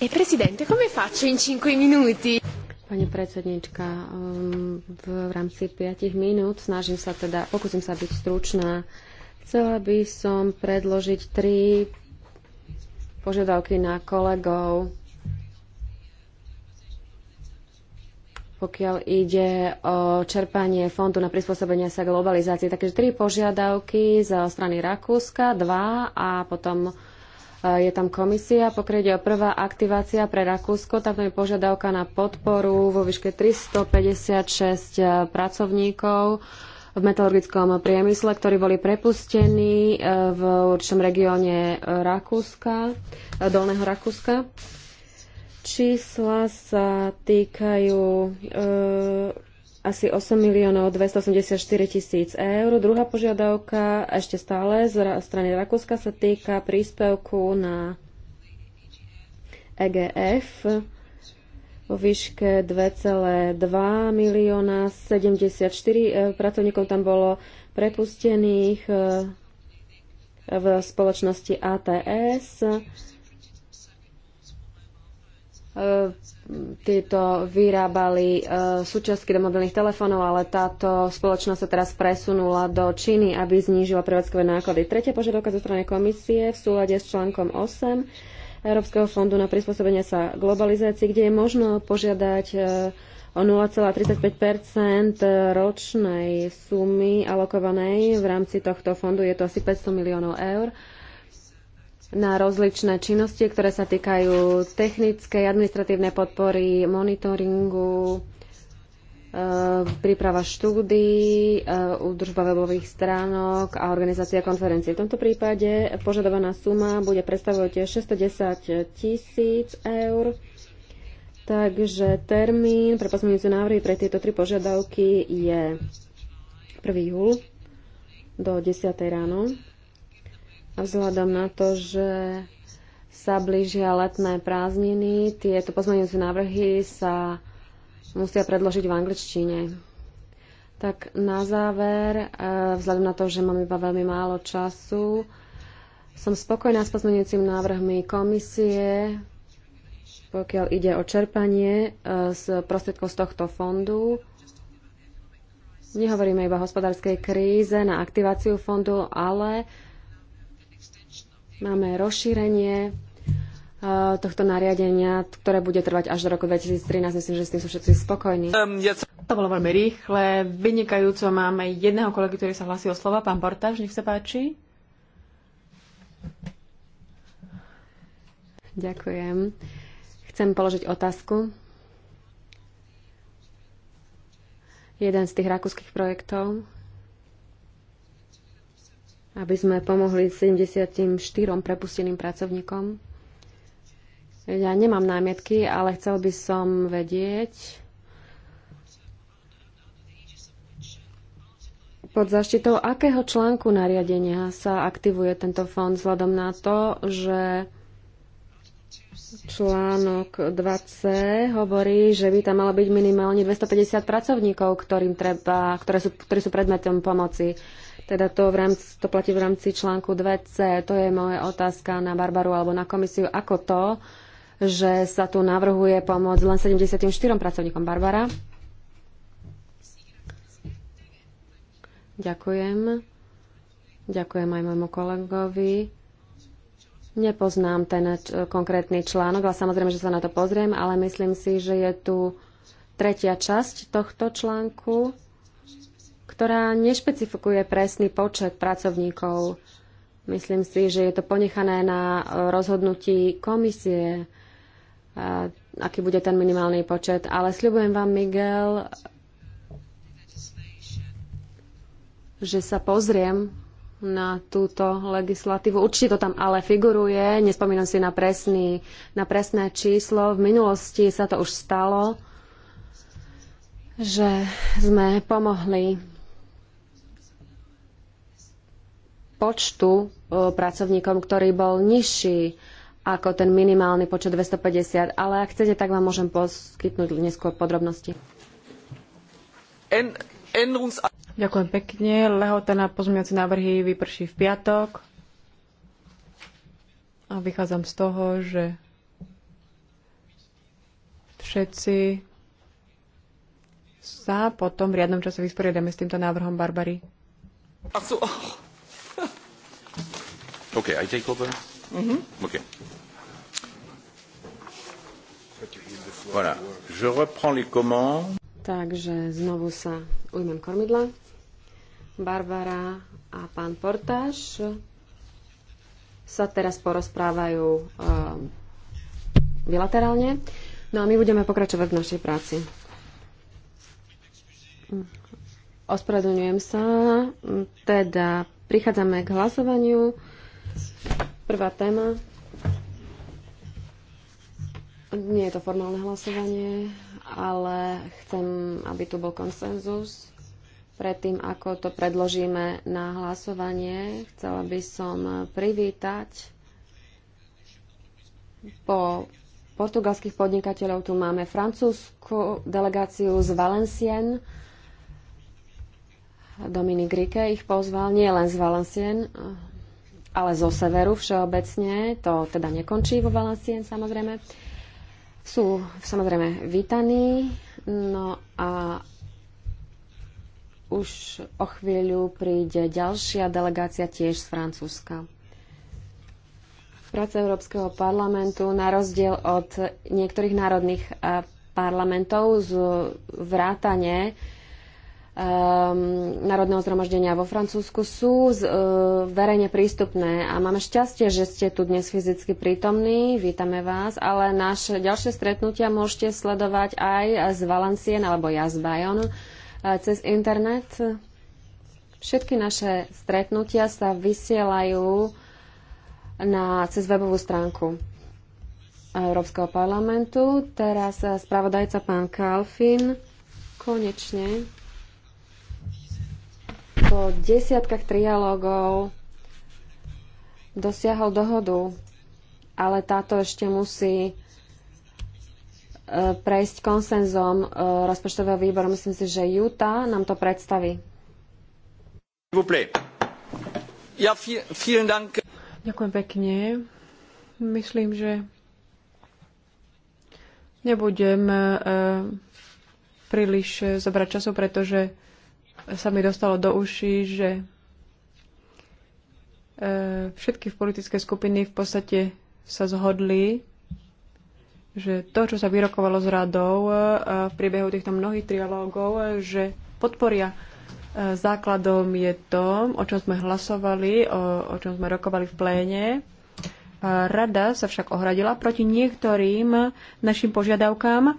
E presidente, come faccio in 5 minuti? Pani predsednička, um, v, v rámci 5 minút snažím sa teda, pokúsim sa byť stručná. Chcela by som predložiť tri požiadavky na kolegov. pokiaľ ide o čerpanie fondu na prispôsobenie sa globalizácii. Takže tri požiadavky zo strany Rakúska, dva a potom e, je tam komisia. Pokiaľ ide o prvá aktivácia pre Rakúsko, tam je požiadavka na podporu vo výške 356 e, pracovníkov v metalurgickom priemysle, ktorí boli prepustení e, v určitom regióne Rakúska, Dolného Rakúska Čísla sa týkajú e, asi 8 miliónov 284 tisíc eur. Druhá požiadavka ešte stále z strany Rakúska sa týka príspevku na EGF vo výške 2,2 milióna 74 eh, pracovníkov tam bolo prepustených eh, v spoločnosti ATS. E, tieto vyrábali e, súčiastky do mobilných telefónov, ale táto spoločnosť sa teraz presunula do Číny, aby znížila prevádzkové náklady. Tretia požiadavka zo strany komisie v súlade s článkom 8 Európskeho fondu na prispôsobenie sa globalizácii, kde je možno požiadať e, o 0,35 ročnej sumy alokovanej v rámci tohto fondu. Je to asi 500 miliónov eur na rozličné činnosti, ktoré sa týkajú technickej, administratívnej podpory, monitoringu, eh, príprava štúdí, eh, údržba webových stránok a organizácia konferencie. V tomto prípade požadovaná suma bude predstavovať 610 tisíc eur. Takže termín pre pozmeňujúce návrhy pre tieto tri požiadavky je 1. júl do 10. ráno. Vzhľadom na to, že sa blížia letné prázdniny, tieto pozmeňujúce návrhy sa musia predložiť v angličtine. Tak na záver, e, vzhľadom na to, že mám iba veľmi málo času, som spokojná s pozmeňujúcim návrhmi komisie, pokiaľ ide o čerpanie e, z prostriedkov z tohto fondu. Nehovoríme iba o hospodárskej kríze na aktiváciu fondu, ale Máme rozšírenie e, tohto nariadenia, ktoré bude trvať až do roku 2013. Myslím, že s tým sú všetci spokojní. To bolo veľmi rýchle, vynikajúco. Máme jedného kolegy, ktorý sa hlasí o slova. Pán Bortáš, nech sa páči. Ďakujem. Chcem položiť otázku. Jeden z tých rakúskych projektov aby sme pomohli 74 prepusteným pracovníkom. Ja nemám námietky, ale chcel by som vedieť, pod zaštitou akého článku nariadenia sa aktivuje tento fond vzhľadom na to, že článok 2C hovorí, že by tam malo byť minimálne 250 pracovníkov, ktorým treba, ktoré sú, ktorí sú predmetom pomoci. Teda to, v rámci, to platí v rámci článku 2C. To je moja otázka na Barbaru alebo na komisiu. Ako to, že sa tu navrhuje pomôcť len 74 pracovníkom. Barbara? Ďakujem. Ďakujem aj môjmu kolegovi. Nepoznám ten konkrétny článok, ale samozrejme, že sa na to pozriem, ale myslím si, že je tu tretia časť tohto článku ktorá nešpecifikuje presný počet pracovníkov. Myslím si, že je to ponechané na rozhodnutí komisie, aký bude ten minimálny počet. Ale sľubujem vám, Miguel, že sa pozriem na túto legislatívu. Určite to tam ale figuruje, nespomínam si na, presný, na presné číslo. V minulosti sa to už stalo, že sme pomohli počtu e, pracovníkom, ktorý bol nižší ako ten minimálny počet 250, ale ak chcete, tak vám môžem poskytnúť neskôr podrobnosti. Ďakujem pekne. Lehota na pozmeňovacie návrhy vyprší v piatok. A vychádzam z toho, že všetci sa potom v riadnom čase vysporiadame s týmto návrhom Barbary. Ach so, oh. Okay, I take over mm-hmm. Okay. Voilà, je reprends les commandes. Takže znovu sa ujmem kormidla. Barbara a pán Portáš sa teraz porozprávajú um, bilaterálne. No a my budeme pokračovať v našej práci. Ospravedlňujem sa. Teda prichádzame k hlasovaniu. Prvá téma. Nie je to formálne hlasovanie, ale chcem, aby tu bol konsenzus. Predtým, ako to predložíme na hlasovanie, chcela by som privítať po portugalských podnikateľov tu máme francúzsku delegáciu z Valencien. Dominik Rike ich pozval, nie len z Valencien, ale zo severu všeobecne, to teda nekončí vo Valencien samozrejme, sú samozrejme vítaní, no a už o chvíľu príde ďalšia delegácia tiež z Francúzska. Práca Európskeho parlamentu na rozdiel od niektorých národných eh, parlamentov z vrátane um, Národného zhromaždenia vo Francúzsku sú z, uh, verejne prístupné a máme šťastie, že ste tu dnes fyzicky prítomní, vítame vás, ale naše ďalšie stretnutia môžete sledovať aj z Valencien alebo ja z Bajon uh, e, cez internet. Všetky naše stretnutia sa vysielajú na, cez webovú stránku Európskeho parlamentu. Teraz spravodajca pán Kalfin konečne po desiatkách trialógov dosiahol dohodu, ale táto ešte musí e, prejsť konsenzom e, rozpočtového výboru. Myslím si, že Juta nám to predstaví. Ďakujem pekne. Myslím, že nebudem e, príliš zobrať času, pretože sa mi dostalo do uší, že e, všetky politické skupiny v podstate sa zhodli, že to, čo sa vyrokovalo s radou e, v priebehu týchto mnohých trialógov, e, že podporia základom je to, o čom sme hlasovali, o, o čom sme rokovali v pléne. Rada sa však ohradila proti niektorým našim požiadavkám,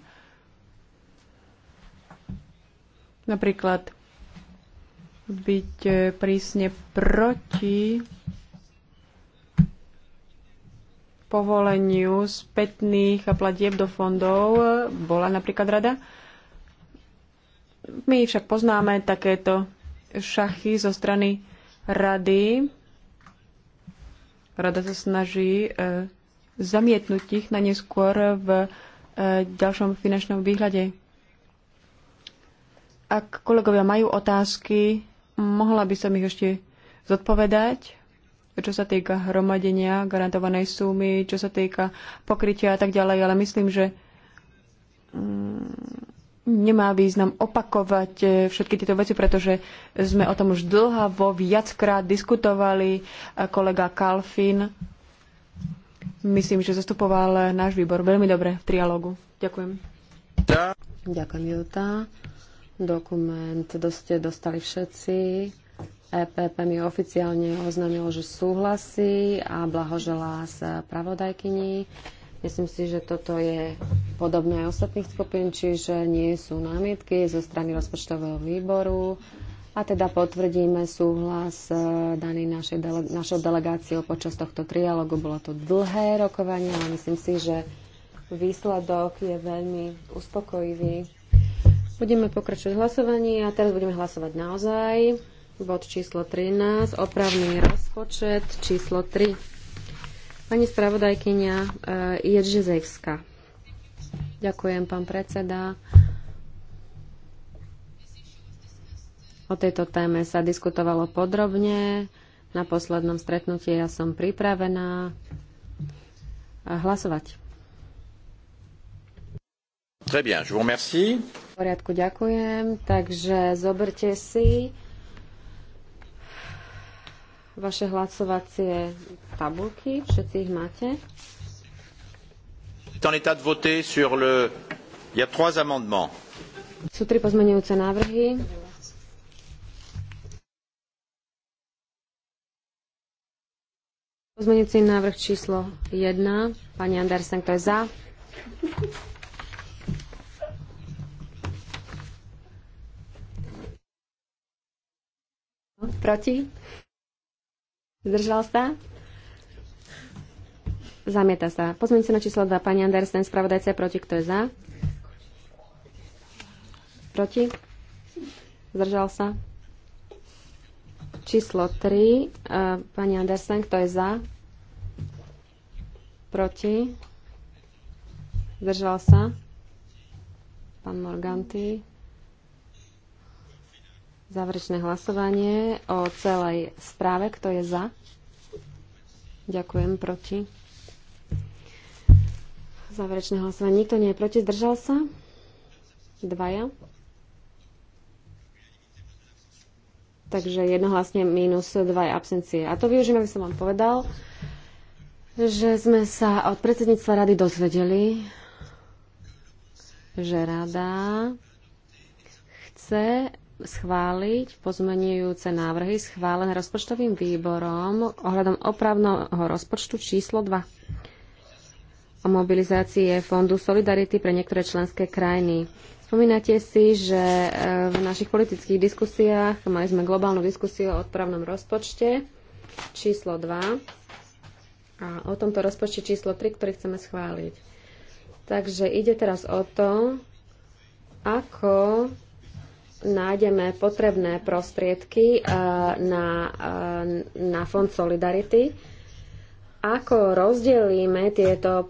napríklad byť e, prísne proti povoleniu spätných platieb do fondov bola napríklad rada. My však poznáme takéto šachy zo strany rady. Rada sa snaží e, zamietnúť ich na neskôr v e, ďalšom finančnom výhľade. Ak kolegovia majú otázky, Mohla by som ich ešte zodpovedať, čo sa týka hromadenia garantovanej sumy, čo sa týka pokrytia a tak ďalej, ale myslím, že mm, nemá význam opakovať e, všetky tieto veci, pretože sme o tom už dlhavo viackrát diskutovali. Kolega Kalfin, myslím, že zastupoval náš výbor veľmi dobre v trialógu. Ďakujem. Ďakujem, Juta. Dokument ste dostali všetci. EPP mi oficiálne oznámilo, že súhlasí a blahoželá s pravodajkyní. Myslím si, že toto je podobné aj ostatných skupín, čiže nie sú námietky zo strany rozpočtového výboru a teda potvrdíme súhlas e, daný našej dele- našou delegáciou počas tohto trialogu. Bolo to dlhé rokovanie, ale myslím si, že výsledok je veľmi uspokojivý Budeme pokračovať hlasovanie a teraz budeme hlasovať naozaj. Bod číslo 13, opravný rozpočet číslo 3. Pani spravodajkynia eh, Jeržizejska. Ďakujem, pán predseda. O tejto téme sa diskutovalo podrobne. Na poslednom stretnutí ja som pripravená hlasovať. Très bien, je vous remercie. V poriadku, ďakujem. Takže zoberte si vaše hlasovacie tabulky, všetci ich máte. En état de voter sur le... Il y a trois amendements. Sú tri pozmenujúce návrhy. Pozmenujúci návrh číslo 1. Pani Andersen, kto je za? Proti? Zdržal sa? Zamieta sa. Pozmeňte sa na číslo 2. Pani Andersen, spravodajca proti. Kto je za? Proti? Zdržal sa? Číslo 3. E, pani Andersen, kto je za? Proti? Zdržal sa? Pán Morganti záverečné hlasovanie o celej správe. Kto je za? Ďakujem. Proti? Záverečné hlasovanie. Nikto nie je proti. Zdržal sa? Dvaja. Takže jednohlasne minus dva je absencie. A to využijem, aby som vám povedal, že sme sa od predsedníctva rady dozvedeli, že rada chce schváliť pozmenujúce návrhy schválené rozpočtovým výborom ohľadom opravného rozpočtu číslo 2 o mobilizácie Fondu Solidarity pre niektoré členské krajiny. Spomínate si, že eh, v našich politických diskusiách mali sme globálnu diskusiu o odpravnom rozpočte číslo 2 a o tomto rozpočte číslo 3, ktorý chceme schváliť. Takže ide teraz o to, ako nájdeme potrebné prostriedky eh, na, eh, na Fond Solidarity. Ako rozdelíme tieto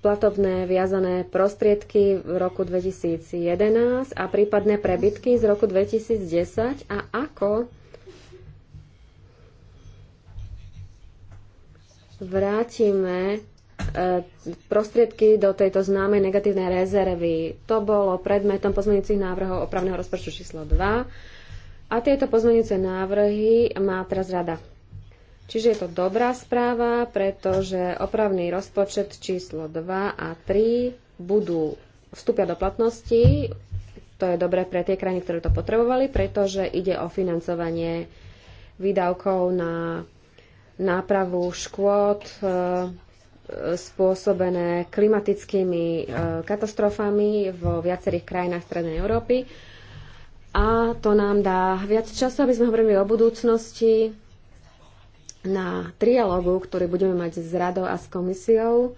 platobné viazané prostriedky v roku 2011 a prípadné prebytky z roku 2010 a ako vrátime E, prostriedky do tejto známej negatívnej rezervy. To bolo predmetom pozmeňujúcich návrhov opravného rozpočtu číslo 2. A tieto pozmeňujúce návrhy má teraz rada. Čiže je to dobrá správa, pretože opravný rozpočet číslo 2 a 3 budú vstúpia do platnosti. To je dobré pre tie krajiny, ktoré to potrebovali, pretože ide o financovanie výdavkov na nápravu škôd, e, spôsobené klimatickými e, katastrofami vo viacerých krajinách Strednej Európy. A to nám dá viac času, aby sme hovorili o budúcnosti na trialogu, ktorý budeme mať s radou a s komisiou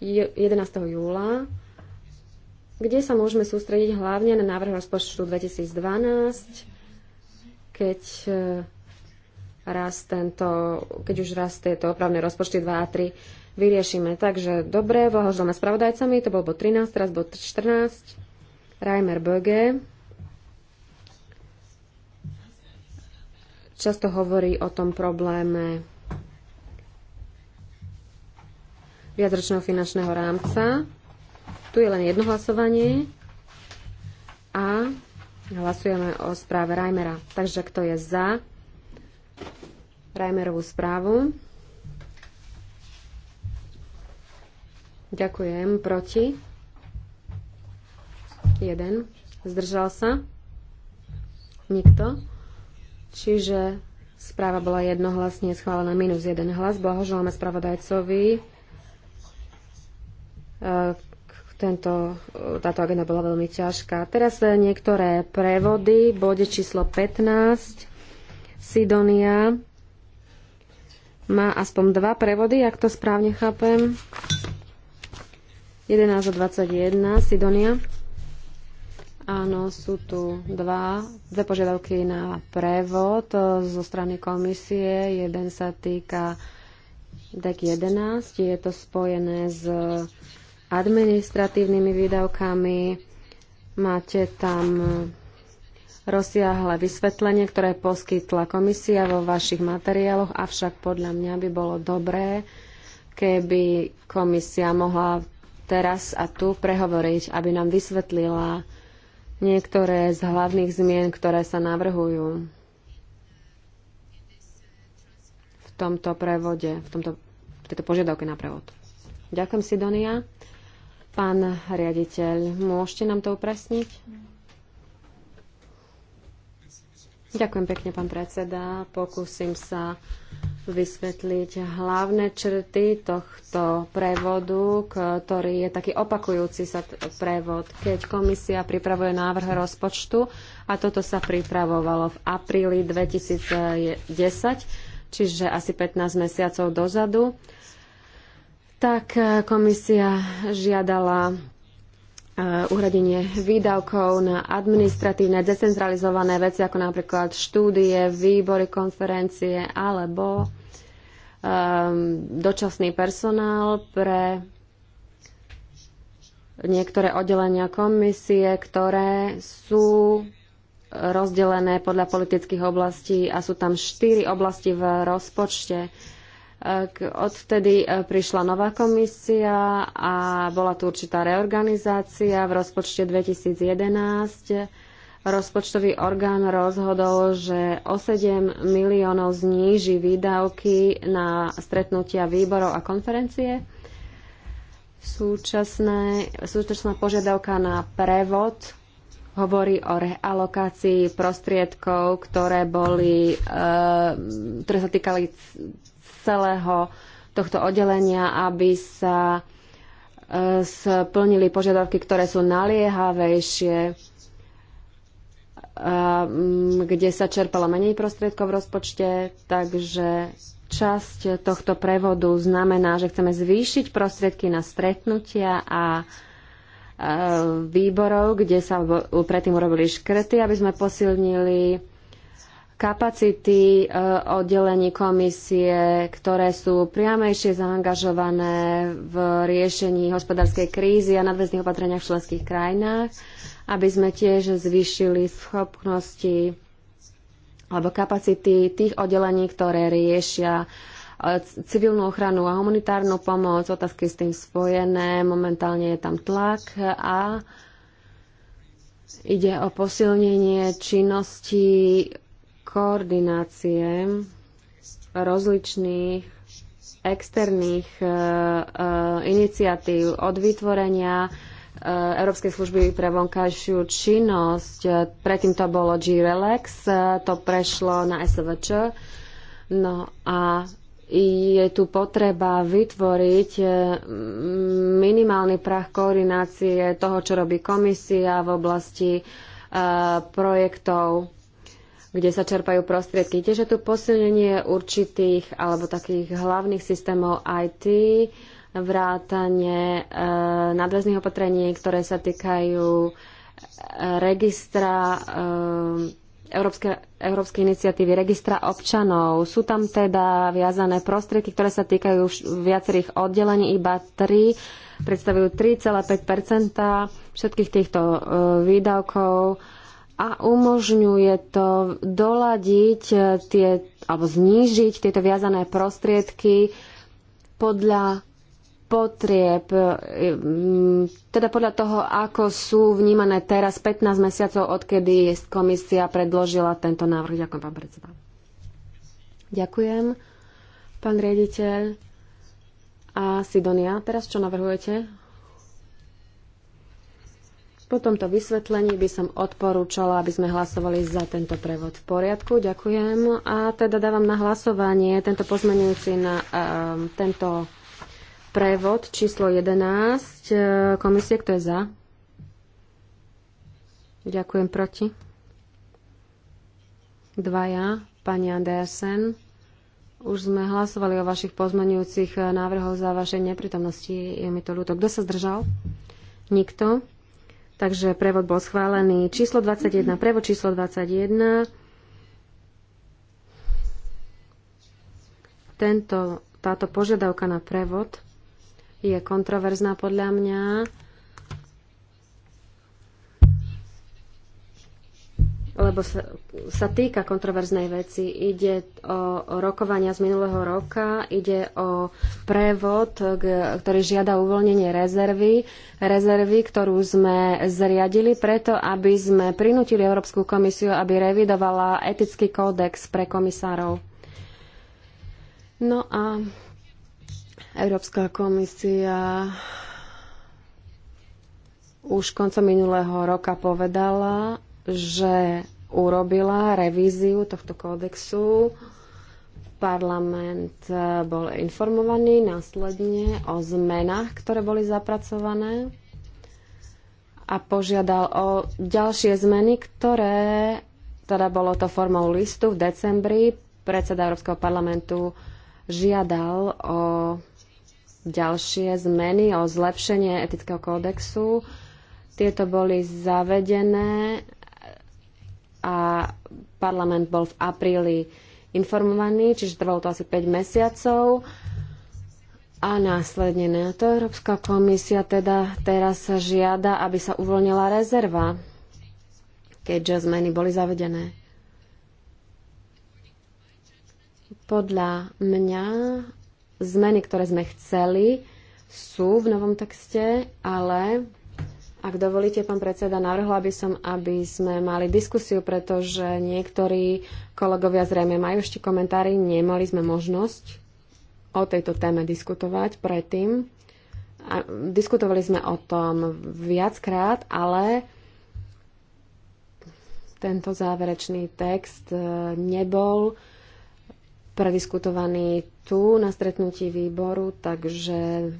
11. júla, kde sa môžeme sústrediť hlavne na návrh rozpočtu 2012, keď e, raz tento, keď už raz tieto opravné rozpočty 2 a 3 vyriešime. Takže dobre, blahoželáme spravodajcami, to bol bod 13, teraz bod 14, Reimer Böge. Často hovorí o tom probléme viacročného finančného rámca. Tu je len jedno hlasovanie a hlasujeme o správe Reimera. Takže kto je za Reimerovú správu? Ďakujem. Proti? jeden. Zdržal sa? Nikto. Čiže správa bola jednohlasne schválená minus jeden hlas. Blahoželáme spravodajcovi. E, tento, táto agenda bola veľmi ťažká. Teraz e, niektoré prevody. Bode číslo 15. Sidonia má aspoň dva prevody, ak to správne chápem. 11 a 21, Sidonia. Áno, sú tu dva, dve požiadavky na prevod e, zo strany komisie. Jeden sa týka e DEC 11, je to spojené s administratívnymi výdavkami. Máte tam rozsiahle vysvetlenie, ktoré poskytla komisia vo vašich materiáloch, avšak podľa mňa by bolo dobré, keby komisia mohla teraz a tu prehovoriť, aby nám vysvetlila niektoré z hlavných zmien, ktoré sa navrhujú v tomto prevode, v, tomto, v tejto požiadavke na prevod. Ďakujem, Sidonia. Pán riaditeľ, môžete nám to upresniť? Ďakujem pekne, pán predseda. Pokúsim sa vysvetliť hlavné črty tohto prevodu, ktorý je taký opakujúci sa prevod, keď komisia pripravuje návrh rozpočtu a toto sa pripravovalo v apríli 2010, čiže asi 15 mesiacov dozadu, tak eh, komisia žiadala Eh, uhradenie výdavkov na administratívne decentralizované veci, ako napríklad štúdie, výbory, konferencie alebo um, dočasný personál pre niektoré oddelenia komisie, ktoré sú rozdelené podľa politických oblastí a sú tam štyri oblasti v rozpočte. Uh, Odvtedy e, prišla nová komisia a bola tu určitá reorganizácia v rozpočte 2011. Rozpočtový orgán rozhodol, že o 7 miliónov zníži výdavky na stretnutia výborov a konferencie. Súčasné, súčasná požiadavka na prevod hovorí o realokácii prostriedkov, ktoré boli, e, ktoré sa týkali celého tohto oddelenia, aby sa e, splnili požiadavky, ktoré sú naliehavejšie, e, kde sa čerpalo menej prostriedkov v rozpočte, takže časť tohto prevodu znamená, že chceme zvýšiť prostriedky na stretnutia a e, výborov, kde sa predtým urobili škrty, aby sme posilnili kapacity e, oddelení komisie, ktoré sú priamejšie zaangažované v riešení hospodárskej krízy a nadväzných opatreniach v členských krajinách, aby sme tiež zvýšili schopnosti alebo kapacity tých oddelení, ktoré riešia e, civilnú ochranu a humanitárnu pomoc, otázky s tým spojené, momentálne je tam tlak a Ide o posilnenie činnosti koordinácie rozličných externých uh, iniciatív od vytvorenia e, Európskej služby pre vonkajšiu činnosť. Predtým to bolo G-Relax, to prešlo na SVČ. No a je tu potreba vytvoriť minimálny prach koordinácie toho, čo robí komisia v oblasti projektov kde sa čerpajú prostriedky. Tiež je tu posilnenie určitých alebo takých hlavných systémov IT, vrátanie e, nadväzných opatrení, ktoré sa týkajú e, registra e, Európske, Európskej iniciatívy registra občanov. Sú tam teda viazané prostriedky, ktoré sa týkajú viacerých oddelení, iba tri predstavujú 3,5 všetkých týchto e, výdavkov. E, a umožňuje to doladiť eh, tie, alebo znížiť tieto viazané prostriedky podľa potrieb, eh, mm, teda podľa toho, ako sú vnímané teraz 15 mesiacov, odkedy komisia predložila tento návrh. Ďakujem, pán predseda. Ďakujem, pán riaditeľ. A Sidonia, teraz čo navrhujete? Po tomto vysvetlení by som odporúčala, aby sme hlasovali za tento prevod. V poriadku, ďakujem. A teda dávam na hlasovanie tento pozmenujúci na um, tento prevod číslo 11 e, komisie. Kto je za? Ďakujem proti. Dvaja. Pani Andersen. Už sme hlasovali o vašich pozmenujúcich e, návrhoch za vaše neprítomnosti. Je mi to ľúto. Kto sa zdržal? Nikto. Takže prevod bol schválený. Číslo 21, prevod číslo 21. Tento, táto požiadavka na prevod je kontroverzná podľa mňa. lebo sa, sa týka kontroverznej veci. Ide o, o rokovania z minulého roka, ide o prevod, k, ktorý žiada uvoľnenie rezervy, rezervy, ktorú sme zriadili preto, aby sme prinútili Európsku komisiu, aby revidovala etický kódex pre komisárov. No a Európska komisia už koncom minulého roka povedala, že urobila revíziu tohto kódexu. Parlament e, bol informovaný následne o zmenách, ktoré boli zapracované a požiadal o ďalšie zmeny, ktoré teda bolo to formou listu v decembri. Predseda Európskeho parlamentu žiadal o ďalšie zmeny, o zlepšenie etického kódexu. Tieto boli zavedené a parlament bol v apríli informovaný, čiže trvalo to asi 5 mesiacov. A následne na to Európska komisia teda teraz žiada, aby sa uvoľnila rezerva, keďže zmeny boli zavedené. Podľa mňa zmeny, ktoré sme chceli, sú v novom texte, ale ak dovolíte, pán predseda, navrhla by som, aby sme mali diskusiu, pretože niektorí kolegovia zrejme majú ešte komentári. Nemali sme možnosť o tejto téme diskutovať predtým. A diskutovali sme o tom viackrát, ale tento záverečný text e, nebol prediskutovaný tu na stretnutí výboru, takže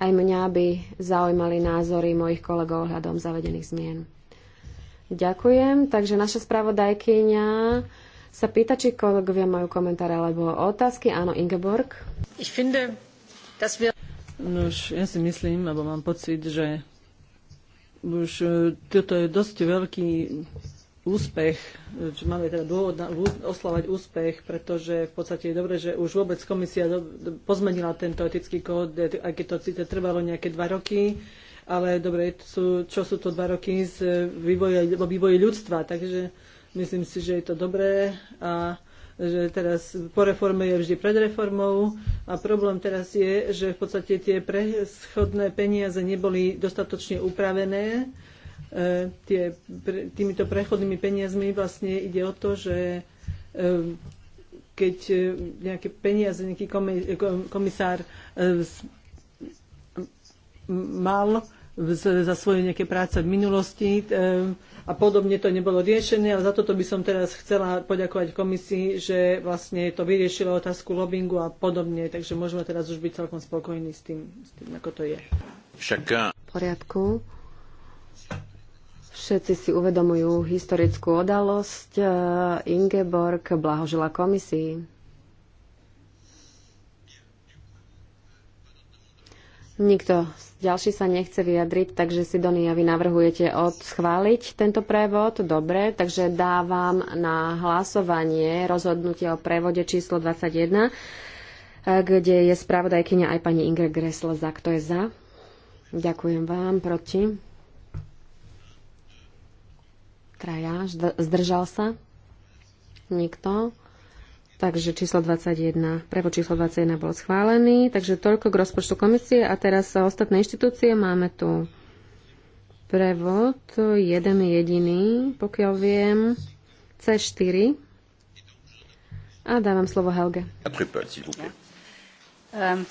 aj mňa by zaujímali názory mojich kolegov ohľadom zavedených zmien. Ďakujem. Takže naša spravodajkyňa sa pýta, či kolegovia majú komentáre alebo otázky. Áno, Ingeborg. Ich finde, dass wir... No už ja si myslím, alebo mám pocit, že už e, toto je dosť veľký úspech, že máme teda dôvod oslavať úspech, pretože v podstate je dobré, že už vôbec komisia do, do, pozmenila tento etický kód, aj keď to síce trvalo nejaké dva roky, ale dobre, sú, čo sú to dva roky z vývoja, vývoji ľudstva, takže myslím si, že je to dobré a že teraz po reforme je vždy pred reformou a problém teraz je, že v podstate tie preschodné peniaze neboli dostatočne upravené E, tie, týmito prechodnými peniazmi vlastne ide o to, že e, keď e, nejaké peniaze nejaký komisár mal za svoje nejaké práce v minulosti a podobne to nebolo riešené, ale za toto by som teraz chcela poďakovať komisii, že vlastne to vyriešilo otázku lobbingu a podobne, takže môžeme teraz už byť celkom spokojní s tým, s tým ako to je. V poriadku. Všetci si uvedomujú historickú odalosť. E, Ingeborg blahožila komisii. Nikto ďalší sa nechce vyjadriť, takže si Donia, vy navrhujete odschváliť tento prevod. Dobre, takže dávam na hlasovanie rozhodnutie o prevode číslo 21, e, kde je spravodajkyňa aj pani Inger Gressle za. Kto je za? Ďakujem vám. Proti? traja, zdržal sa, nikto. Takže číslo 21, prevo číslo 21 bol schválený, takže toľko k rozpočtu komisie a teraz ostatné inštitúcie máme tu prevod, jeden jediný, pokiaľ viem, C4. A dávam slovo Helge. Um,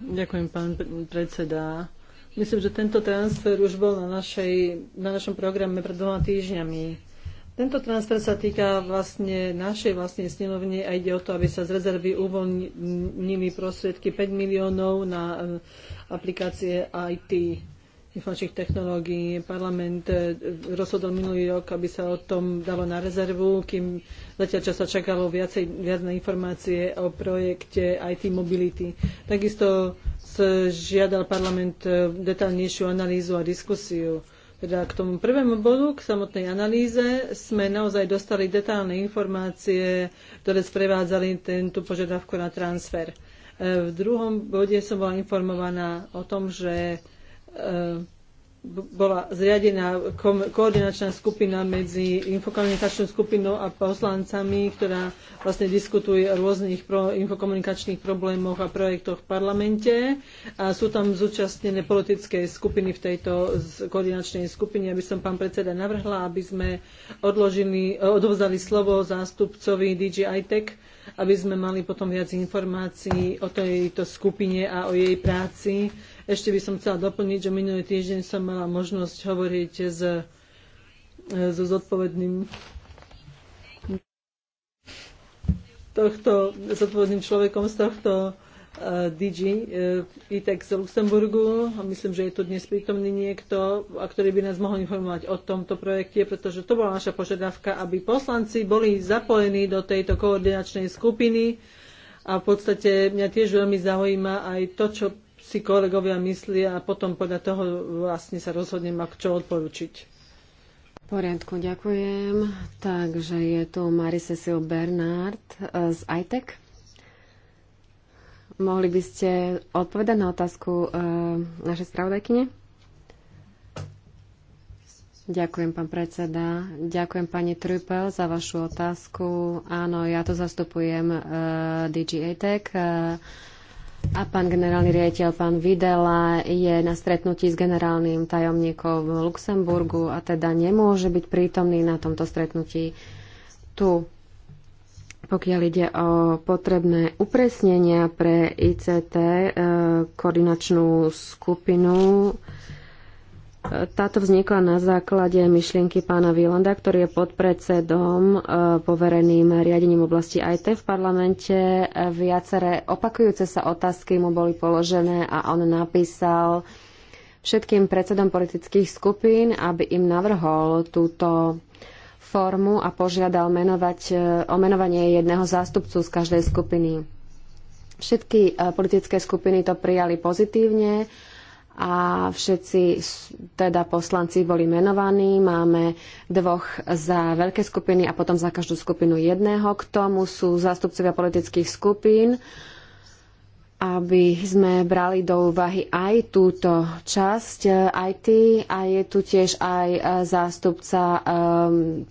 Ďakujem, pán predseda Myslím, že tento transfer už bol na, našej, na našom programe pred dvoma týždňami. Tento transfer sa týka vlastne našej vlastnej snilovne a ide o to, aby sa z rezervy uvoľnili prostriedky 5 miliónov na eh, aplikácie IT informačných technológií. Parlament eh, rozhodol minulý rok, aby sa o tom dalo na rezervu, kým zatiaľ čo sa čakalo viacej, viac na informácie o projekte IT Mobility. Takisto žiadal parlament e, detaľnejšiu analýzu a diskusiu. Teda k tomu prvému bodu, k samotnej analýze, sme naozaj dostali detálne informácie, ktoré sprevádzali tento požiadavku na transfer. E, v druhom bode som bola informovaná o tom, že e, bola zriadená koordinačná skupina medzi infokomunikačnou skupinou a poslancami, ktorá vlastne diskutuje o rôznych pro infokomunikačných problémoch a projektoch v parlamente. A sú tam zúčastnené politické skupiny v tejto koordinačnej skupine. Aby som pán predseda navrhla, aby sme odložili, odovzdali slovo zástupcovi DJI Tech, aby sme mali potom viac informácií o tejto skupine a o jej práci ešte by som chcela doplniť, že minulý týždeň som mala možnosť hovoriť s, eh, s zodpovedným tohto zodpovedným človekom z tohto uh, eh, DG uh, eh, ITEC z Luxemburgu. A myslím, že je tu dnes prítomný niekto, a ktorý by nás mohol informovať o tomto projekte, pretože to bola naša požiadavka, aby poslanci boli zapojení do tejto koordinačnej skupiny. A v podstate mňa tiež veľmi zaujíma aj to, čo si kolegovia myslia a potom podľa toho vlastne sa rozhodnem, ak čo odporučiť. V poriadku, ďakujem. Takže je tu Marie-Cecil Bernard eh, z ITEC. Mohli by ste odpovedať na otázku eh, našej spravodajkyne? Ďakujem, pán predseda. Ďakujem, pani Trupel, za vašu otázku. Áno, ja tu zastupujem uh, eh, DG ATEC. Uh, a pán generálny riaditeľ, pán Videla, je na stretnutí s generálnym tajomníkom v Luxemburgu a teda nemôže byť prítomný na tomto stretnutí tu. Pokiaľ ide o potrebné upresnenia pre ICT, eh, koordinačnú skupinu, táto vznikla na základe myšlienky pána Výlanda, ktorý je podpredsedom e, povereným riadením oblasti IT v parlamente. E, viaceré opakujúce sa otázky mu boli položené a on napísal všetkým predsedom politických skupín, aby im navrhol túto formu a požiadal menovať, e, o menovanie jedného zástupcu z každej skupiny. Všetky politické skupiny to prijali pozitívne a všetci teda poslanci boli menovaní. Máme dvoch za veľké skupiny a potom za každú skupinu jedného. K tomu sú zástupcovia politických skupín. Uh, aby sme brali do úvahy aj túto časť IT e, a je tu tiež aj e, zástupca um,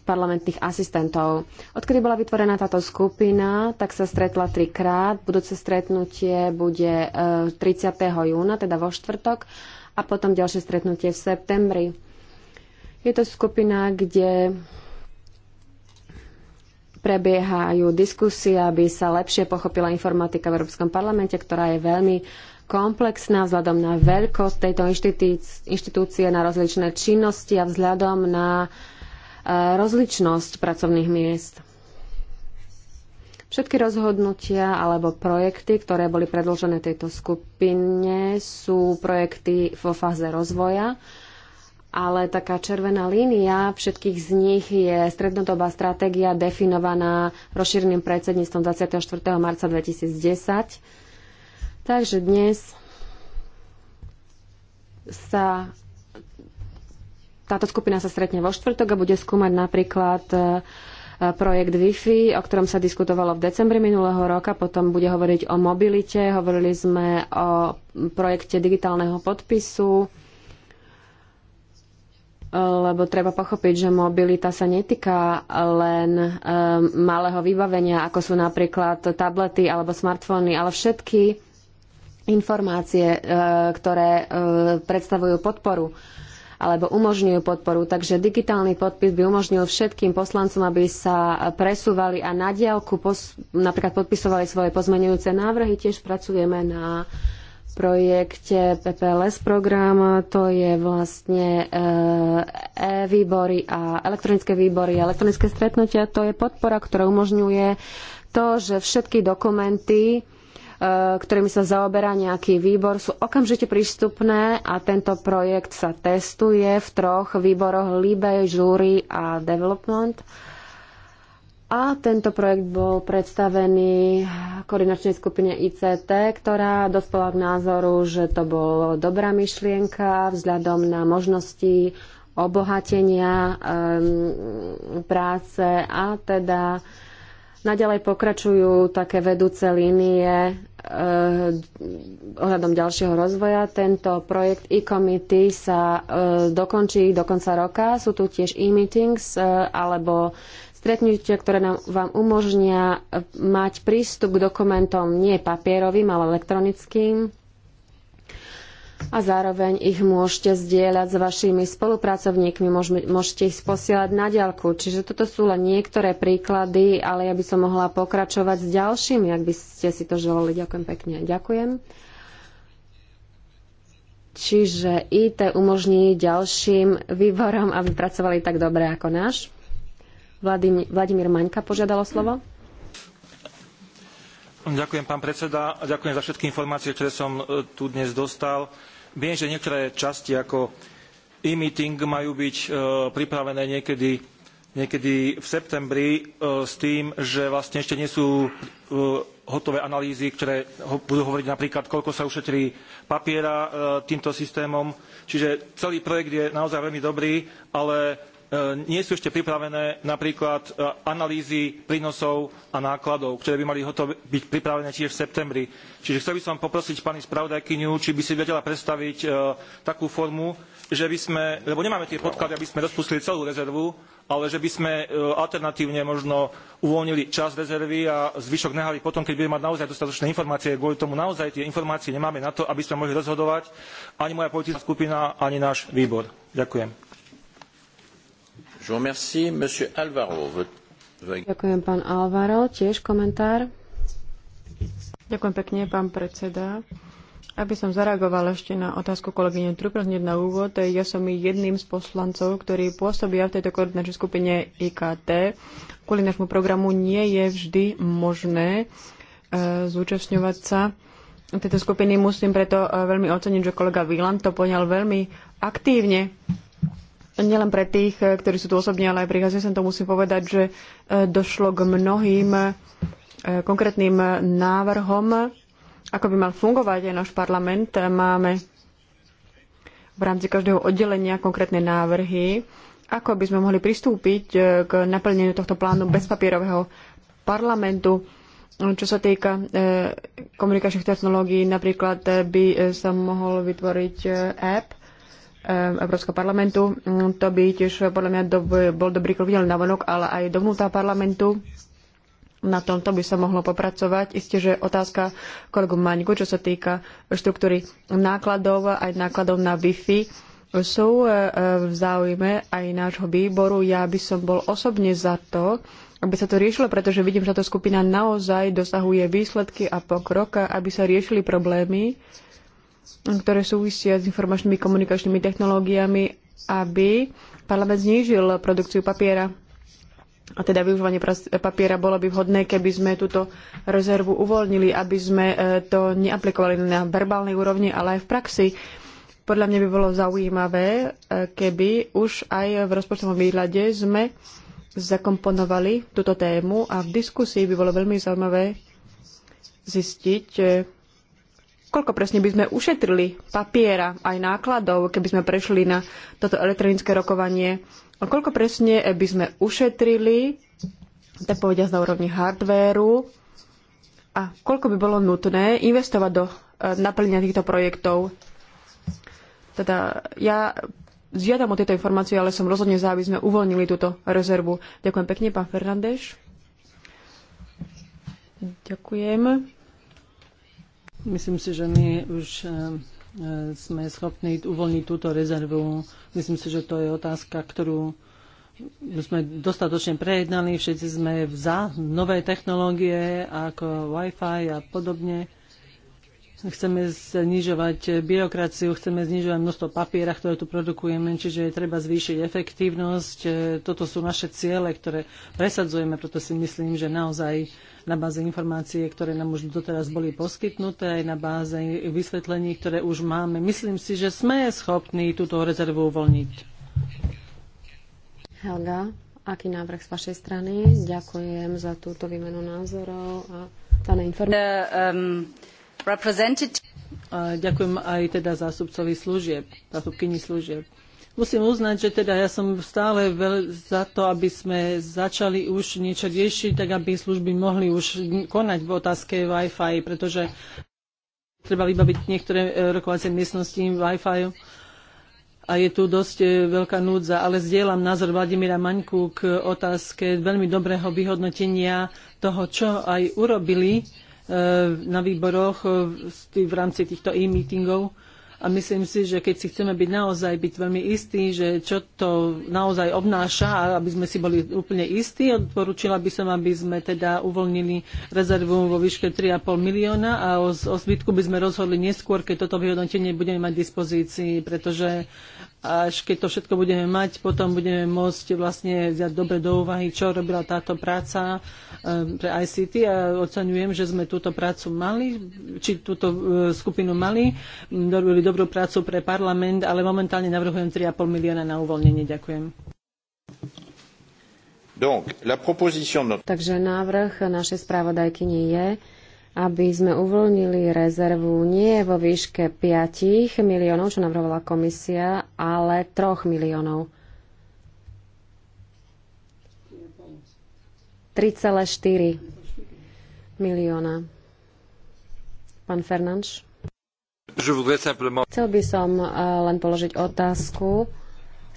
parlamentných asistentov. Odkedy bola vytvorená táto skupina, tak sa stretla trikrát. Budúce stretnutie bude uh, 30. júna, teda vo štvrtok, a potom ďalšie stretnutie v septembri. Je to skupina, kde prebiehajú diskusie, aby sa lepšie pochopila informatika v Európskom parlamente, ktorá je veľmi komplexná vzhľadom na veľkosť tejto inštitúcie, na rozličné činnosti a vzhľadom na e, rozličnosť pracovných miest. Všetky rozhodnutia alebo projekty, ktoré boli predložené tejto skupine, sú projekty vo fáze rozvoja ale taká červená línia všetkých z nich je strednodobá stratégia definovaná rozšíreným predsedníctvom 24. marca 2010. Takže dnes sa táto skupina sa stretne vo štvrtok a bude skúmať napríklad e, projekt Wi-Fi, o ktorom sa diskutovalo v decembri minulého roka, potom bude hovoriť o mobilite, hovorili sme o projekte digitálneho podpisu, lebo treba pochopiť, že mobilita sa netýka len eh, malého vybavenia, ako sú napríklad tablety alebo smartfóny, ale všetky informácie, eh, ktoré eh, predstavujú podporu alebo umožňujú podporu. Takže digitálny podpis by umožnil všetkým poslancom, aby sa presúvali a na diálku napríklad podpisovali svoje pozmenujúce návrhy. Tiež pracujeme na projekte PPLS program, to je vlastne eh, e-výbory a elektronické výbory a elektronické stretnutia, to je podpora, ktorá umožňuje to, že všetky dokumenty, eh, ktorými sa zaoberá nejaký výbor, sú okamžite prístupné a tento projekt sa testuje v troch výboroch LIBE, Júri a Development. Uh, a tento projekt bol predstavený koordinačnej skupine ICT, ktorá dospela k názoru, že to bol dobrá myšlienka vzhľadom na možnosti obohatenia um, práce a teda naďalej pokračujú také vedúce línie eh, ohľadom ďalšieho rozvoja. Tento projekt e-committee sa uh, dokončí do konca roka. Sú tu tiež e-meetings uh, alebo stretnutia, ktoré nám, vám umožnia e, mať prístup k dokumentom nie papierovým, ale elektronickým a zároveň ich môžete zdieľať s vašimi spolupracovníkmi, môžete ich posielať na diaľku. Čiže toto sú len niektoré príklady, ale ja by som mohla pokračovať s ďalšími, ak by ste si to želali. Ďakujem pekne. Ďakujem. Čiže IT umožní ďalším výborom, aby pracovali tak dobre ako náš. Vladimír, Maňka požiadalo slovo. Ďakujem, pán predseda, a ďakujem za všetky informácie, ktoré som e, tu dnes dostal. Viem, že niektoré časti ako e-meeting majú byť e, pripravené niekedy, niekedy v septembri e, s tým, že vlastne ešte nie sú hotové analýzy, ktoré budú hovoriť napríklad, koľko sa ušetrí papiera týmto systémom. Čiže celý projekt je naozaj veľmi dobrý, ale E, nie sú ešte pripravené napríklad e, analýzy prínosov a nákladov, ktoré by mali hotové, byť pripravené tiež v septembri. Čiže chcel by som poprosiť pani spravodajkyňu, či by si vedela predstaviť e, takú formu, že by sme, lebo nemáme tie podklady, aby sme rozpustili celú rezervu, ale že by sme alternatívne možno uvoľnili čas rezervy a zvyšok nehali potom, keď budeme mať naozaj dostatočné informácie. Kvôli tomu naozaj tie informácie nemáme na to, aby sme mohli rozhodovať ani moja politická skupina, ani náš výbor. Ďakujem. Ďakujem, pán Alvaro. Tiež komentár. Ďakujem pekne, pán predseda. Aby som zareagovala ešte na otázku kolegyne Trupel hneď na úvod, ja som jedným z poslancov, ktorí pôsobia v tejto koordinačnej skupine IKT. Kvôli nášmu programu nie je vždy možné e, zúčastňovať sa tejto skupiny. Musím preto e, veľmi oceniť, že kolega Wieland to poňal veľmi aktívne nielen pre tých, eh, ktorí sú tu osobne, ale aj prichádzajú sem, to musím povedať, že eh, došlo k mnohým eh, konkrétnym návrhom, ako by mal fungovať aj náš parlament. Máme v rámci každého oddelenia konkrétne návrhy, ako by sme mohli pristúpiť k naplneniu tohto plánu bezpapierového parlamentu. Čo sa týka komunikačných technológií, napríklad by sa mohol vytvoriť app, Eh, Európskeho parlamentu. Mm, to by tiež eh, podľa mňa do, bol dobrý krok nielen navonok, ale aj dovnútra parlamentu. Na tomto by sa mohlo popracovať. Isté, že otázka kolegu Maňku, čo sa týka štruktúry nákladov, aj nákladov na Wi-Fi, sú eh, v záujme aj nášho výboru. Ja by som bol osobne za to, aby sa to riešilo, pretože vidím, že táto skupina naozaj dosahuje výsledky a pokrok, aby sa riešili problémy, ktoré súvisia s informačnými komunikačnými technológiami, aby parlament znížil produkciu papiera. A teda využívanie papiera bolo by vhodné, keby sme túto rezervu uvoľnili, aby sme e, to neaplikovali na verbálnej úrovni, ale aj v praxi. Podľa mňa by bolo zaujímavé, e, keby už aj v rozpočtovom výhľade sme zakomponovali túto tému a v diskusii by bolo veľmi zaujímavé zistiť, e, Koľko presne by sme ušetrili papiera aj nákladov, keby sme prešli na toto elektronické rokovanie? Koľko presne by sme ušetrili, tak povediať na úrovni hardvéru? A koľko by bolo nutné investovať do e, naplnenia týchto projektov? Teda ja žiadam o tieto informácie, ale som rozhodne za, aby sme uvoľnili túto rezervu. Ďakujem pekne, pán Fernández. Ďakujem. Myslím si, že my už eh, eh, sme schopní uvoľniť túto rezervu. Myslím si, že to je otázka, ktorú sme dostatočne prejednali. Všetci sme za nové technológie ako Wi-Fi a podobne. Chceme znižovať byrokraciu, chceme znižovať množstvo papiera, ktoré tu produkujeme, čiže je treba zvýšiť efektívnosť. Eh, toto sú naše ciele, ktoré presadzujeme, preto si myslím, že naozaj na báze informácie, ktoré nám už doteraz boli poskytnuté, aj na báze vysvetlení, ktoré už máme. Myslím si, že sme schopní túto rezervu uvoľniť. Helga, aký návrh z vašej strany? Ďakujem za túto výmenu názorov a dané informácie. Um, ďakujem aj teda zástupcovi služieb, zástupkyni služieb. Musím uznať, že teda ja som stále veľ za to, aby sme začali už niečo riešiť, tak aby služby mohli už konať v otázke Wi-Fi, pretože treba vybaviť niektoré e, rokovacie miestnosti Wi-Fi a je tu dosť e, veľká núdza, ale zdieľam názor Vladimíra Maňku k otázke veľmi dobrého vyhodnotenia toho, čo aj urobili e, na výboroch v rámci týchto e-meetingov a myslím si, že keď si chceme byť naozaj byť veľmi istí, že čo to naozaj obnáša a aby sme si boli úplne istí, odporúčila by som, aby sme teda uvoľnili rezervu vo výške 3,5 milióna a o, o zbytku by sme rozhodli neskôr, keď toto vyhodnotenie budeme mať v dispozícii, pretože až keď to všetko budeme mať, potom budeme môcť vlastne vziať dobre do úvahy, čo robila táto práca eh, pre ICT a oceňujem, že sme túto prácu mali, či túto eh, skupinu mali, mm, robili dobrú prácu pre parlament, ale momentálne navrhujem 3,5 milióna na uvoľnenie. Ďakujem. Donc, la proposition... Takže návrh našej nie je, aby sme uvoľnili rezervu nie vo výške 5 miliónov, čo navrhovala komisia, ale 3 miliónov. 3,4 milióna. Pán Fernanš? Chcel by som eh, len položiť otázku.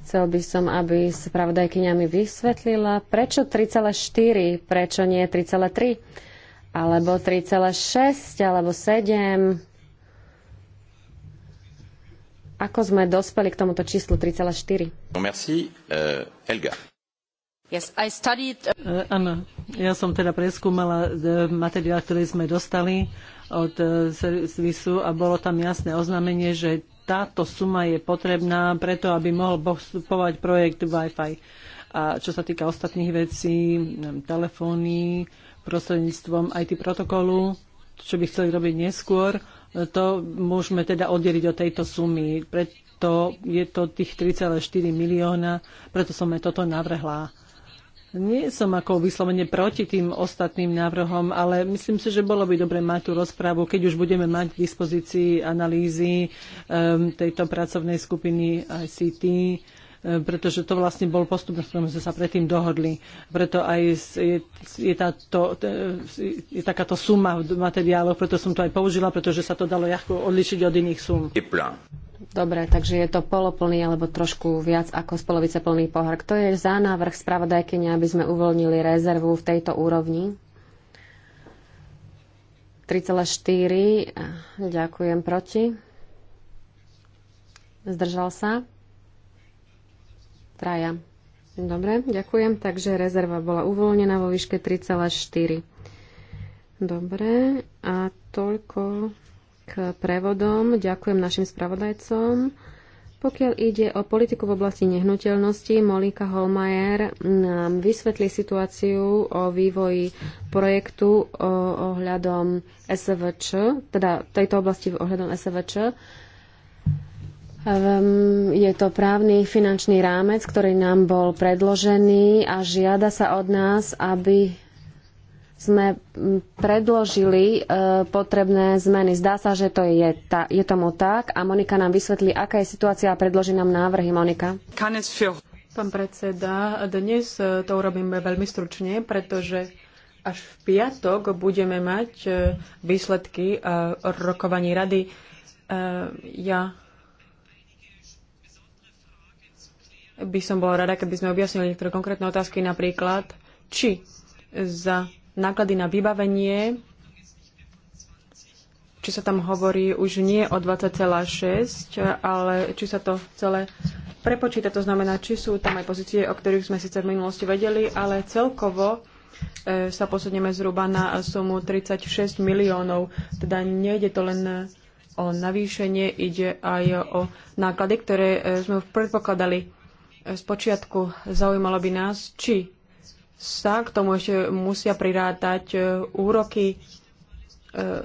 Chcel by som, aby spravodajkyňa mi vysvetlila, prečo 3,4, prečo nie 3,3 alebo 3,6 alebo 7. Ako sme dospeli k tomuto číslu 3,4? Merci, uh, Helga. Yes, I studied... uh, áno, ja som teda preskúmala uh, materiál, ktorý sme dostali od uh, servisu a bolo tam jasné oznámenie, že táto suma je potrebná preto, aby mohol postupovať projekt Wi-Fi. A čo sa týka ostatných vecí, mm, telefóny, uh, prostredníctvom IT protokolu, čo by chceli robiť neskôr, to môžeme teda oddeliť od tejto sumy. Preto je to tých 3,4 milióna, preto som aj toto navrhla. Nie som ako vyslovene proti tým ostatným návrhom, ale myslím si, že bolo by dobre mať tú rozprávu, keď už budeme mať k dispozícii analýzy um, tejto pracovnej skupiny ICT E, pretože to vlastne bol postup, na ktorom sme sa predtým dohodli. Preto aj je, je, táto, e, je takáto suma v materiáloch, preto som to aj použila, pretože sa to dalo ľahko odlišiť od iných sum. Dobre, takže je to poloplný alebo trošku viac ako z polovice plný pohár. Kto je za návrh spravodajkyne, aby sme uvoľnili rezervu v tejto úrovni? 3,4. Ďakujem proti. Zdržal sa. Traja. Dobre, ďakujem. Takže rezerva bola uvoľnená vo výške 3,4. Dobre, a toľko k prevodom. Ďakujem našim spravodajcom. Pokiaľ ide o politiku v oblasti nehnuteľnosti, Molika Holmajer nám vysvetlí situáciu o vývoji projektu ohľadom SVČ, teda tejto oblasti ohľadom SVČ. Ehm, je to právny finančný rámec, ktorý nám bol predložený a žiada sa od nás, aby sme predložili e, potrebné zmeny. Zdá sa, že to je, ta, je tomu tak a Monika nám vysvetlí, aká je situácia a predloží nám návrhy. Monika. Pán predseda, dnes e, to urobíme veľmi stručne, pretože až v piatok budeme mať e, výsledky rokovaní rady. Ja by som bola rada, keby sme objasnili niektoré konkrétne otázky, napríklad, či za náklady na vybavenie, či sa tam hovorí už nie o 20,6, ale či sa to celé prepočíta. To znamená, či sú tam aj pozície, o ktorých sme síce v minulosti vedeli, ale celkovo e, sa posunieme zhruba na sumu 36 miliónov. Teda nejde to len o navýšenie, ide aj o náklady, ktoré e, sme predpokladali Spočiatku zaujímalo by nás, či sa k tomu ešte musia prirátať e, úroky. E,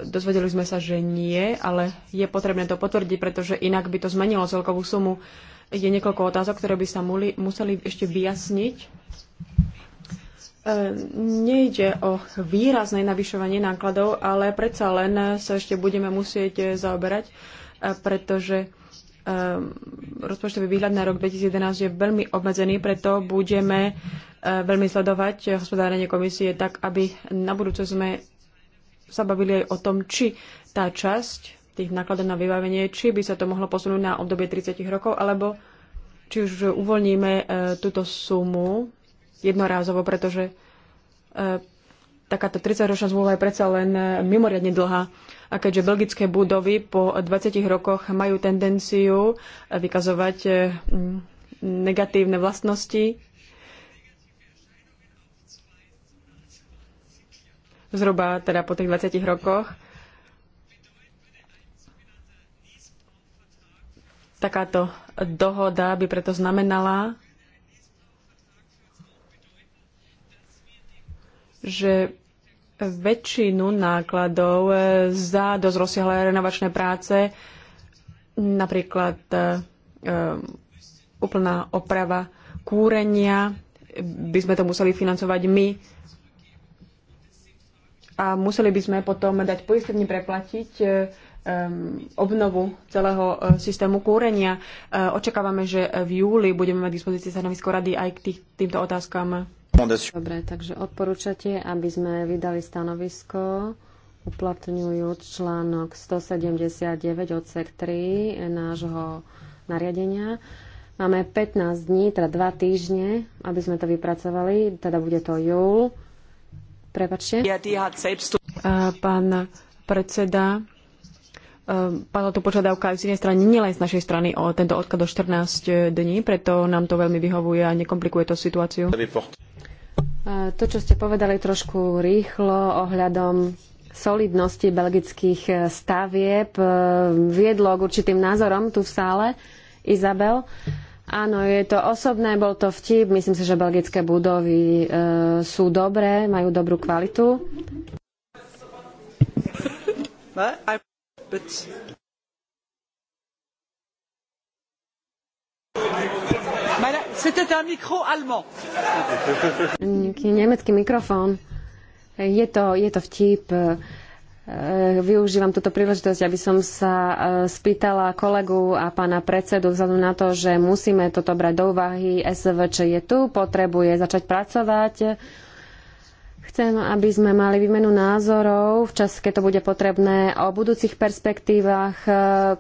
dozvedeli sme sa, že nie, ale je potrebné to potvrdiť, pretože inak by to zmenilo celkovú sumu. Je niekoľko otázok, ktoré by sa muli, museli ešte vyjasniť. E, nejde o výrazné navyšovanie nákladov, ale predsa len sa ešte budeme musieť zaoberať, pretože Ehm, rozpočtový výhľad na rok 2011 je veľmi obmedzený, preto budeme e, veľmi sledovať hospodárenie komisie tak, aby na budúce sme sa bavili aj o tom, či tá časť tých nákladov na vybavenie, či by sa to mohlo posunúť na obdobie 30 rokov, alebo či už uvoľníme e, túto sumu jednorázovo, pretože e, takáto 30-ročná zmluva je predsa len mimoriadne dlhá. A keďže belgické budovy po 20 rokoch majú tendenciu eh, vykazovať eh, negatívne vlastnosti, zhruba teda po tých 20 rokoch, takáto dohoda by preto znamenala, že väčšinu nákladov e, za dosť rozsiahle renovačné práce, napríklad e, e, úplná oprava kúrenia, by sme to museli financovať my a museli by sme potom dať poistovne preplatiť obnovu celého systému kúrenia. Očakávame, že v júli budeme mať dispozícii stanovisko rady aj k tých, týmto otázkam. Dobre, takže odporúčate, aby sme vydali stanovisko uplatňujúc článok 179 odsek 3 nášho nariadenia. Máme 15 dní, teda 2 týždne, aby sme to vypracovali, teda bude to júl. Prepačte. Pán predseda, e, padla tu požiadavka aj z inej strany, nielen z našej strany, o tento odklad do 14 dní, preto nám to veľmi vyhovuje a nekomplikuje to situáciu. E, to, čo ste povedali trošku rýchlo ohľadom solidnosti belgických e, stavieb, e, viedlo k určitým názorom tu v sále. Izabel. Áno, je to osobné, bol to vtip. Myslím si, že belgické budovy e, sú dobré, majú dobrú kvalitu. (laughs) C'était un micro allemand. Nemecký mikrofón. Je to, je to vtip. E, využívam túto príležitosť, aby som sa e, spýtala kolegu a pána predsedu vzhľadom na to, že musíme toto brať do úvahy. SVČ je tu, potrebuje začať pracovať Chcem, aby sme mali výmenu názorov v čase, keď to bude potrebné, o budúcich perspektívach e,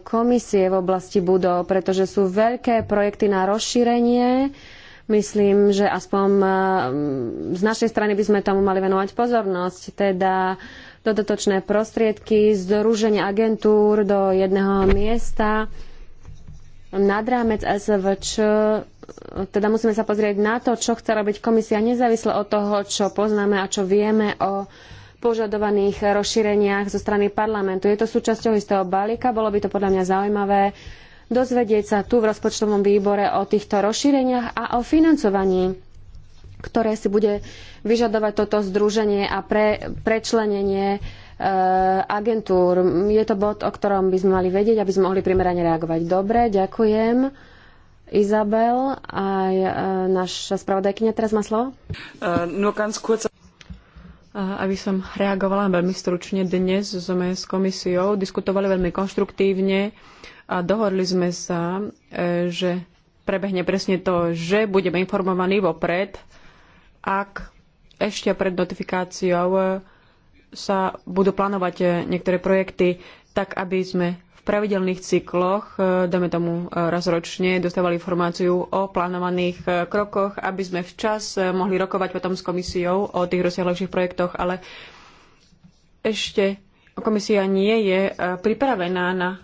komisie v oblasti budov, pretože sú veľké projekty na rozšírenie. Myslím, že aspoň e, z našej strany by sme tomu mali venovať pozornosť, teda dodatočné prostriedky, združenie agentúr do jedného miesta nad rámec SVČ teda musíme sa pozrieť na to, čo chce robiť komisia nezávisle od toho, čo poznáme a čo vieme o požadovaných rozšíreniach zo strany parlamentu. Je to súčasťou istého balíka, bolo by to podľa mňa zaujímavé dozvedieť sa tu v rozpočtovom výbore o týchto rozšíreniach a o financovaní ktoré si bude vyžadovať toto združenie a pre, prečlenenie e, agentúr. Je to bod, o ktorom by sme mali vedieť, aby sme mohli primerane reagovať. Dobre, ďakujem. Izabel, aj e, naša spravodajkynia teraz má slovo. E, no, ganz kurz. E, aby som reagovala veľmi stručne, dnes sme s komisiou diskutovali veľmi konštruktívne a dohodli sme sa, že prebehne presne to, že budeme informovaní vopred, ak ešte pred notifikáciou sa budú plánovať niektoré projekty, tak aby sme pravidelných cykloch, e, dáme tomu e, raz ročne, dostávali informáciu o plánovaných e, krokoch, aby sme včas mohli rokovať potom s komisiou o tých rozsiahlejších projektoch, ale ešte komisia nie je pripravená na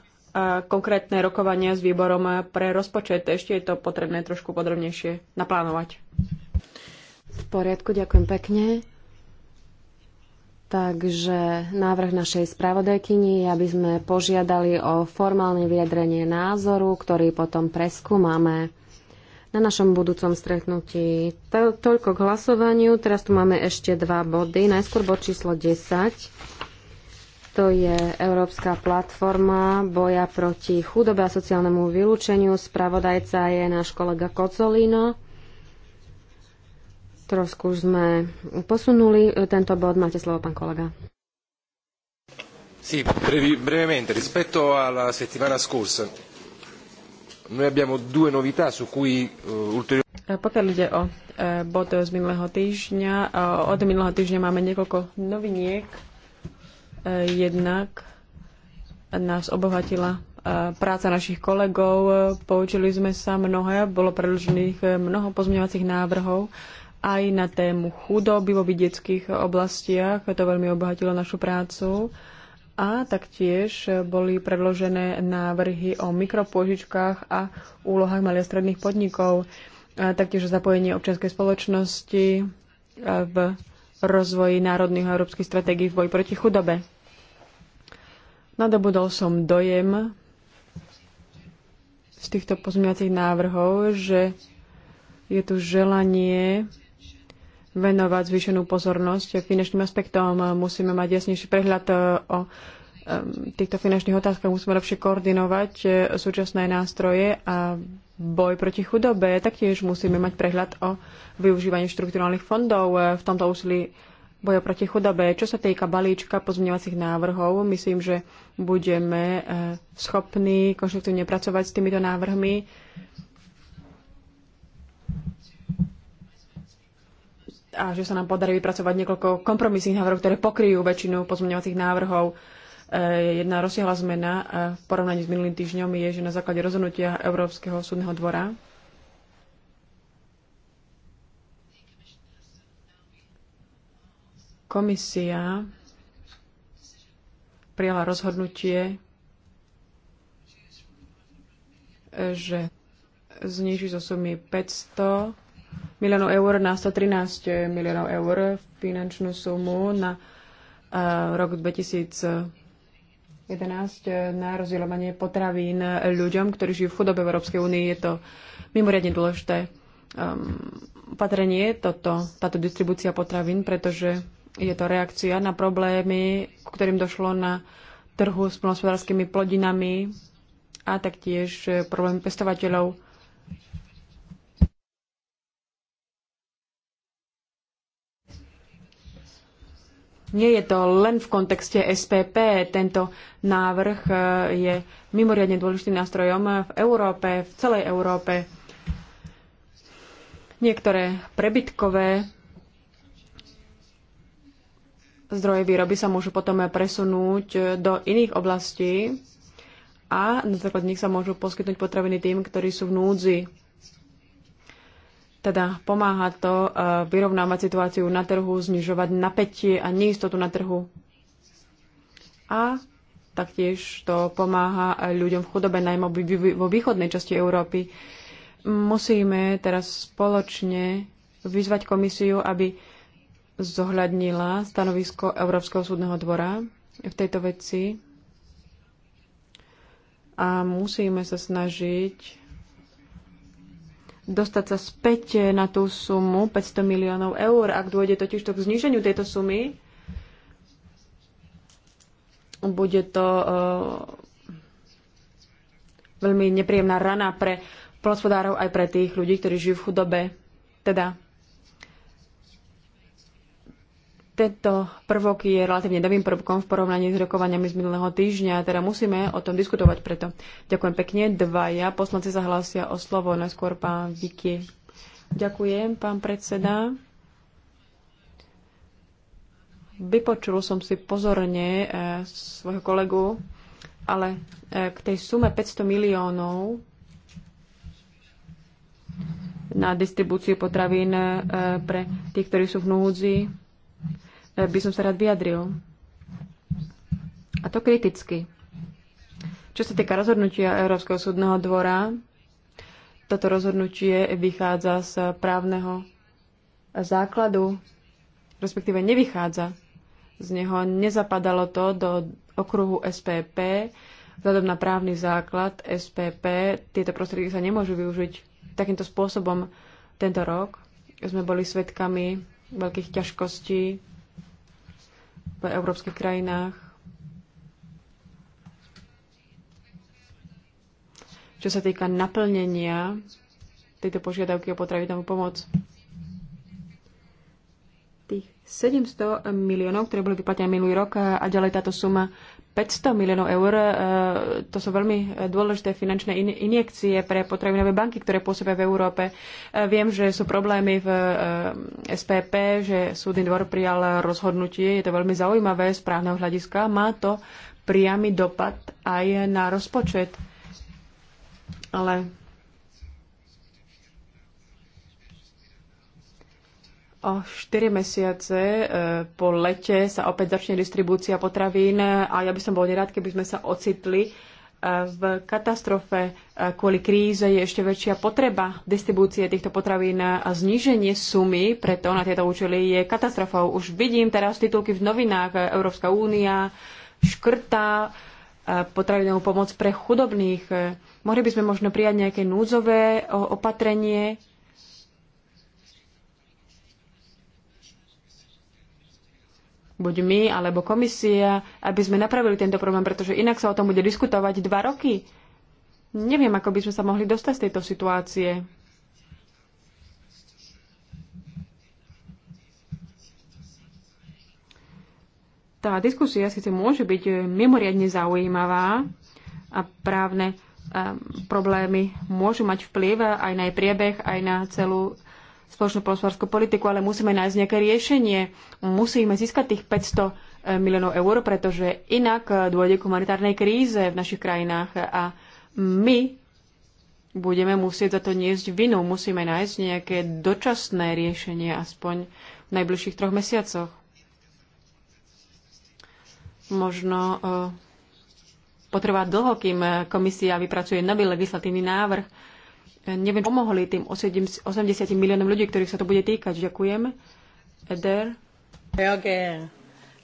konkrétne rokovania s výborom pre rozpočet. Ešte je to potrebné trošku podrobnejšie naplánovať. V poriadku, ďakujem pekne. Takže návrh našej spravodajkyni je, aby sme požiadali o formálne vyjadrenie názoru, ktorý potom preskúmame na našom budúcom stretnutí. To, toľko k hlasovaniu. Teraz tu máme ešte dva body. Najskôr bod číslo 10. To je Európska platforma boja proti chudobe a sociálnemu vylúčeniu. Spravodajca je náš kolega Kocolino. Trošku už sme posunuli tento bod. Máte slovo, pán kolega. Sì, brevi, brevemente, rispetto alla settimana scorsa, noi abbiamo due novità su cui uh, eh, ulteriormente... Eh, pokiaľ ide o uh, bod z minulého týždňa, uh, od minulého týždňa máme niekoľko noviniek. Uh, jednak nás obohatila uh, práca našich kolegov, uh, poučili sme sa mnohé, bolo predložených mnoho pozmeňovacích návrhov Uh, aj na tému chudoby vo vidieckých oblastiach. To veľmi obohatilo našu prácu. A taktiež boli predložené návrhy o mikropôžičkách a úlohách malých stredných podnikov, a taktiež zapojenie občianskej spoločnosti v rozvoji národných a európskych stratégií v boji proti chudobe. Nadobudol som dojem z týchto pozmiacich návrhov, že je tu želanie venovať zvýšenú pozornosť finančným aspektom. Musíme mať jasnejší prehľad e, o e, týchto finančných otázkach. Musíme lepšie koordinovať e, súčasné nástroje a boj proti chudobe. Taktiež musíme mať prehľad o využívaní štrukturálnych fondov v tomto úsilí boja proti chudobe. Čo sa týka balíčka pozmeňovacích návrhov, myslím, že budeme schopní konštruktívne pracovať s týmito návrhmi a že sa nám podarí vypracovať niekoľko kompromisných návrhov, ktoré pokryjú väčšinu pozmeňovacích návrhov. E, jedna rozsiahla zmena e, v porovnaní s minulým týždňom je, že na základe rozhodnutia Európskeho súdneho dvora komisia prijala rozhodnutie, že zniží zo sumy 500 miliónov eur na 113 miliónov eur finančnú sumu na eh, rok 2011 na rozdielovanie potravín ľuďom, ktorí žijú v chudobe v Európskej únii. Je to mimoriadne dôležité ehm, opatrenie, toto, táto distribúcia potravín, pretože je to reakcia na problémy, k ktorým došlo na trhu s plnohospodárskými plodinami a taktiež problém pestovateľov Nie je to len v kontexte SPP. Tento návrh e, je mimoriadne dôležitým nástrojom v Európe, v celej Európe. Niektoré prebytkové zdroje výroby sa môžu potom presunúť do iných oblastí a na základe nich sa môžu poskytnúť potraviny tým, ktorí sú v núdzi. Teda pomáha to e, vyrovnávať situáciu na trhu, znižovať napätie a neistotu na trhu. A taktiež to pomáha ľuďom v chudobe, najmä vo východnej časti Európy. Musíme teraz spoločne vyzvať komisiu, aby zohľadnila stanovisko Európskeho súdneho dvora v tejto veci a musíme sa snažiť dostať sa späť na tú sumu 500 miliónov eur. Ak dôjde totiž to k zniženiu tejto sumy, bude to uh, veľmi nepríjemná rana pre hospodárov aj pre tých ľudí, ktorí žijú v chudobe. Teda Tento prvok je relatívne novým prvkom v porovnaní s rokovaniami z minulého týždňa, teda musíme o tom diskutovať preto. Ďakujem pekne. Dvaja poslanci sa o slovo, najskôr pán Viki. Ďakujem, pán predseda. Vypočul som si pozorne e, svojho kolegu, ale e, k tej sume 500 miliónov na distribúciu potravín e, pre tých, ktorí sú v núdzi. E, by som sa rád vyjadril. A to kriticky. Čo sa týka rozhodnutia Európskeho súdneho dvora, toto rozhodnutie vychádza z právneho základu, respektíve nevychádza z neho. Nezapadalo to do okruhu SPP, vzhľadom na právny základ SPP. Tieto prostriedky sa nemôžu využiť takýmto spôsobom tento rok. Sme boli svedkami veľkých ťažkostí v európskych krajinách. Čo sa týka naplnenia tejto požiadavky o potravinovú pomoc. Tých 700 miliónov, ktoré boli vyplatené minulý rok a ďalej táto suma 500 miliónov eur, e, to sú veľmi dôležité finančné injekcie pre potravinové banky, ktoré pôsobia v Európe. E, viem, že sú problémy v e, SPP, že súdny dvor prijal rozhodnutie, je to veľmi zaujímavé z právneho hľadiska, má to priamy dopad aj na rozpočet. Ale O 4 mesiace e, po lete sa opäť začne distribúcia potravín a ja by som bol nerád, keby sme sa ocitli e, v katastrofe e, kvôli kríze je ešte väčšia potreba distribúcie týchto potravín a zníženie sumy preto na tieto účely je katastrofou. Už vidím teraz titulky v novinách Európska únia škrtá potravinovú pomoc pre chudobných. Mohli by sme možno prijať nejaké núdzové opatrenie, buď my alebo komisia, aby sme napravili tento problém, pretože inak sa o tom bude diskutovať dva roky. Neviem, ako by sme sa mohli dostať z tejto situácie. Tá diskusia síce môže byť mimoriadne zaujímavá a právne ehm, problémy môžu mať vplyv aj na jej priebeh, aj na celú spoločnú polospodárskú politiku, ale musíme nájsť nejaké riešenie. Musíme získať tých 500 eh, miliónov eur, pretože inak eh, dôjde k humanitárnej kríze v našich krajinách a my budeme musieť za to niesť vinu. Musíme nájsť nejaké dočasné riešenie aspoň v najbližších troch mesiacoch. Možno eh, potrvá dlho, kým komisia vypracuje nový legislatívny návrh neviem, pomohli tým 80 miliónom ľudí, ktorých sa to bude týkať. Ďakujem. Eder. Creo que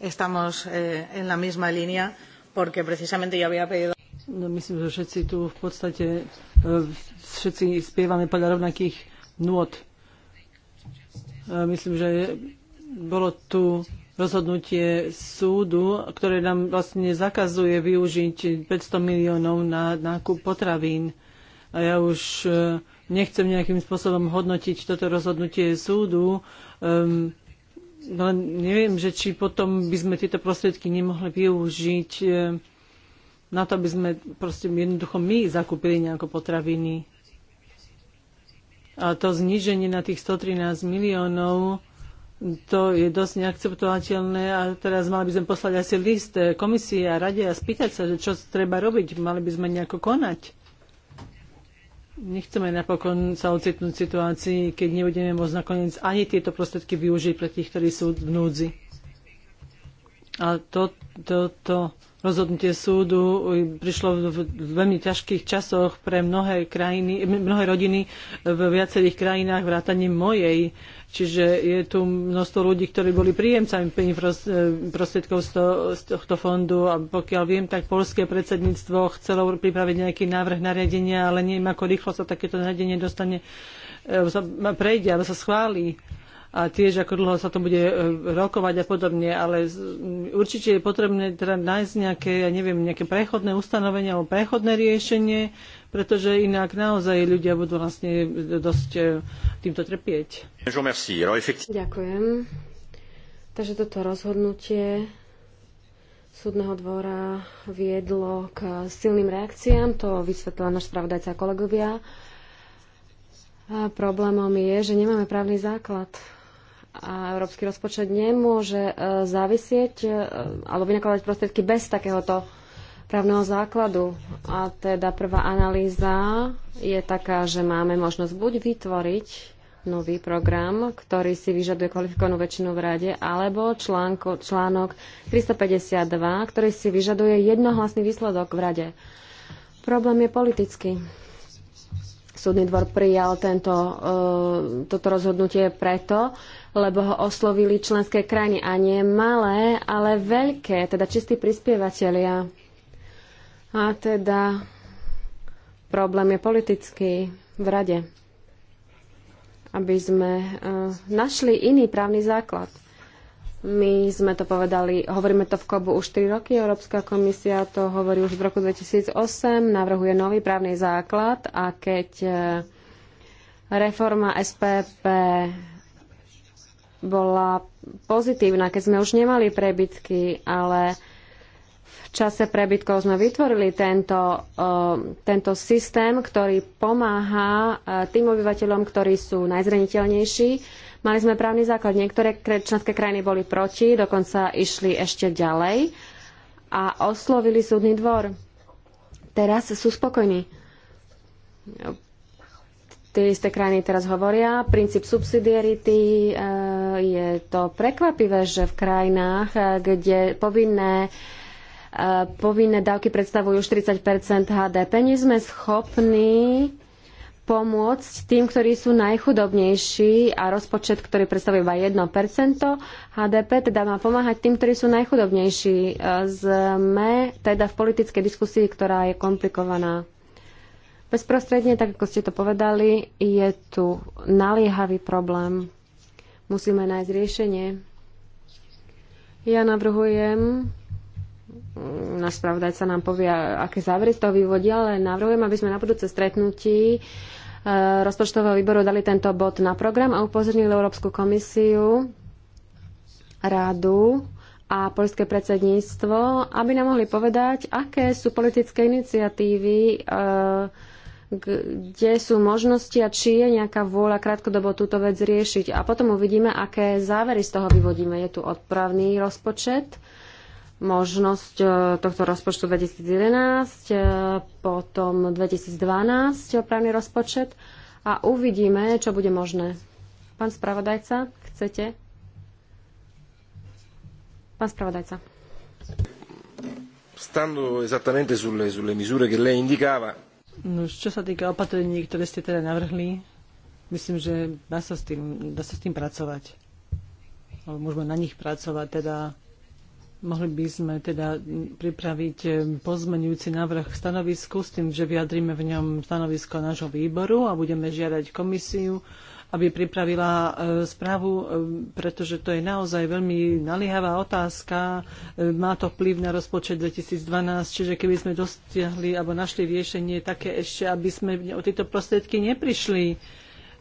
estamos eh, en la misma línea porque precisamente yo había pedido No, myslím, že všetci tu v podstate eh, všetci spievame podľa rovnakých nôd. Eh, myslím, že bolo tu rozhodnutie súdu, ktoré nám vlastne zakazuje využiť 500 miliónov na nákup potravín a ja už e, nechcem nejakým spôsobom hodnotiť toto rozhodnutie súdu. Ehm, len neviem, že či potom by sme tieto prostriedky nemohli využiť e, na to, aby sme proste jednoducho my zakúpili nejako potraviny. A to zníženie na tých 113 miliónov to je dosť neakceptovateľné a teraz mali by sme poslať asi list e, komisie a rade a spýtať sa, že čo treba robiť. Mali by sme nejako konať nechceme napokon sa ocitnúť v situácii, keď nebudeme môcť nakoniec ani tieto prostriedky využiť pre tých, ktorí sú v núdzi. A to, to, to rozhodnutie súdu prišlo v veľmi ťažkých časoch pre mnohé, krajiny, mnohé rodiny v viacerých krajinách, vrátane mojej. Čiže je tu množstvo ľudí, ktorí boli príjemcami eh, prostriedkov z, to, z tohto fondu a pokiaľ viem, tak polské predsedníctvo chcelo pripraviť nejaký návrh nariadenia, ale neviem, ako rýchlo sa takéto nariadenie dostane, sa eh, prejde, alebo sa schváli a tiež ako dlho sa to bude eh, rokovať a podobne, ale určite je potrebné teda nájsť nejaké, ja neviem, nejaké prechodné ustanovenie alebo prechodné riešenie, pretože inak naozaj ľudia budú vlastne dosť e, týmto trpieť. Ďakujem. Takže toto rozhodnutie súdneho dvora viedlo k silným reakciám, to vysvetlila náš spravodajca kolegovia. A problémom je, že nemáme právny základ a európsky rozpočet nemôže e, závisieť e, alebo vynakladať prostriedky bez takéhoto právneho základu. A teda prvá analýza je taká, že máme možnosť buď vytvoriť nový program, ktorý si vyžaduje kvalifikovanú väčšinu v rade, alebo článko, článok 352, ktorý si vyžaduje jednohlasný výsledok v rade. Problém je politický. Súdny dvor prijal tento, uh, toto rozhodnutie preto, lebo ho oslovili členské krajiny a nie malé, ale veľké, teda čistí prispievateľia a teda problém je politický v rade, aby sme e, našli iný právny základ. My sme to povedali, hovoríme to v KOBU už 3 roky, Európska komisia to hovorí už v roku 2008, navrhuje nový právny základ a keď e, reforma SPP bola pozitívna, keď sme už nemali prebytky, ale v čase prebytkov sme vytvorili tento, eh, tento systém, ktorý pomáha eh, tým obyvateľom, ktorí sú najzraniteľnejší. Mali sme právny základ. Niektoré členské krajiny boli proti, dokonca išli ešte ďalej a oslovili súdny dvor. Teraz sú spokojní. Tie isté krajiny teraz hovoria. Princíp subsidiarity eh, je to prekvapivé, že v krajinách, kde povinné Eh, povinné dávky predstavujú 40 HDP. Nie sme schopní pomôcť tým, ktorí sú najchudobnejší a rozpočet, ktorý predstavuje iba 1 HDP, teda má pomáhať tým, ktorí sú najchudobnejší. Eh, sme teda v politickej diskusii, ktorá je komplikovaná. Bezprostredne, tak ako ste to povedali, je tu naliehavý problém. Musíme nájsť riešenie. Ja navrhujem Mm, náš spravodajca nám povie, aké závery z toho vyvodia, ale navrhujem, aby sme na budúce stretnutí e, rozpočtového výboru dali tento bod na program a upozornili Európsku komisiu, rádu a poľské predsedníctvo, aby nám mohli povedať, aké sú politické iniciatívy, e, kde sú možnosti a či je nejaká vôľa krátkodobo túto vec riešiť. A potom uvidíme, aké závery z toho vyvodíme. Je tu odpravný rozpočet možnosť e, tohto rozpočtu 2011, e, potom 2012 opravný e, rozpočet a uvidíme, čo bude možné. Pán spravodajca, chcete? Pán spravodajca. Stando esattamente sulle, sulle misure che lei indicava. No, čo sa týka opatrení, ktoré ste teda navrhli, myslím, že dá sa s tým, dá sa s tým pracovať. môžeme na nich pracovať, teda Mohli by sme teda pripraviť eh, pozmenujúci návrh stanovisku s tým, že vyjadríme v ňom stanovisko nášho výboru a budeme žiadať komisiu, aby pripravila eh, správu, eh, pretože to je naozaj veľmi naliehavá otázka. Má to vplyv na rozpočet 2012, čiže keby sme dosiahli alebo našli riešenie také ešte, aby sme o tieto prostriedky neprišli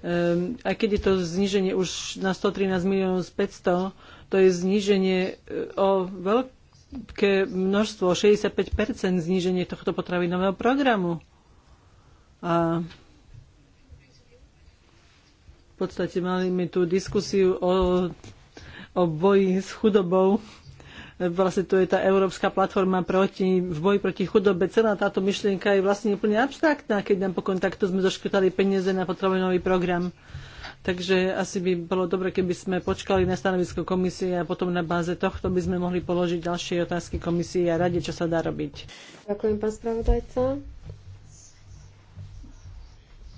Ehm, aj keď je to zníženie už na 113 miliónov z 500, to je zníženie e, o veľké množstvo, 65% zníženie tohto potravinového programu. A v podstate mali sme tu diskusiu o, o boji s chudobou vlastne to je tá európska platforma proti, v boji proti chudobe. Celá táto myšlienka je vlastne úplne abstraktná, keď nám napokon takto sme zaškrtali peniaze na potravinový program. Takže asi by bolo dobre, keby sme počkali na stanovisko komisie a potom na báze tohto by sme mohli položiť ďalšie otázky komisie a rade, čo sa dá robiť. Ďakujem, pán spravodajca.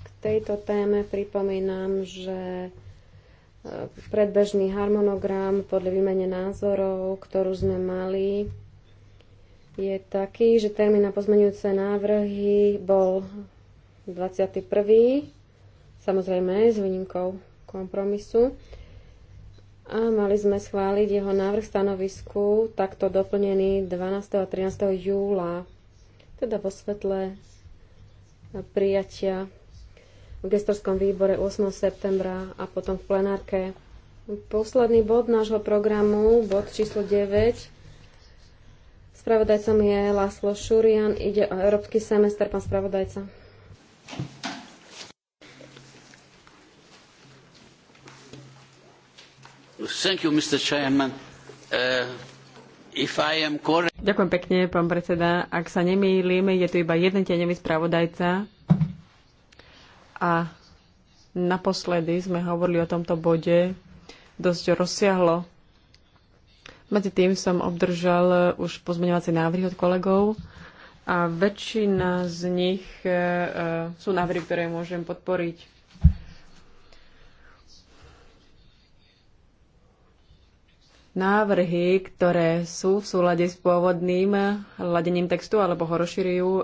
K tejto téme pripomínam, že predbežný harmonogram podľa výmene názorov, ktorú sme mali, je taký, že termín na pozmenujúce návrhy bol 21. Samozrejme, s výnimkou kompromisu. A mali sme schváliť jeho návrh stanovisku takto doplnený 12. a 13. júla, teda vo svetle prijatia v gestorskom výbore 8. septembra a potom v plenárke. Posledný bod nášho programu, bod číslo 9. Spravodajcom je Laslo Šurian. Ide o európsky semester, pán spravodajca. You, uh, Ďakujem pekne, pán predseda. Ak sa nemýlim, je tu iba jeden tenevý spravodajca a naposledy sme hovorili o tomto bode dosť rozsiahlo. Medzi tým som obdržal už pozmeňovacie návrhy od kolegov a väčšina z nich e, e, sú návrhy, ktoré môžem podporiť. návrhy, ktoré sú v súlade s pôvodným ladením textu alebo ho rozširujú, e,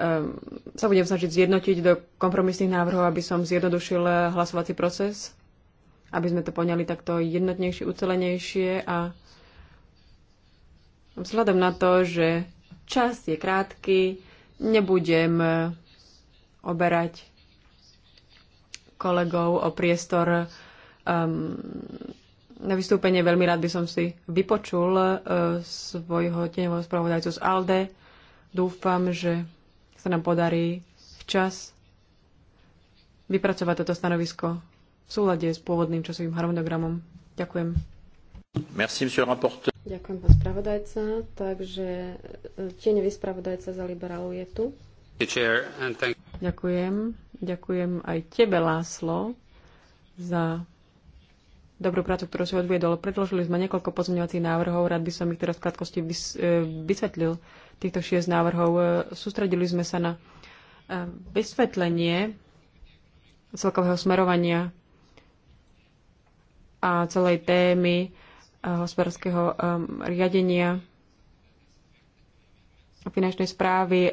Ehm, sa budem snažiť zjednotiť do kompromisných návrhov, aby som zjednodušil eh, hlasovací proces, aby sme to poňali takto jednotnejšie, ucelenejšie a vzhľadom na to, že čas je krátky, nebudem eh, oberať kolegov o priestor um, na vystúpenie. Veľmi rád by som si vypočul uh, svojho teňového spravodajcu z ALDE. Dúfam, že sa nám podarí včas vypracovať toto stanovisko v súlade s pôvodným časovým harmonogramom. Ďakujem. Merci, Ďakujem, pán spravodajca. Takže e, tieňový spravodajca za liberálu je tu. Ďakujem. Ďakujem aj tebe, Láslo, za dobrú prácu, ktorú si odviedol. Predložili sme niekoľko pozmeňovacích návrhov, rád by som ich teraz v krátkosti e, vysvetlil týchto šiest návrhov. E, sústredili sme sa na e, vysvetlenie celkového smerovania a celej témy e, hospodárskeho riadenia finančnej správy.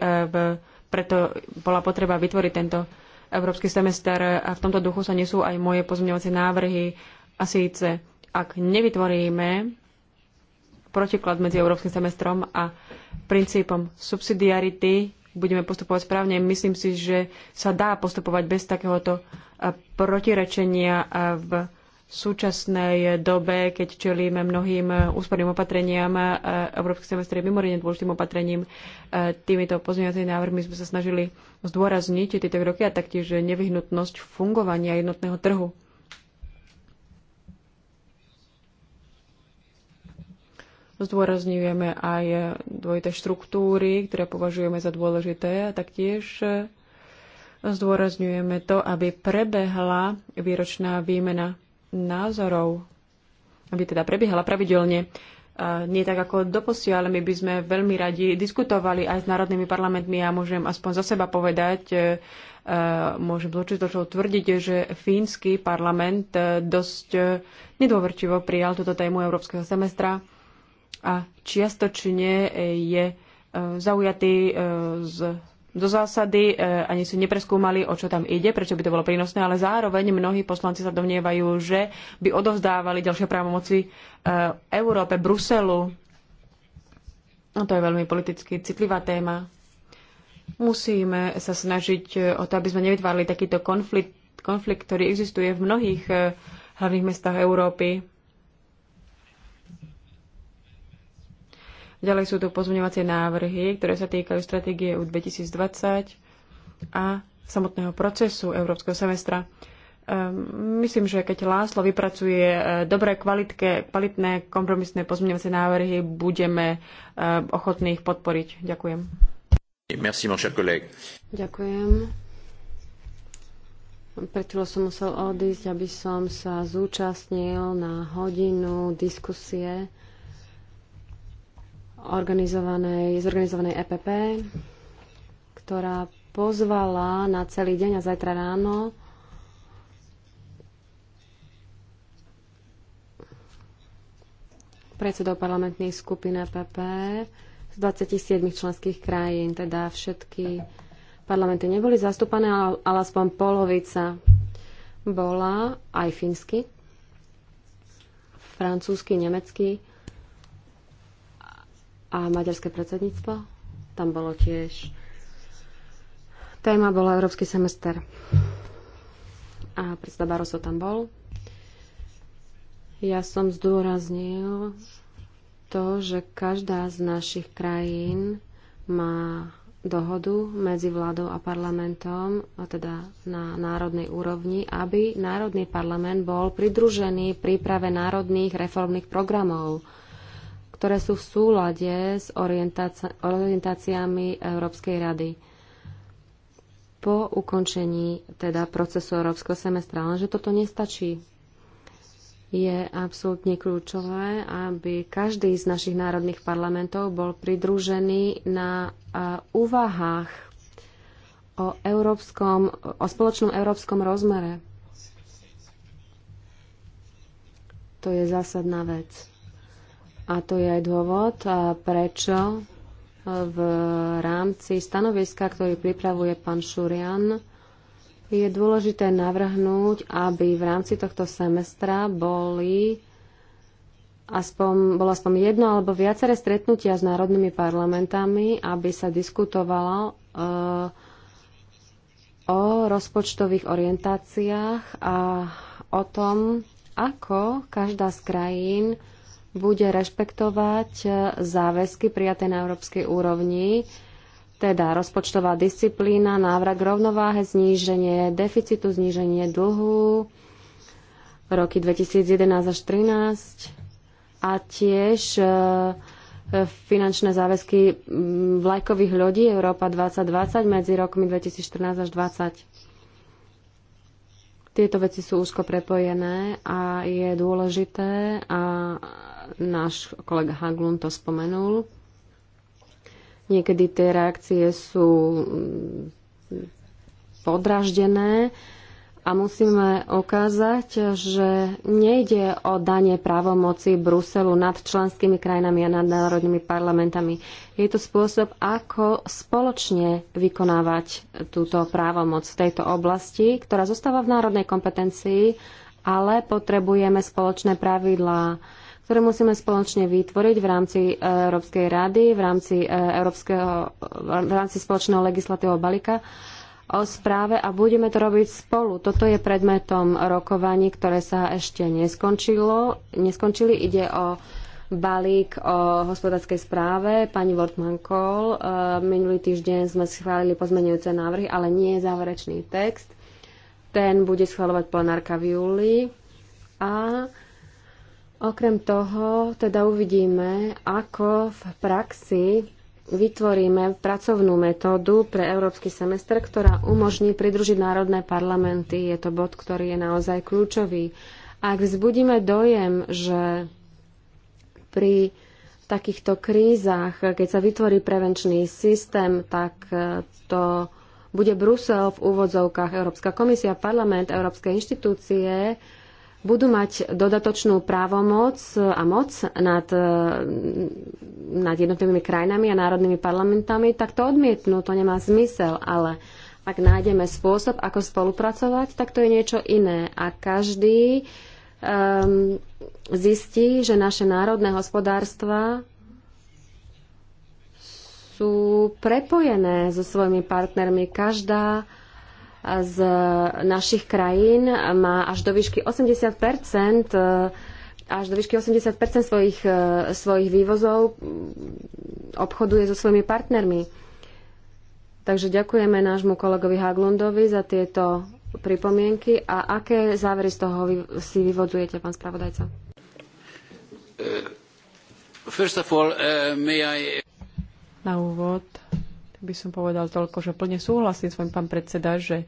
Preto bola potreba vytvoriť tento európsky semester a v tomto duchu sa nesú aj moje pozmeňovacie návrhy. A síce, ak nevytvoríme protiklad medzi európskym semestrom a princípom subsidiarity. Budeme postupovať správne. Myslím si, že sa dá postupovať bez takéhoto eh, protirečenia eh, v súčasnej dobe, keď čelíme mnohým eh, úsporným opatreniam. Európsky semestr je mimoriadne dôležitým opatrením. Týmito pozmeňovacími návrhmi sme sa snažili zdôrazniť tieto kroky a taktiež nevyhnutnosť fungovania jednotného trhu. Zdôrazňujeme aj dvojité štruktúry, ktoré považujeme za dôležité a taktiež e, zdôrazňujeme to, aby prebehla výročná výmena názorov, aby teda prebiehala pravidelne. Nie tak ako doposiaľ, ale my by sme veľmi radi diskutovali aj s národnými parlamentmi a ja môžem aspoň za seba povedať, e, e, môžem s určitosťou tvrdiť, že fínsky parlament dosť nedôverčivo prijal túto tému európskeho semestra a čiastočne e, je e, zaujatý e, z, do zásady, ani si nepreskúmali, o čo tam ide, prečo by to bolo prínosné, ale zároveň mnohí poslanci sa domnievajú, že by odovzdávali ďalšie právomoci Európe, Bruselu. No to je veľmi politicky citlivá téma. Musíme sa snažiť o to, aby sme nevytvárali takýto konflikt, konflikt ktorý existuje v mnohých hlavných mestách Európy Ďalej sú tu pozmeňovacie návrhy, ktoré sa týkajú stratégie EU 2020 a samotného procesu európskeho semestra. Ehm, myslím, že keď Láslo vypracuje e, dobré, kvalitke, kvalitné kompromisné pozmeňovacie návrhy, budeme e, ochotní ich podporiť. Ďakujem. Merci, mon cher collègue. Ďakujem. Preto som musel odísť, aby som sa zúčastnil na hodinu diskusie organizovanej, zorganizovanej EPP, ktorá pozvala na celý deň a zajtra ráno predsedov parlamentných skupín EPP z 27 členských krajín, teda všetky parlamenty neboli zastúpané, ale, aspoň polovica bola, aj fínsky, francúzsky, nemecky, a maďarské predsedníctvo. Tam bolo tiež. Téma bola Európsky semester. A predseda Baroso tam bol. Ja som zdôraznil to, že každá z našich krajín má dohodu medzi vládou a parlamentom, a teda na národnej úrovni, aby národný parlament bol pridružený príprave národných reformných programov ktoré sú v súlade s orientáciami Európskej rady po ukončení teda procesu Európskeho semestra. Lenže toto nestačí. Je absolútne kľúčové, aby každý z našich národných parlamentov bol pridružený na e, úvahách o, európskom, o spoločnom európskom rozmere. To je zásadná vec. A to je aj dôvod, prečo v rámci stanoviska, ktorý pripravuje pán Šurian, je dôležité navrhnúť, aby v rámci tohto semestra boli aspoň, bolo aspoň jedno alebo viaceré stretnutia s národnými parlamentami, aby sa diskutovalo e, o rozpočtových orientáciách a o tom, ako každá z krajín bude rešpektovať e, záväzky prijaté na európskej úrovni, teda rozpočtová disciplína, návrak rovnováhe, zníženie deficitu, zníženie dlhu roky 2011 až 2013 a tiež e, finančné záväzky vlajkových ľudí Európa 2020 medzi rokmi 2014 až 2020. Tieto veci sú úzko prepojené a je dôležité a náš kolega Haglun to spomenul. Niekedy tie reakcie sú mm, podraždené a musíme ukázať, že nejde o danie právomoci Bruselu nad členskými krajinami a nad národnými parlamentami. Je to spôsob, ako spoločne vykonávať túto právomoc v tejto oblasti, ktorá zostáva v národnej kompetencii, ale potrebujeme spoločné pravidlá ktoré musíme spoločne vytvoriť v rámci Európskej rady, v rámci, e, Európskeho, v rámci spoločného legislatívneho balíka o správe a budeme to robiť spolu. Toto je predmetom rokovaní, ktoré sa ešte neskončilo. Neskončili. Ide o balík o hospodárskej správe. Pani Wortmann Kohl, e, minulý týždeň sme schválili pozmenujúce návrhy, ale nie je záverečný text. Ten bude schváľovať plenárka v júli. A Okrem toho teda uvidíme, ako v praxi vytvoríme pracovnú metódu pre európsky semester, ktorá umožní pridružiť národné parlamenty. Je to bod, ktorý je naozaj kľúčový. Ak vzbudíme dojem, že pri takýchto krízach, keď sa vytvorí prevenčný systém, tak e, to bude Brusel v úvodzovkách Európska komisia, parlament, európske inštitúcie, budú mať dodatočnú právomoc a moc nad, eh, nad jednotlivými krajinami a národnými parlamentami, tak to odmietnú, to nemá zmysel, ale ak nájdeme spôsob, ako spolupracovať, tak to je niečo iné. A každý um, zistí, že naše národné hospodárstva sú prepojené so svojimi partnermi. Každá z našich krajín má až do výšky 80 až do výšky 80 svojich, e, svojich vývozov mm, obchoduje so svojimi partnermi. Takže ďakujeme nášmu kolegovi Haglundovi za tieto pripomienky a aké závery z toho si vyvodzujete, pán spravodajca? E, e, Na úvod by som povedal toľko, že plne súhlasím s vami, pán predseda, že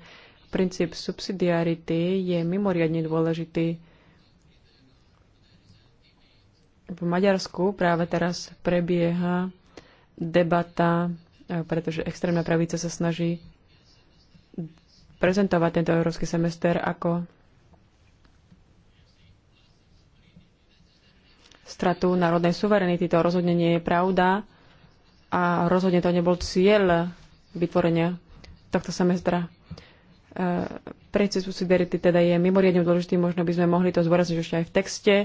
princíp subsidiarity je mimoriadne dôležitý. V Maďarsku práve teraz prebieha debata, e, pretože extrémna pravica sa snaží prezentovať tento európsky semester ako stratu národnej suverenity. To rozhodne nie je pravda a rozhodne to nebol cieľ vytvorenia tohto semestra. E, princíp subsidiarity teda je mimoriadne dôležitý, možno by sme mohli to zvorazniť ešte aj v texte.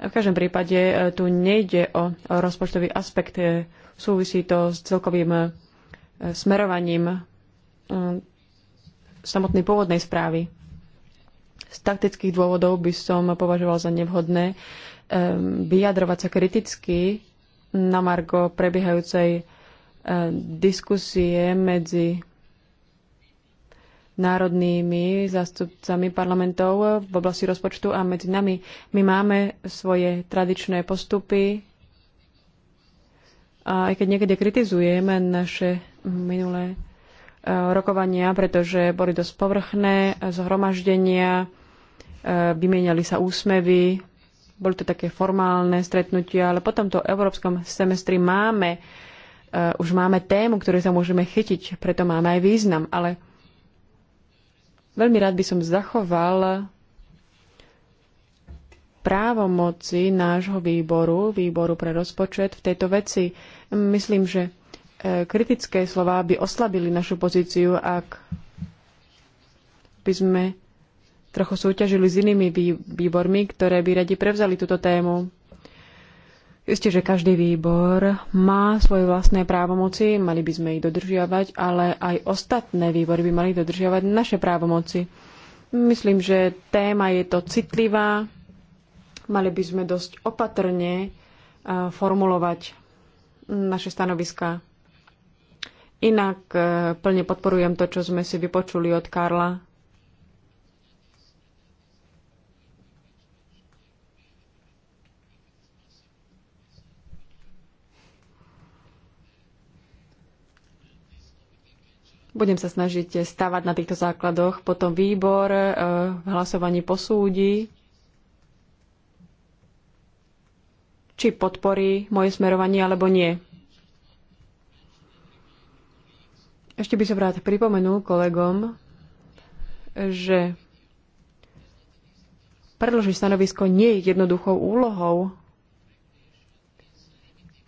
V každom prípade e, tu nejde o rozpočtový aspekt, e, súvisí to s celkovým smerovaním samotnej pôvodnej správy. Z taktických dôvodov by som považoval za nevhodné vyjadrovať sa kriticky na Margo prebiehajúcej e, diskusie medzi národnými zástupcami parlamentov v oblasti rozpočtu a medzi nami. My máme svoje tradičné postupy a aj keď niekedy kritizujeme naše minulé e, rokovania, pretože boli dosť povrchné zhromaždenia, e, vymieniali sa úsmevy, boli to také formálne stretnutia, ale po tomto európskom semestri máme, uh, už máme tému, ktoré sa môžeme chytiť, preto máme aj význam, ale veľmi rád by som zachoval právomoci nášho výboru, výboru pre rozpočet v tejto veci. Myslím, že eh, kritické slova by oslabili našu pozíciu, ak by sme trochu súťažili s inými výbormi, ktoré by radi prevzali túto tému. Isté, že každý výbor má svoje vlastné právomoci, mali by sme ich dodržiavať, ale aj ostatné výbory by mali dodržiavať naše právomoci. Myslím, že téma je to citlivá, mali by sme dosť opatrne formulovať naše stanoviská. Inak e, plne podporujem to, čo sme si vypočuli od Karla Budem sa snažiť stavať na týchto základoch. Potom výbor v e, hlasovaní posúdi, či podporí moje smerovanie alebo nie. Ešte by som rád pripomenul kolegom, že predložiť stanovisko nie je jednoduchou úlohou,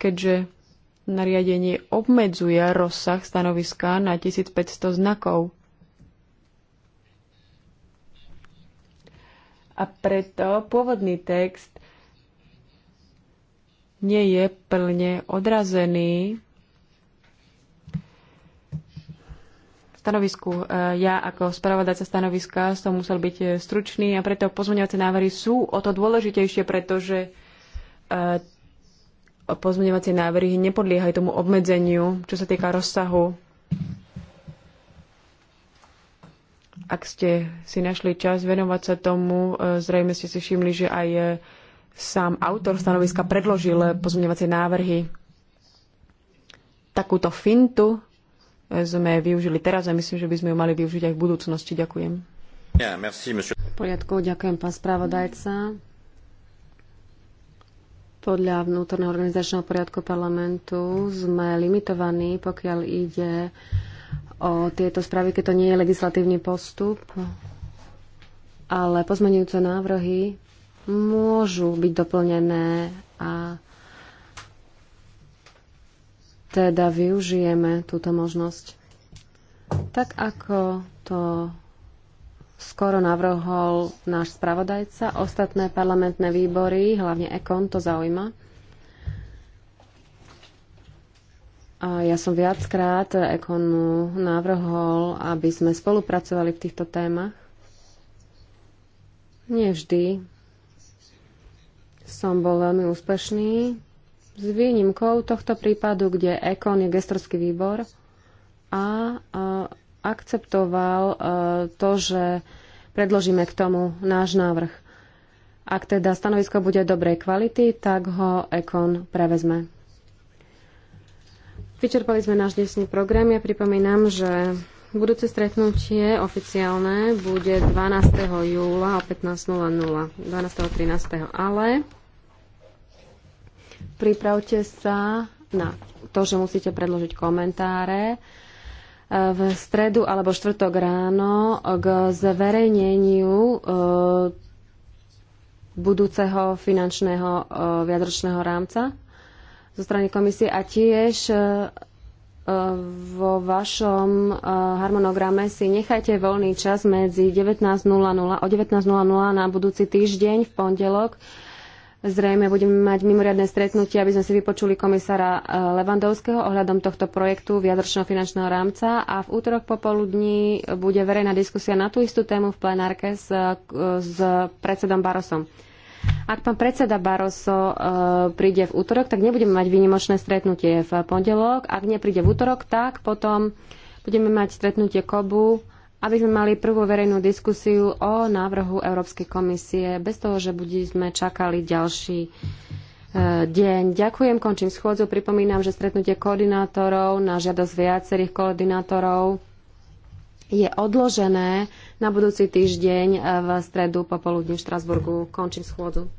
keďže nariadenie obmedzuje rozsah stanoviska na 1500 znakov. A preto pôvodný text nie je plne odrazený stanovisku. E, ja ako spravodajca stanoviska som musel byť e, stručný a preto pozmeňovacie návrhy sú o to dôležitejšie, pretože e, pozmeňovacie návrhy nepodliehajú tomu obmedzeniu, čo sa týka rozsahu. Ak ste si našli čas venovať sa tomu, e, zrejme ste si všimli, že aj e, sám autor stanoviska predložil pozmeňovacie návrhy. Takúto fintu e, sme využili teraz a myslím, že by sme ju mali využiť aj v budúcnosti. Ďakujem. Ja, merci, monsieur. poriadku, ďakujem pán spravodajca. Podľa vnútorného organizačného poriadku parlamentu sme limitovaní, pokiaľ ide o tieto správy, keď to nie je legislatívny postup, ale pozmenujúce návrhy môžu byť doplnené a teda využijeme túto možnosť. Tak ako to skoro navrhol náš spravodajca. Ostatné parlamentné výbory, hlavne EKON, to zaujíma. A ja som viackrát Ekonu navrhol, aby sme spolupracovali v týchto témach. Nie vždy som bol veľmi úspešný, s výnimkou tohto prípadu, kde Ekon je gestorský výbor a, a akceptoval e, to, že predložíme k tomu náš návrh. Ak teda stanovisko bude dobrej kvality, tak ho Ekon prevezme. Vyčerpali sme náš dnešný program. Ja pripomínam, že budúce stretnutie oficiálne bude 12. júla o 15.00, 12. 13. ale pripravte sa na to, že musíte predložiť komentáre v stredu alebo štvrtok ráno k zverejneniu e, budúceho finančného e, viadročného rámca zo strany komisie a tiež e, vo vašom harmonograme si nechajte voľný čas medzi 19.00 o 19.00 na budúci týždeň v pondelok Zrejme budeme mať mimoriadne stretnutie, aby sme si vypočuli komisára eh, Levandovského ohľadom tohto projektu viadročného finančného rámca a v útorok popoludní bude verejná diskusia na tú istú tému v plenárke s, eh, s predsedom Barosom. Ak pán predseda Baroso eh, príde v útorok, tak nebudeme mať výnimočné stretnutie v pondelok. Ak nepríde v útorok, tak potom budeme mať stretnutie KOBU aby sme mali prvú verejnú diskusiu o návrhu Európskej komisie, bez toho, že budí sme čakali ďalší e, deň. Ďakujem, končím schôdzu. Pripomínam, že stretnutie koordinátorov na žiadosť viacerých koordinátorov je odložené na budúci týždeň v stredu popoludní v Štrasburgu. Končím schôdzu.